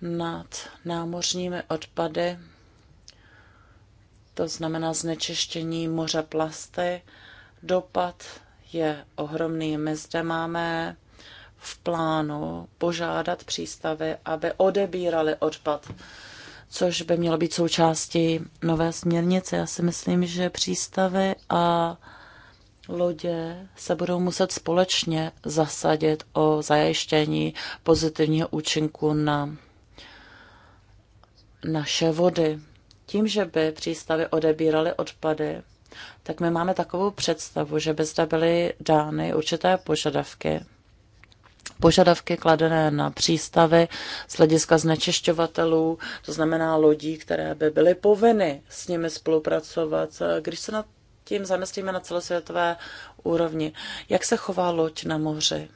Speaker 3: nad námořními odpady, to znamená znečištění moře plasty, dopad je ohromný. My zde máme v plánu požádat přístavy, aby odebírali odpad, což by mělo být součástí nové směrnice. Já si myslím, že přístavy a lodě se budou muset společně zasadit o zajištění pozitivního účinku na naše vody. Tím, že by přístavy odebíraly odpady, tak my máme takovou představu, že by zde byly dány určité požadavky požadavky kladené na přístavy z hlediska znečišťovatelů, to znamená lodí, které by byly povinny s nimi spolupracovat. Když se nad tím zamyslíme na celosvětové úrovni, jak se chová loď na moři?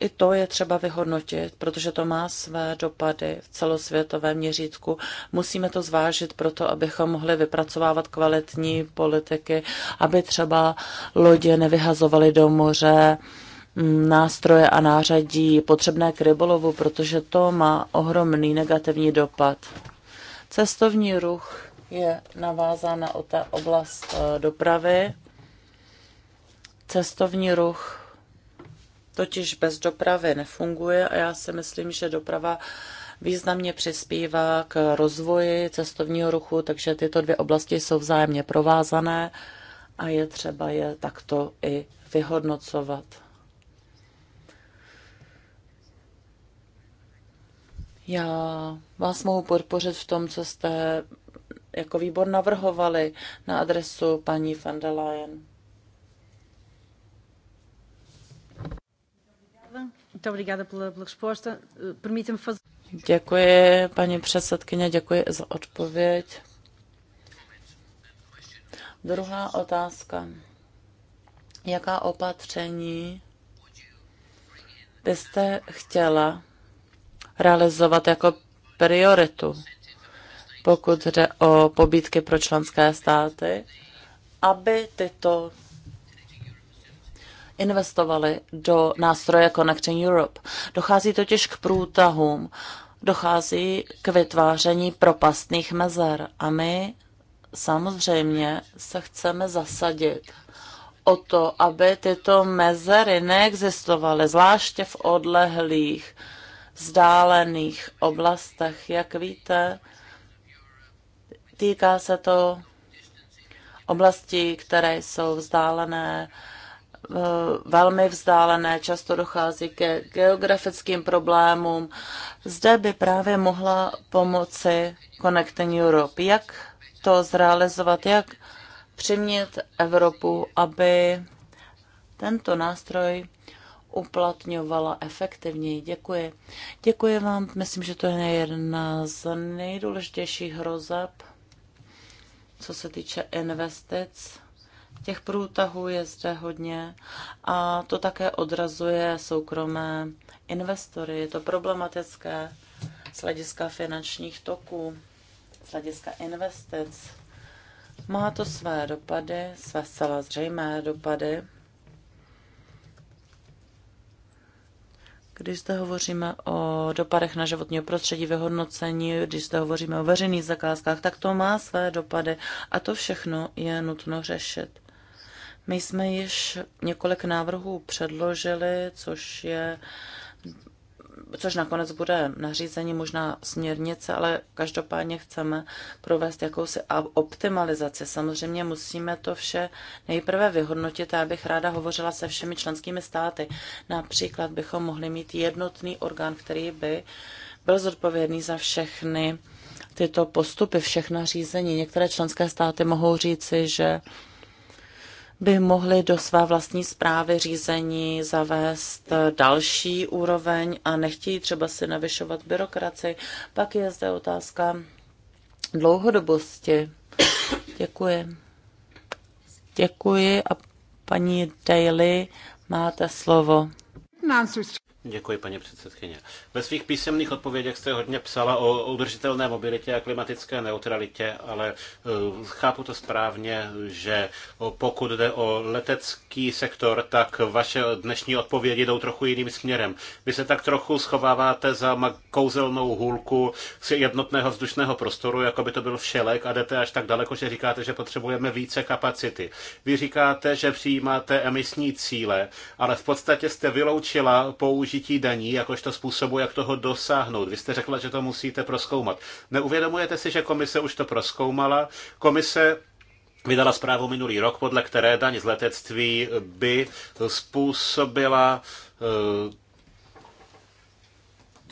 Speaker 3: I to je třeba vyhodnotit, protože to má své dopady v celosvětovém měřítku. Musíme to zvážit proto, abychom mohli vypracovávat kvalitní politiky, aby třeba lodě nevyhazovaly do moře nástroje a nářadí potřebné k rybolovu, protože to má ohromný negativní dopad. Cestovní ruch je navázán na ta oblast eh, dopravy. Cestovní ruch totiž bez dopravy nefunguje a já si myslím, že doprava významně přispívá k rozvoji cestovního ruchu, takže tyto dvě oblasti jsou vzájemně provázané a je třeba je takto i vyhodnocovat. Já vás mohu podpořit v tom, co jste jako výbor navrhovali na adresu paní van der Leyen. Eh, děkuji, paní předsedkyně, děkuji za odpověď. Druhá otázka. Jaká opatření byste chtěla realizovat jako prioritu, pokud jde o pobídky pro členské státy, aby tyto investovali do nástroje Connecting Europe. Dochází totiž k průtahům, dochází k vytváření propastných mezer a my samozřejmě se chceme zasadit o to, aby tyto mezery neexistovaly, zvláště v odlehlých vzdálených oblastech. Jak víte, týká se to oblasti, které jsou vzdálené, eh, velmi vzdálené, často dochází ke geografickým problémům. Zde by právě mohla pomoci Connecting Europe. Jak to zrealizovat, jak přimět Evropu, aby tento nástroj uplatňovala efektivněji. Děkuji. Děkuji vám. Myslím, že to je jedna z nejdůležitějších hrozeb, co se týče investic. Těch průtahů je zde hodně a to také odrazuje soukromé investory. Je to problematické z hlediska finančních toků, z hlediska investic. Má to své dopady, své zcela zřejmé dopady Když zde hovoříme o dopadech na životního prostředí, vyhodnocení, když zde hovoříme o veřejných zakázkách, tak to má své dopady a to všechno je nutno řešit. My jsme již několik návrhů předložili, což je což nakonec bude nařízení, možná směrnice, ale každopádně chceme provést jakousi optimalizaci. Samozřejmě musíme to vše nejprve vyhodnotit. Já bych ráda hovořila se všemi členskými státy. Například bychom mohli mít jednotný orgán, který by byl zodpovědný za všechny tyto postupy, všechna řízení. Některé členské státy mohou říci, že by mohli do své vlastní zprávy řízení zavést eh, další úroveň a nechtějí třeba si navyšovat byrokraci. Pak je zde otázka dlouhodobosti. Děkuji. Děkuji a paní Daly, máte slovo.
Speaker 1: Děkuji, paní předsedkyně. Ve svých písemných odpovědích jste hodně psala o udržitelné mobilitě a klimatické neutralitě, ale eh, chápu to správně, že eh, pokud jde o letecký sektor, tak vaše dnešní odpovědi jdou trochu jiným směrem. Vy se tak trochu schováváte za kouzelnou hůlku jednotného vzdušného prostoru, jako by to byl všelek a jdete až tak daleko, že říkáte, že potřebujeme více kapacity. Vy říkáte, že přijímáte emisní cíle, ale v podstatě jste vyloučila použití použití daní jakožto způsobu, jak toho dosáhnout. Vy jste řekla, že to musíte proskoumat. Neuvědomujete si, že komise už to proskoumala? Komise vydala zprávu minulý rok, podle které daň z letectví by způsobila eh,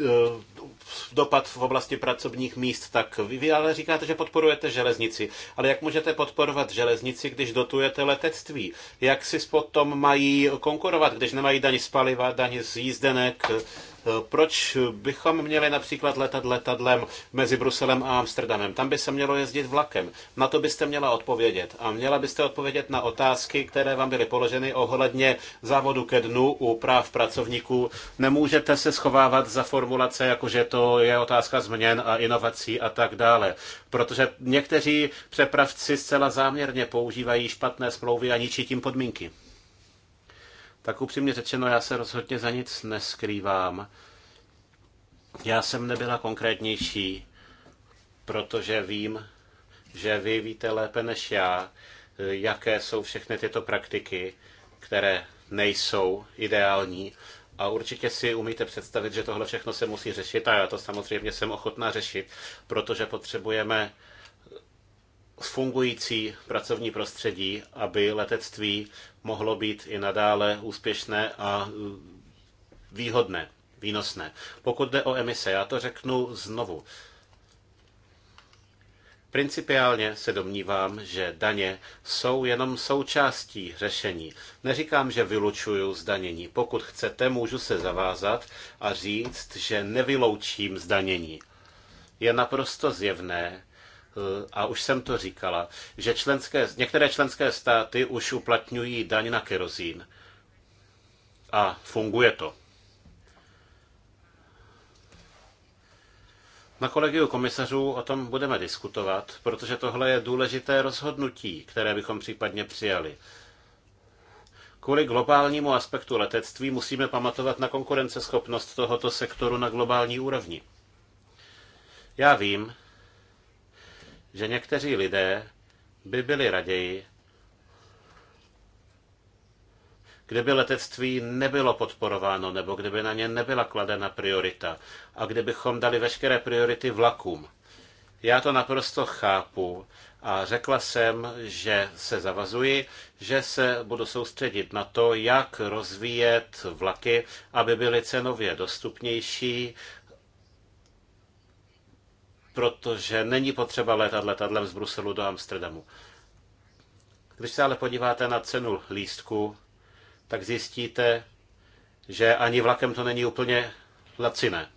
Speaker 1: eh, dopad v oblasti pracovních míst, tak vy, vy ale říkáte, že podporujete železnici. Ale jak můžete podporovat železnici, když dotujete letectví? Jak si potom mají konkurovat, když nemají daň z paliva, daň z jízdenek, Eh, proč bychom měli například letat letadlem mezi Bruselem a Amsterdamem? Tam by se mělo jezdit vlakem. Na to byste měla odpovědět. A měla byste odpovědět na otázky, které vám byly položeny ohledně závodu ke dnu u práv pracovníků. Nemůžete se schovávat za formulace, jako že to je otázka změn a inovací a tak dále. Protože někteří přepravci zcela záměrně používají špatné smlouvy a ničí tím podmínky. Tak upřímně řečeno, já se rozhodně za nic neskrývám. Já jsem nebyla konkrétnější, protože vím, že vy víte lépe než já, jaké jsou všechny tyto praktiky, které nejsou ideální. A určitě si umíte představit, že tohle všechno se musí řešit a já to samozřejmě jsem ochotná řešit, protože potřebujeme fungující pracovní prostředí, aby letectví mohlo být i nadále úspěšné a e, výhodné, výnosné. Pokud jde o emise, já to řeknu znovu. Principiálně se domnívám, že daně jsou jenom součástí řešení. Neříkám, že vylučuju zdanění. Pokud chcete, můžu se zavázat a říct, že nevyloučím zdanění. Je naprosto zjevné, Eh, a už jsem to říkala, že členské, některé členské státy už uplatňují daň na kerozín. A funguje to. Na kolegiu komisařů o tom budeme diskutovat, protože tohle je důležité rozhodnutí, které bychom případně přijali. Kvůli globálnímu aspektu letectví musíme pamatovat na konkurenceschopnost tohoto sektoru na globální úrovni. Já vím, že někteří lidé by byli raději, kdyby letectví nebylo podporováno nebo kdyby na ně nebyla kladena priorita a kdybychom dali veškeré priority vlakům. Já to naprosto chápu a řekla jsem, že se zavazuji, že se budu soustředit na to, jak rozvíjet vlaky, aby byly cenově dostupnější, protože není potřeba létat letadlem z Bruselu do Amsterdamu. Když se ale podíváte na cenu lístku, tak zjistíte, že ani vlakem to není úplně laciné.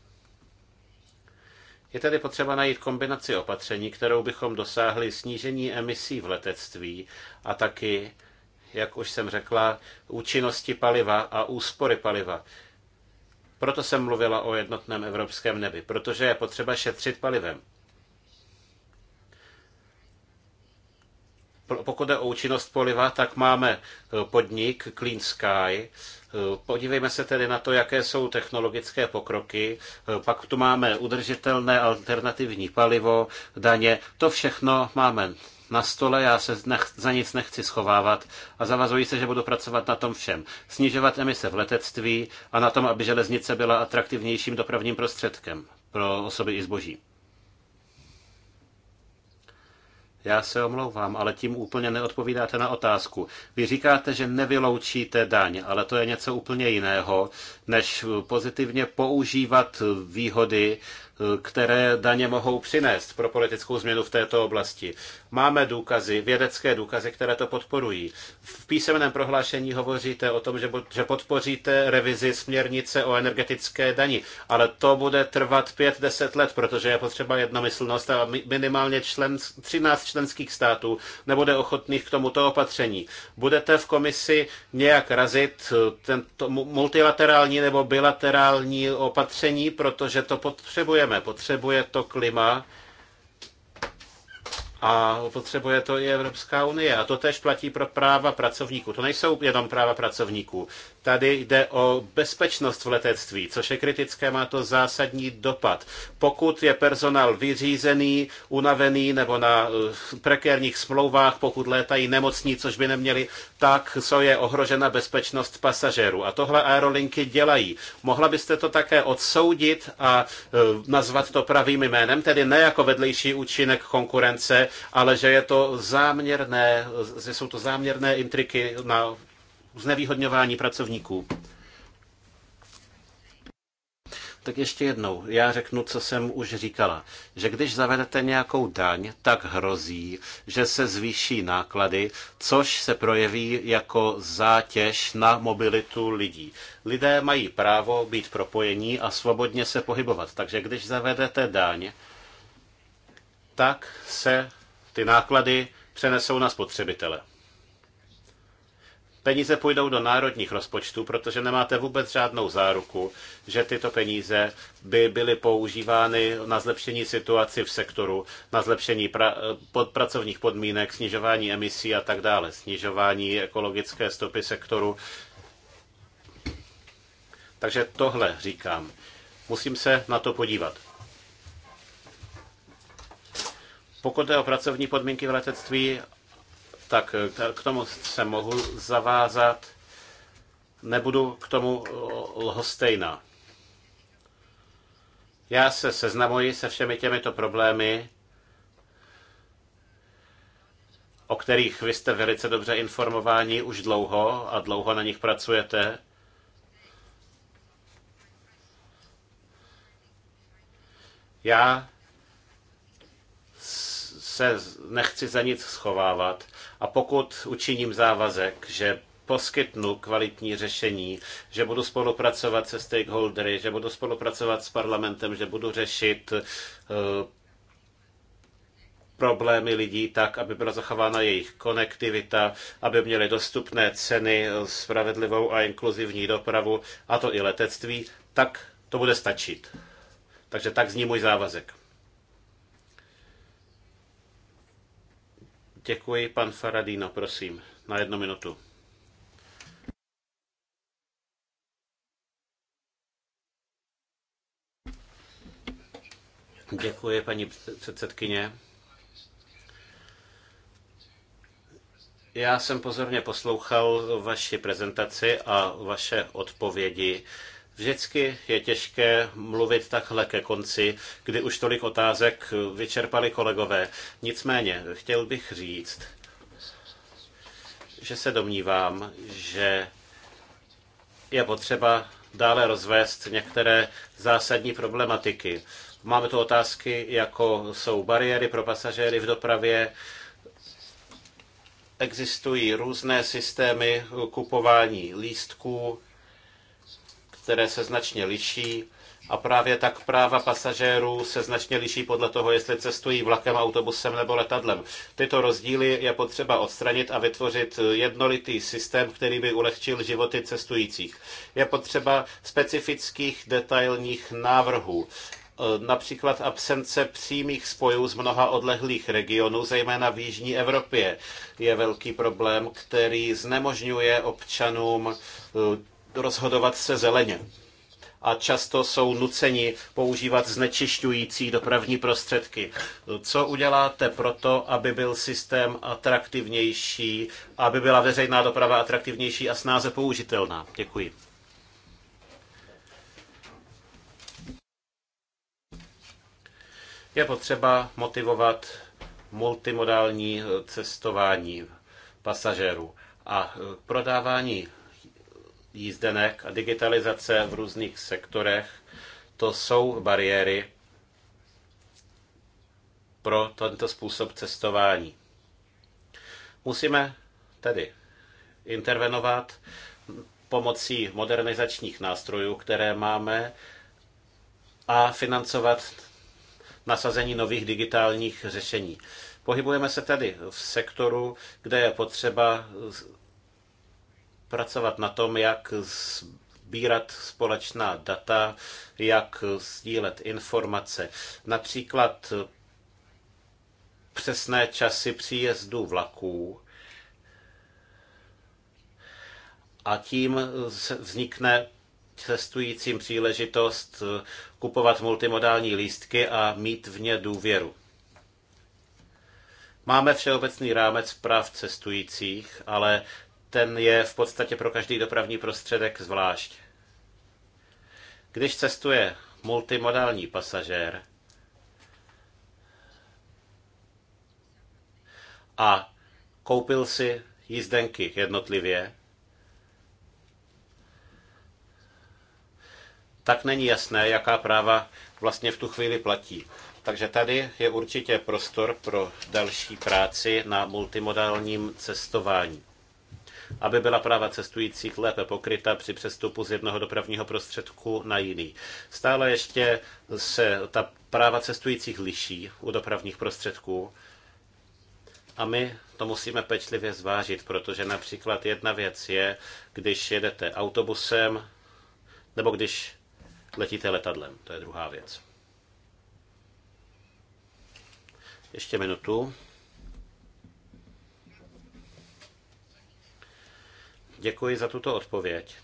Speaker 1: Je tedy potřeba najít kombinaci opatření, kterou bychom dosáhli snížení emisí v letectví a taky, jak už jsem řekla, účinnosti paliva a úspory paliva. Proto jsem mluvila o jednotném evropském nebi, protože je potřeba šetřit palivem. Pokud je o účinnost poliva, tak máme e, podnik Clean Sky. E, podívejme se tedy na to, jaké jsou technologické pokroky. E, pak tu máme udržitelné alternativní palivo, daně. To všechno máme na stole, já se nech, za nic nechci schovávat a zavazuji se, že budu pracovat na tom všem. Snižovat emise v letectví a na tom, aby železnice byla atraktivnějším dopravním prostředkem pro osoby i zboží. Já se omlouvám, ale tím úplně neodpovídáte na otázku. Vy říkáte, že nevyloučíte daň, ale to je něco úplně jiného, než pozitivně používat výhody které daně mohou přinést pro politickou změnu v této oblasti. Máme důkazy, vědecké důkazy, které to podporují. V písemném prohlášení hovoříte o tom, že podpoříte revizi směrnice o energetické dani, ale to bude trvat 5-10 let, protože je potřeba jednomyslnost a minimálně člen, 13 členských států nebude ochotných k tomuto opatření. Budete v komisi nějak razit eh, tento multilaterální nebo bilaterální opatření, protože to potřebuje potřebujeme. Potřebuje to klima a potřebuje to i Evropská unie. A to tež platí pro práva pracovníků. To nejsou jenom práva pracovníků. Tady jde o bezpečnost v letectví, což je kritické, má to zásadní dopad. Pokud je personál vyřízený, unavený nebo na eh, prekérních smlouvách, pokud létají nemocní, což by neměli, tak co je ohrožena bezpečnost pasažérů. A tohle aerolinky dělají. Mohla byste to také odsoudit a eh, nazvat to pravým jménem, tedy ne jako vedlejší účinek konkurence, ale že je to záměrné, eh, že jsou to záměrné intriky na znevýhodňování pracovníků. Tak ještě jednou, já řeknu, co jsem už říkala, že když zavedete nějakou daň, tak hrozí, že se zvýší náklady, což se projeví jako zátěž na mobilitu lidí. Lidé mají právo být propojení a svobodně se pohybovat, takže když zavedete daň, tak se ty náklady přenesou na spotřebitele. Peníze půjdou do národních rozpočtů, protože nemáte vůbec žádnou záruku, že tyto peníze by byly používány na zlepšení situaci v sektoru, na zlepšení pra- pod pracovních podmínek, snižování emisí a tak dále, snižování ekologické stopy sektoru. Takže tohle říkám. Musím se na to podívat. Pokud jde o pracovní podmínky v letectví, tak eh, k tomu se mohu zavázat. Nebudu k tomu eh, lhostejná. Já se seznamuji se všemi těmito problémy, o kterých vy jste velice dobře informováni už dlouho a dlouho na nich pracujete. Já se nechci za nic schovávat a pokud učiním závazek, že poskytnu kvalitní řešení, že budu spolupracovat se stakeholdery, že budu spolupracovat s parlamentem, že budu řešit eh, problémy lidí tak, aby byla zachována jejich konektivita, aby měli dostupné ceny, eh, spravedlivou a inkluzivní dopravu, a to i letectví, tak to bude stačit. Takže tak zní můj závazek. Děkuji, pan Faradino, prosím, na jednu minutu. Děkuji, paní předsedkyně. Já jsem pozorně poslouchal vaši prezentaci a vaše odpovědi Vždycky je těžké mluvit takhle ke konci, kdy už tolik otázek vyčerpali kolegové. Nicméně, chtěl bych říct, že se domnívám, že je potřeba dále rozvést některé zásadní problematiky. Máme tu otázky, jako jsou bariéry pro pasažéry v dopravě, existují různé systémy kupování lístků, které se značně liší. A právě tak práva pasažérů se značně liší podle toho, jestli cestují vlakem, autobusem nebo letadlem. Tyto rozdíly je potřeba odstranit a vytvořit jednolitý systém, který by ulehčil životy cestujících. Je potřeba specifických detailních návrhů. Například absence přímých spojů z mnoha odlehlých regionů, zejména v Jižní Evropě, je velký problém, který znemožňuje občanům rozhodovat se zeleně a často jsou nuceni používat znečišťující dopravní prostředky. Co uděláte proto, aby byl systém atraktivnější, aby byla veřejná doprava atraktivnější a snáze použitelná? Děkuji. Je potřeba motivovat multimodální cestování pasažérů a prodávání jízdenek a digitalizace v různých sektorech, to jsou bariéry pro tento způsob cestování. Musíme tedy intervenovat pomocí modernizačních nástrojů, které máme, a financovat nasazení nových digitálních řešení. Pohybujeme se tedy v sektoru, kde je potřeba pracovat na tom, jak sbírat společná data, jak sdílet informace. Například přesné časy příjezdu vlaků a tím vznikne cestujícím příležitost kupovat multimodální lístky a mít v ně důvěru. Máme všeobecný rámec práv cestujících, ale ten je v podstatě pro každý dopravní prostředek zvlášť. Když cestuje multimodální pasažér a koupil si jízdenky jednotlivě, tak není jasné, jaká práva vlastně v tu chvíli platí. Takže tady je určitě prostor pro další práci na multimodálním cestování aby byla práva cestujících lépe pokryta při přestupu z jednoho dopravního prostředku na jiný. Stále ještě se ta práva cestujících liší u dopravních prostředků a my to musíme pečlivě zvážit, protože například jedna věc je, když jedete autobusem nebo když letíte letadlem. To je druhá věc. Ještě minutu. Děkuji za tuto odpověď.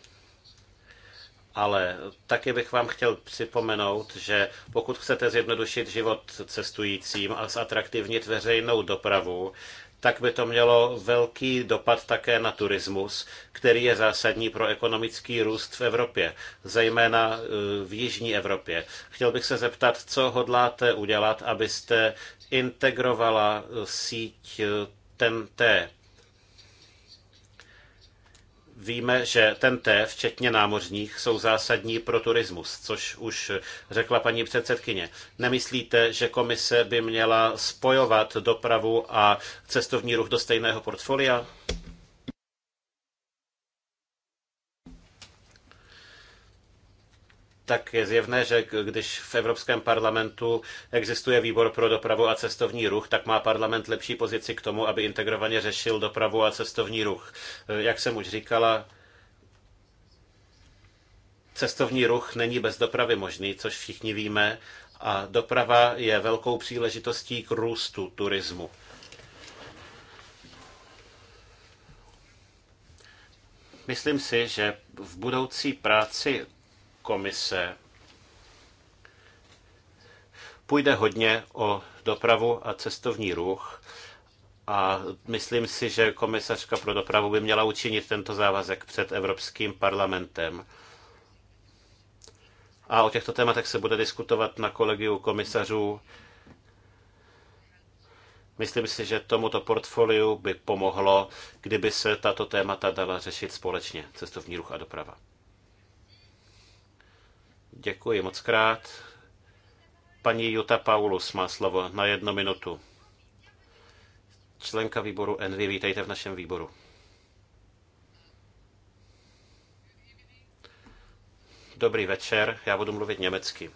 Speaker 1: Ale taky bych vám chtěl připomenout, že pokud chcete zjednodušit život cestujícím a zatraktivnit veřejnou dopravu, tak by to mělo velký dopad také na turismus, který je zásadní pro ekonomický růst v Evropě, zejména e, v jižní Evropě. Chtěl bych se zeptat, co hodláte udělat, abyste integrovala e, síť e, TNT Víme, že TNT, včetně námořních, jsou zásadní pro turismus, což už řekla paní předsedkyně. Nemyslíte, že komise by měla spojovat dopravu a cestovní ruch do stejného portfolia? tak je zjevné, že když v Evropském parlamentu existuje výbor pro dopravu a cestovní ruch, tak má parlament lepší pozici k tomu, aby integrovaně řešil dopravu a cestovní ruch. E, jak jsem už říkala, cestovní ruch není bez dopravy možný, což všichni víme, a doprava je velkou příležitostí k růstu turismu. Myslím si, že v budoucí práci komise půjde hodně o dopravu a cestovní ruch. A myslím si, že komisařka pro dopravu by měla učinit tento závazek před Evropským parlamentem. A o těchto tématech se bude diskutovat na kolegiu komisařů. Myslím si, že tomuto portfoliu by pomohlo, kdyby se tato témata dala řešit společně, cestovní ruch a doprava. Děkuji moc krát. Paní Jutta Paulus má slovo na jednu minutu. Členka výboru Envy, vítejte v našem výboru. Dobrý večer, já budu mluvit německy.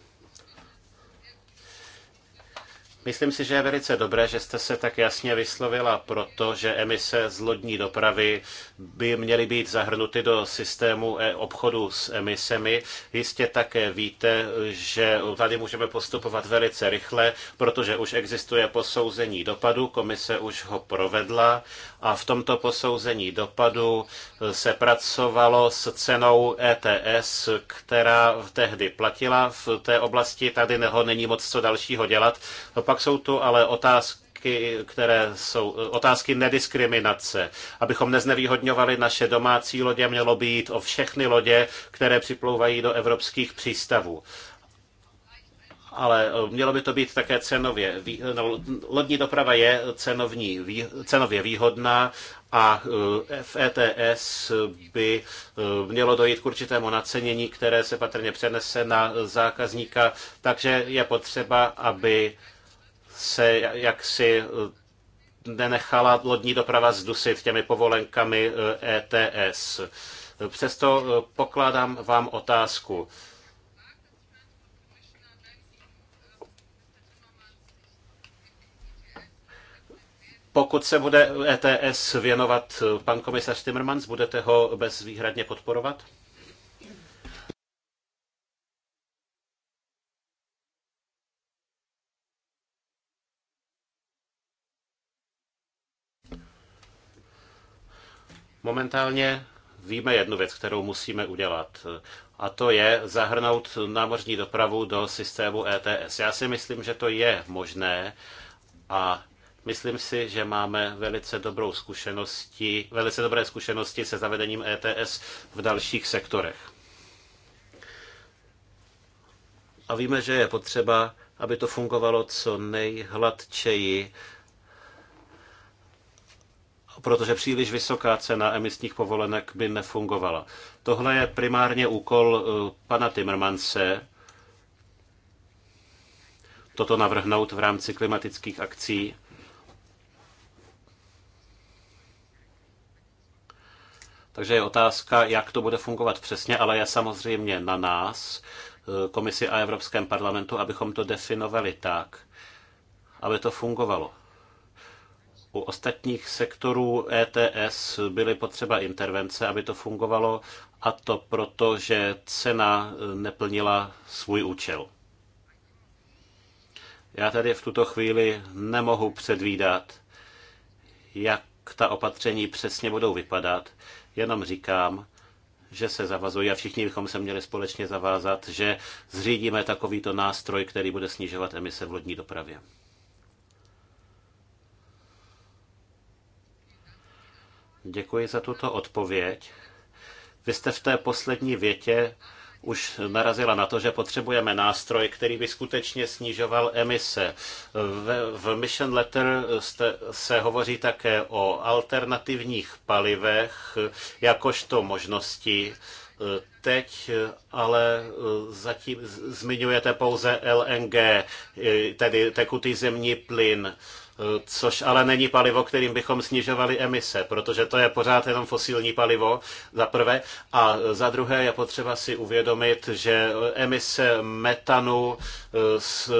Speaker 1: Myslím si, že je velice dobré, že jste se tak jasně vyslovila protože emise z lodní dopravy by měly být zahrnuty do systému e, obchodu s emisemi. Jistě také víte, že tady můžeme postupovat velice rychle, protože už existuje posouzení dopadu, komise už ho provedla a v tomto posouzení dopadu se pracovalo s cenou ETS, která tehdy platila v té oblasti. Tady neho není moc co dalšího dělat. Pak pak jsou tu ale otázky, které jsou otázky nediskriminace. Abychom neznevýhodňovali naše domácí lodě, mělo by jít o všechny lodě, které připlouvají do evropských přístavů. Ale eh, mělo by to být také cenově. Eh, no, lodní doprava je cenovní, cenově výhodná a v eh, ETS by mělo dojít k určitému nacenění, které se patrně přenese na zákazníka, takže je potřeba, aby se jaksi eh, nenechala lodní doprava zdusit těmi povolenkami ETS. Eh, e Přesto eh, pokládám vám otázku. Pokud se bude ETS věnovat pan komisař Timmermans, budete ho bezvýhradně podporovat? Momentálně víme jednu věc, kterou musíme udělat. A to je zahrnout námořní dopravu do systému ETS. Já si myslím, že to je možné a myslím si, že máme velice dobrou zkušenosti, velice dobré zkušenosti se zavedením ETS v dalších sektorech. A víme, že je potřeba, aby to fungovalo co nejhladčeji protože příliš vysoká cena emisních povolenek by nefungovala. Tohle je primárně úkol eh, pana Timmermanse, toto navrhnout v rámci klimatických akcí. Takže je otázka, jak to bude fungovat přesně, ale je samozřejmě na nás, eh, komisi a Evropském parlamentu, abychom to definovali tak, aby to fungovalo. U ostatních sektorů ETS byly potřeba intervence, aby to fungovalo, a to proto, že cena e, neplnila svůj účel. Já tady v tuto chvíli nemohu předvídat, jak ta opatření přesně budou vypadat, jenom říkám, že se zavazují a všichni bychom se měli společně zavázat, že zřídíme takovýto nástroj, který bude snižovat emise v lodní dopravě. Děkuji za tuto odpověď. Vy jste v té poslední větě už narazila na to, že potřebujeme nástroj, který by skutečně snižoval emise. V, v Mission Letter jste, se hovoří také o alternativních palivech jakožto možnosti. Teď ale zatím zmiňujete pouze LNG, tedy tekutý zemní plyn což ale není palivo, kterým bychom snižovali emise, protože to je pořád jenom fosilní palivo, za prvé. A za druhé je potřeba si uvědomit, že emise metanu eh, s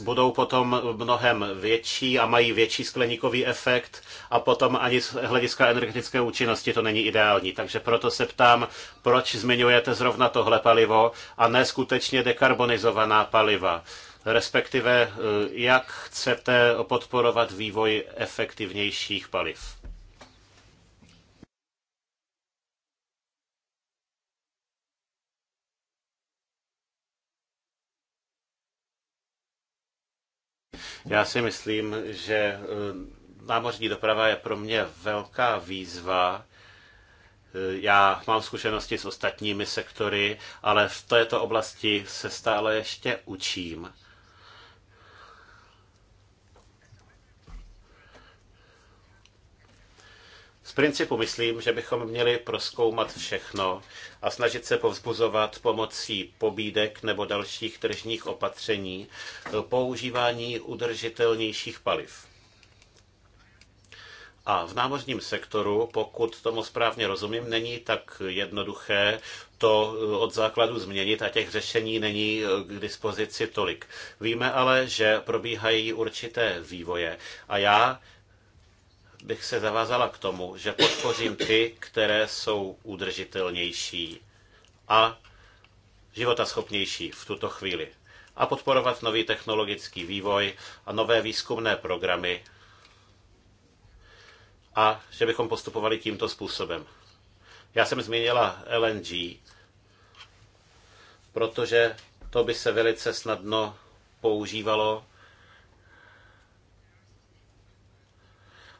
Speaker 1: budou potom mnohem větší a mají větší skleníkový efekt a potom ani z hlediska energetické účinnosti to není ideální. Takže proto se ptám, proč zmiňujete zrovna tohle palivo a ne skutečně dekarbonizovaná paliva respektive eh, jak chcete podporovat vývoj efektivnějších paliv. Já si myslím, že eh, námořní doprava je pro mě velká výzva. Eh, já mám zkušenosti s ostatními sektory, ale v této oblasti se stále ještě učím. Z principu myslím, že bychom měli proskoumat všechno a snažit se povzbuzovat pomocí pobídek nebo dalších tržních opatření používání udržitelnějších paliv. A v námořním sektoru, pokud tomu správně rozumím, není tak jednoduché to od základu změnit a těch řešení není k dispozici tolik. Víme ale, že probíhají určité vývoje a já bych se zavázala k tomu, že podpořím ty, které jsou udržitelnější a životaschopnější v tuto chvíli. A podporovat nový technologický vývoj a nové výzkumné programy. A že bychom postupovali tímto způsobem. Já jsem zmínila LNG, protože to by se velice snadno používalo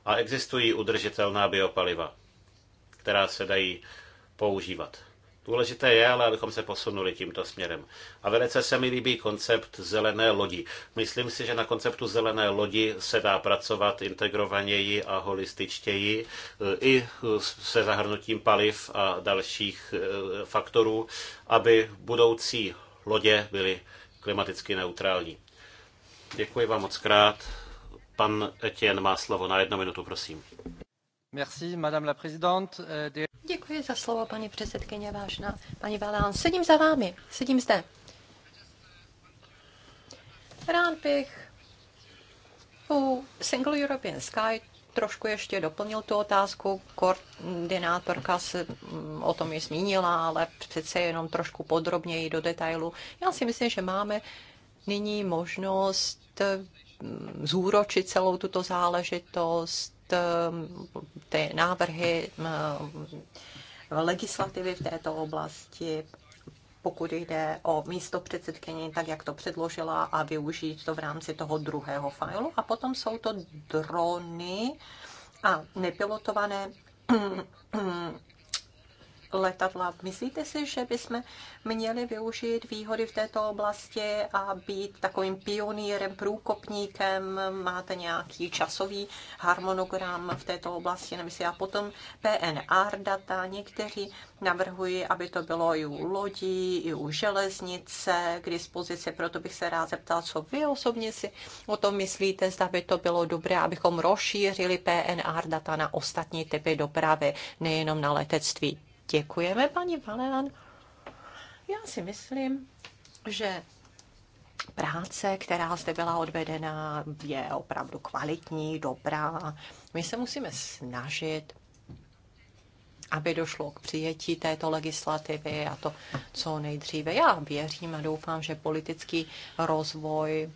Speaker 1: A existují udržitelná biopaliva, která se dají používat. Důležité je ale, abychom se posunuli tímto směrem. A velice se mi líbí koncept zelené lodi. Myslím si, že na konceptu zelené lodi se dá pracovat integrovaněji a holističtěji eh, i eh, se zahrnutím paliv a dalších eh, faktorů, aby budoucí lodě byly klimaticky neutrální. Děkuji vám moc krát. Pan Etienne má slovo na jednu minutu, prosím.
Speaker 2: Merci, madame la présidente. Euh, Děkuji za slovo, paní předsedkyně, vážná paní Valán. Sedím za vámi, sedím zde. Rád bych u Single European Sky trošku ještě doplnil tu otázku. Koordinátorka se mm, o tom je zmínila, ale přece jenom trošku podrobněji do detailu. Já si myslím, že máme nyní možnost zúročit celou tuto záležitost, um, ty návrhy um, legislativy v této oblasti, pokud jde o místo předsedkyni, tak jak to předložila a využít to v rámci toho druhého failu. A potom jsou to drony a nepilotované letadla. Myslíte si, že bychom měli využít výhody v této oblasti a být takovým pionýrem, průkopníkem? Máte nějaký časový harmonogram v této oblasti? Nemyslím, a potom PNR data. Někteří navrhují, aby to bylo i u lodí, i u železnice k dispozici. Proto bych se rád zeptal, co vy osobně si o tom myslíte, zda by to bylo dobré, abychom rozšířili PNR data na ostatní typy dopravy, nejenom na letectví. Děkujeme, paní Valéan. Já si myslím, že práce, která zde byla odvedena, je opravdu kvalitní, dobrá. My se musíme snažit, aby došlo k přijetí této legislativy a to co nejdříve. Já věřím a doufám, že politický rozvoj,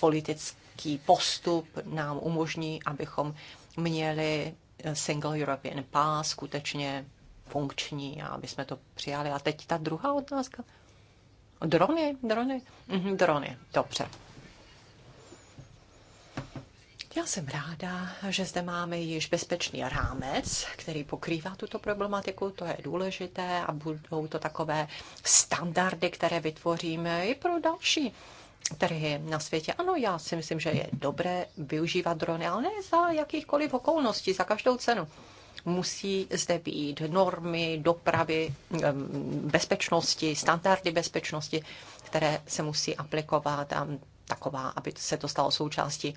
Speaker 2: politický postup nám umožní, abychom měli Single European Pass skutečně funkční a aby jsme to přijali. A teď ta druhá otázka. Drony, drony, mhm, drony, dobře. Já jsem ráda, že zde máme již bezpečný rámec, který pokrývá tuto problematiku, to je důležité a budou to takové standardy, které vytvoříme i pro další trhy na světě. Ano, já si myslím, že je dobré využívat drony, ale ne za jakýchkoliv okolností, za každou cenu musí zde být normy, dopravy, bezpečnosti, standardy bezpečnosti, které se musí aplikovat a taková, aby se to stalo součástí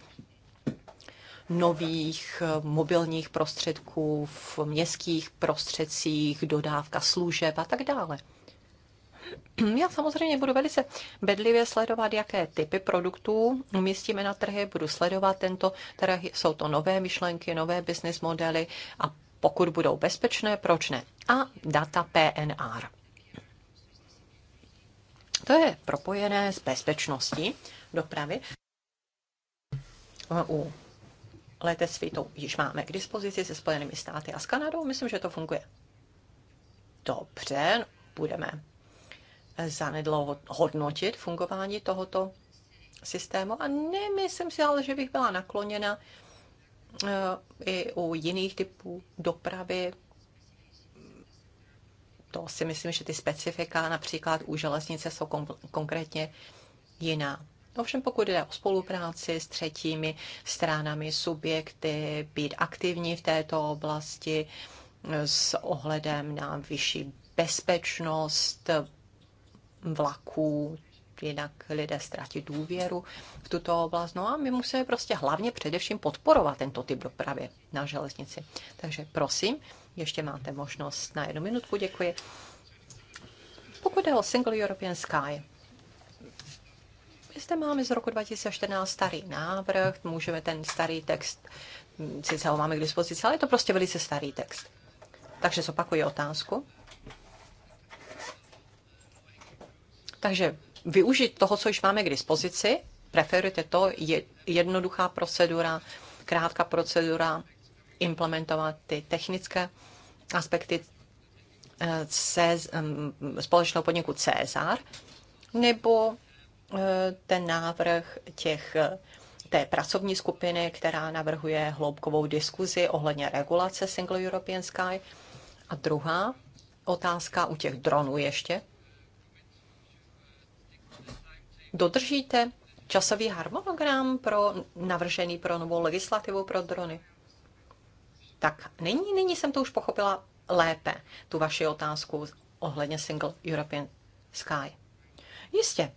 Speaker 2: nových eh, mobilních prostředků v městských prostředcích, dodávka služeb a tak dále. [clears throat] Já samozřejmě budu velice bedlivě sledovat, jaké typy produktů umístíme na trhy, budu sledovat tento trh, jsou to nové myšlenky, nové business modely a pokud budou bezpečné, proč ne? A data PNR. To je propojené s bezpečností dopravy. U letectví to již máme k dispozici se Spojenými státy a s Kanadou. Myslím, že to funguje. Dobře, budeme zanedlouho hodnotit fungování tohoto systému a nemyslím si ale, že bych byla nakloněna Eh, i u jiných typů dopravy. To si myslím, že ty specifika například u železnice jsou konkrétně jiná. Ovšem pokud jde o spolupráci s třetími stranami, subjekty, být aktivní v této oblasti eh, s ohledem na vyšší bezpečnost vlaků, jinak lidé ztratí důvěru v tuto oblast. No a my musíme prostě hlavně především podporovat tento typ dopravy na železnici. Takže prosím, ještě máte možnost na jednu minutku, děkuji. Pokud jde o Single European Sky, my zde máme z roku 2014 starý návrh, můžeme ten starý text, sice ho máme k dispozici, ale je to prostě velice starý text. Takže zopakuji otázku. Takže využít toho, co již máme k dispozici, preferujete to, je jednoduchá procedura, krátká procedura, implementovat ty technické aspekty se, eh, společného podniku Cezar, nebo eh, ten návrh těch, eh, té pracovní skupiny, která navrhuje hloubkovou diskuzi ohledně regulace Single European Sky. A druhá otázka u těch dronů ještě. Dodržíte časový harmonogram pro navržený pro novou legislativu pro drony? Tak nyní, nyní jsem to už pochopila lépe, tu vaši otázku ohledně single European Sky. Jistě,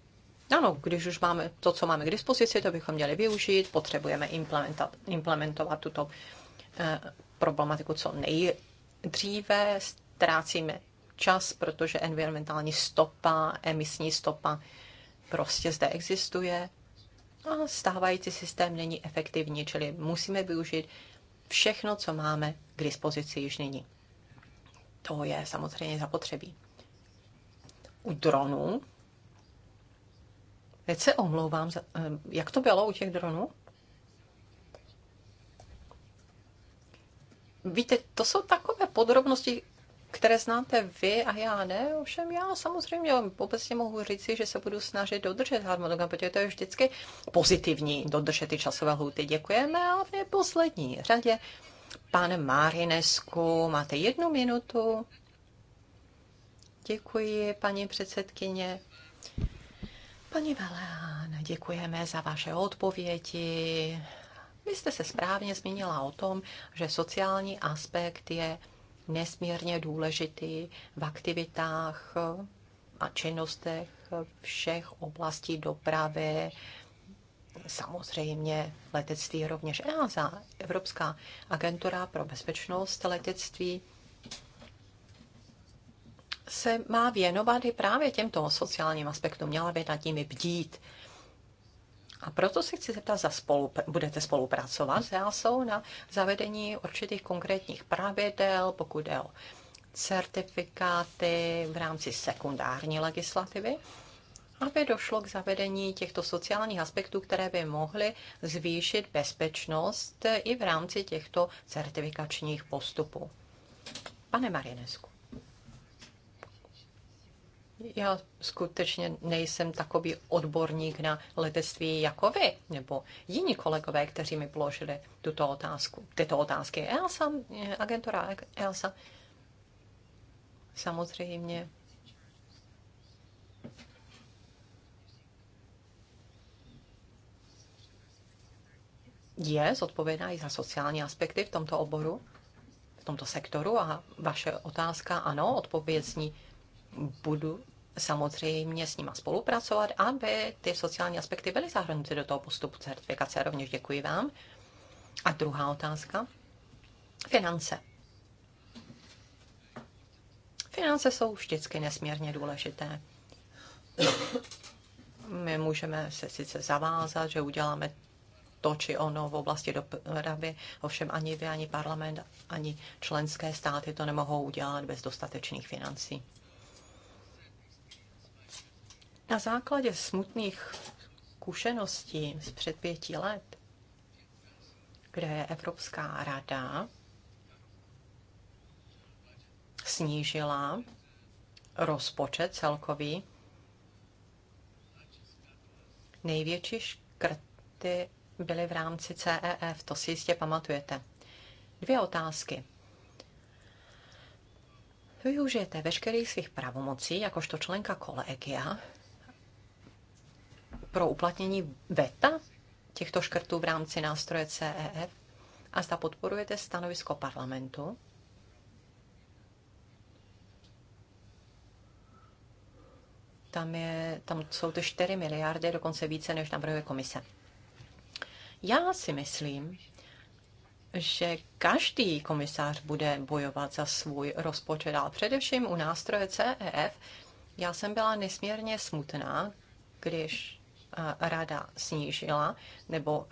Speaker 2: ano, když už máme to, co máme k dispozici, to bychom měli využít, potřebujeme implementovat, implementovat tuto eh, problematiku co nejdříve, ztrácíme čas, protože environmentální stopa, emisní stopa prostě zde existuje a stávající systém není efektivní, čili musíme využít všechno, co máme k dispozici již nyní. To je samozřejmě zapotřebí. U dronů, teď se omlouvám, eh, jak to bylo u těch dronů? Víte, to jsou takové podrobnosti, které znáte vy a já ne. Ovšem já samozřejmě obecně mohu říci, že se budu snažit dodržet harmonogram, protože to je vždycky pozitivní dodržet ty časové lhuty. Děkujeme a v poslední. řadě pane Márinesku, máte jednu minutu. Děkuji, paní předsedkyně. Paní Velán, děkujeme za vaše odpovědi. Vy jste se správně zmínila o tom, že sociální aspekt je nesmírně důležitý v aktivitách a činnostech všech oblastí dopravy, samozřejmě letectví rovněž EASA, Evropská agentura pro bezpečnost letectví, se má věnovat i právě těmto sociálním aspektům. Měla by nad nimi bdít a proto se chci zeptat, za spolu, budete spolupracovat s EASO na zavedení určitých konkrétních pravidel, pokud jde o certifikáty v rámci sekundární legislativy, aby došlo k zavedení těchto sociálních aspektů, které by mohly zvýšit bezpečnost i v rámci těchto certifikačních postupů. Pane Marinesku. Já skutečně nejsem takový odborník na letectví jako vy, nebo jiní kolegové, kteří mi položili tuto otázku, tyto otázky. ELSA, agentura ELSA, samozřejmě je zodpovědná i za sociální aspekty v tomto oboru, v tomto sektoru a vaše otázka, ano, odpověď zní, budu samozřejmě s nima spolupracovat, aby ty sociální aspekty byly zahrnuty do toho postupu certifikace. Rovněž děkuji vám. A druhá otázka. Finance. Finance jsou vždycky nesmírně důležité. My můžeme se sice zavázat, že uděláme to či ono v oblasti dopravy, ovšem ani vy, ani parlament, ani členské státy to nemohou udělat bez dostatečných financí. Na základě smutných zkušeností z před pěti let, kde Evropská rada snížila rozpočet celkový, největší škrty byly v rámci CEF, to si jistě pamatujete. Dvě otázky. Využijete veškerých svých pravomocí jakožto členka kolegia pro uplatnění VETA těchto škrtů v rámci nástroje CEF a zda podporujete stanovisko parlamentu. Tam, je, tam jsou ty 4 miliardy, dokonce více, než navrhuje komise. Já si myslím, že každý komisář bude bojovat za svůj rozpočet, ale především u nástroje CEF. Já jsem byla nesmírně smutná, když rada snížila nebo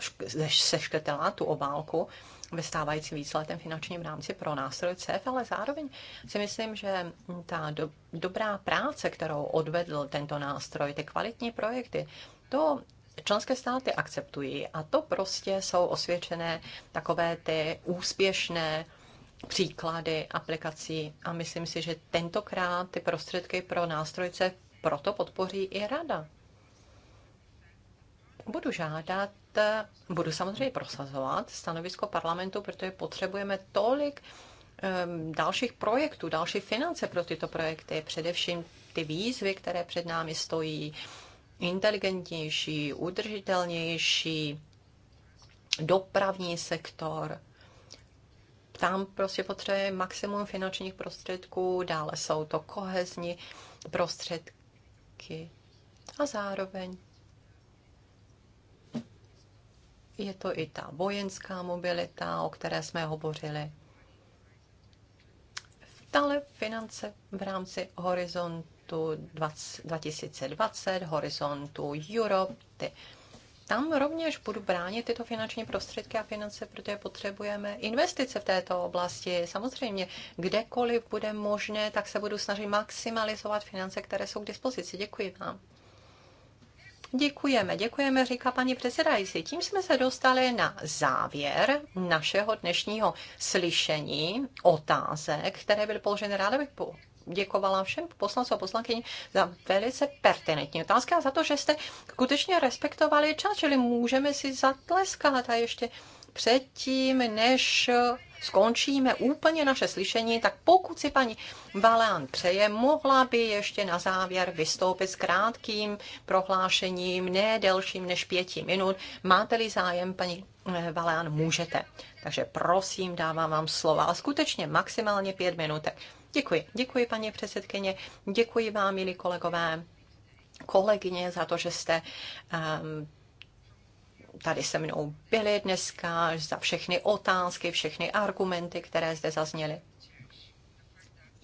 Speaker 2: seškrtala tu obálku ve stávajícím víceletém finančním rámci pro nástroj CEF, ale zároveň si myslím, že ta do, dobrá práce, kterou odvedl tento nástroj, ty kvalitní projekty, to členské státy akceptují a to prostě jsou osvědčené takové ty úspěšné příklady aplikací a myslím si, že tentokrát ty prostředky pro nástrojce proto podpoří i rada budu žádat, budu samozřejmě prosazovat stanovisko parlamentu, protože potřebujeme tolik dalších projektů, další finance pro tyto projekty, především ty výzvy, které před námi stojí, inteligentnější, udržitelnější, dopravní sektor. Tam prostě potřebuje maximum finančních prostředků, dále jsou to kohezní prostředky a zároveň je to i ta vojenská mobilita, o které jsme hovořili. Tale finance v rámci horizontu 2020, horizontu Europe, ty tam rovněž budu bránit tyto finanční prostředky a finance, protože potřebujeme investice v této oblasti. Samozřejmě, kdekoliv bude možné, tak se budu snažit maximalizovat finance, které jsou k dispozici. Děkuji vám. Děkujeme, děkujeme, říká paní předsedající. Tím jsme se dostali na závěr našeho dnešního slyšení otázek, které byly položeny ráda bych po děkovala všem poslancům a poslankyni za velice pertinentní otázky a za to, že jste skutečně respektovali čas, čili můžeme si zatleskat a ještě předtím, než skončíme úplně naše slyšení, tak pokud si paní Valán přeje, mohla by ještě na závěr vystoupit s krátkým prohlášením, ne delším než pěti minut. Máte-li zájem, paní eh, Valán, můžete. Takže prosím, dávám vám slova, ale skutečně maximálně pět minutek. Děkuji. Děkuji, paní předsedkyně. Děkuji vám, milí kolegové, kolegyně, za to, že jste um, tady se mnou byli dneska, za všechny otázky, všechny argumenty, které zde zazněly.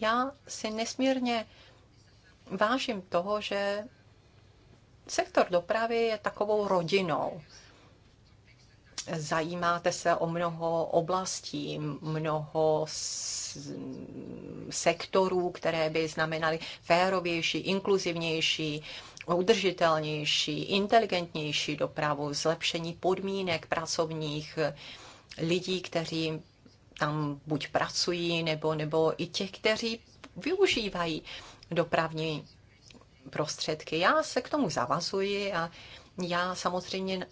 Speaker 2: Já si nesmírně vážím toho, že sektor dopravy je takovou rodinou. Zajímáte se o mnoho oblastí, mnoho sektorů, které by znamenaly férovější, inkluzivnější udržitelnější, inteligentnější dopravu, zlepšení podmínek pracovních lidí, kteří tam buď pracují, nebo, nebo i těch, kteří využívají dopravní prostředky. Já se k tomu zavazuji a já samozřejmě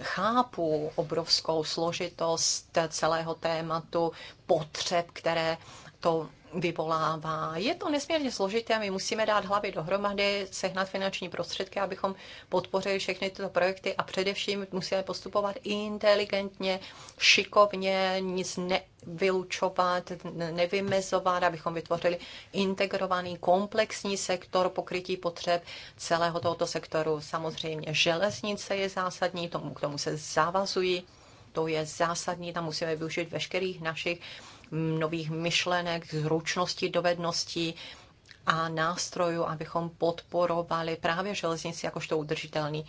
Speaker 2: chápu obrovskou složitost celého tématu, potřeb, které to vyvolává. Je to nesmírně složité, my musíme dát hlavy dohromady, sehnat finanční prostředky, abychom podpořili všechny tyto projekty a především musíme postupovat inteligentně, šikovně, nic nevylučovat, nevymezovat, abychom vytvořili integrovaný komplexní sektor pokrytí potřeb celého tohoto sektoru. Samozřejmě železnice je zásadní, tomu, k tomu se zavazují, to je zásadní, tam musíme využít veškerých našich nových myšlenek, zručností, dovedností a nástrojů, abychom podporovali právě železnici jakožto udržitelný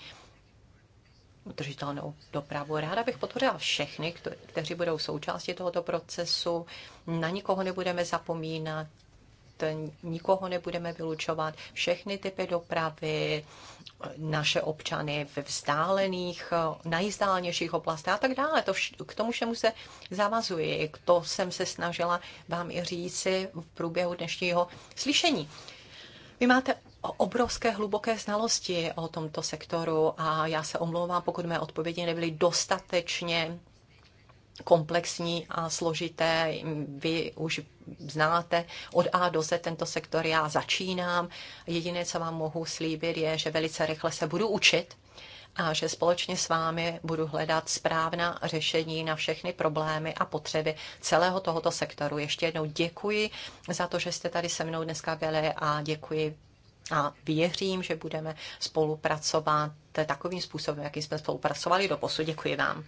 Speaker 2: udržitelnou dopravu. Ráda bych podpořila všechny, kteří budou součástí tohoto procesu. Na nikoho nebudeme zapomínat, nikoho nebudeme vylučovat, všechny typy dopravy, naše občany ve vzdálených, nejvzdálenějších oblastech a tak dále. To vš- k tomu všemu se zavazuji. to jsem se snažila vám i říci v průběhu dnešního slyšení. Vy máte obrovské hluboké znalosti o tomto sektoru a já se omlouvám, pokud mé odpovědi nebyly dostatečně komplexní a složité. Vy už znáte od A do Z tento sektor, já začínám. Jediné, co vám mohu slíbit, je, že velice rychle se budu učit a že společně s vámi budu hledat správná řešení na všechny problémy a potřeby celého tohoto sektoru. Ještě jednou děkuji za to, že jste tady se mnou dneska byli a děkuji a věřím, že budeme spolupracovat takovým způsobem, jakým jsme spolupracovali do posud. Děkuji vám.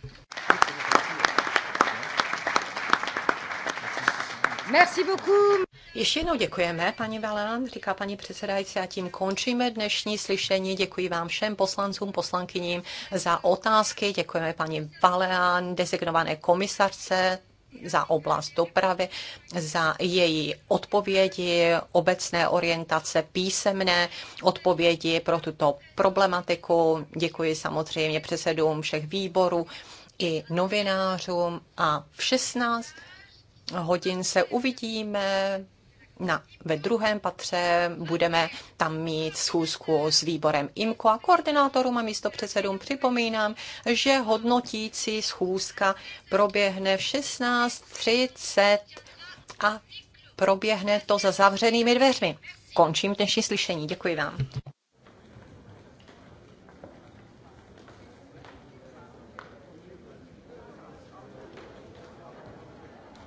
Speaker 2: Merci beaucoup. Ještě jednou děkujeme, paní Valán, říká paní předsedající, a tím končíme dnešní slyšení. Děkuji vám všem poslancům, poslankyním za otázky. Děkujeme paní Valeán, designované komisarce za oblast dopravy, za její odpovědi, obecné orientace, písemné odpovědi pro tuto problematiku. Děkuji samozřejmě předsedům všech výborů i novinářům a v 16 hodin se uvidíme na, ve druhém patře budeme tam mít schůzku s výborem IMKO a koordinátorům a předsedům připomínám, že hodnotící schůzka proběhne v 16.30 a proběhne to za zavřenými dveřmi. Končím dnešní slyšení. Děkuji vám.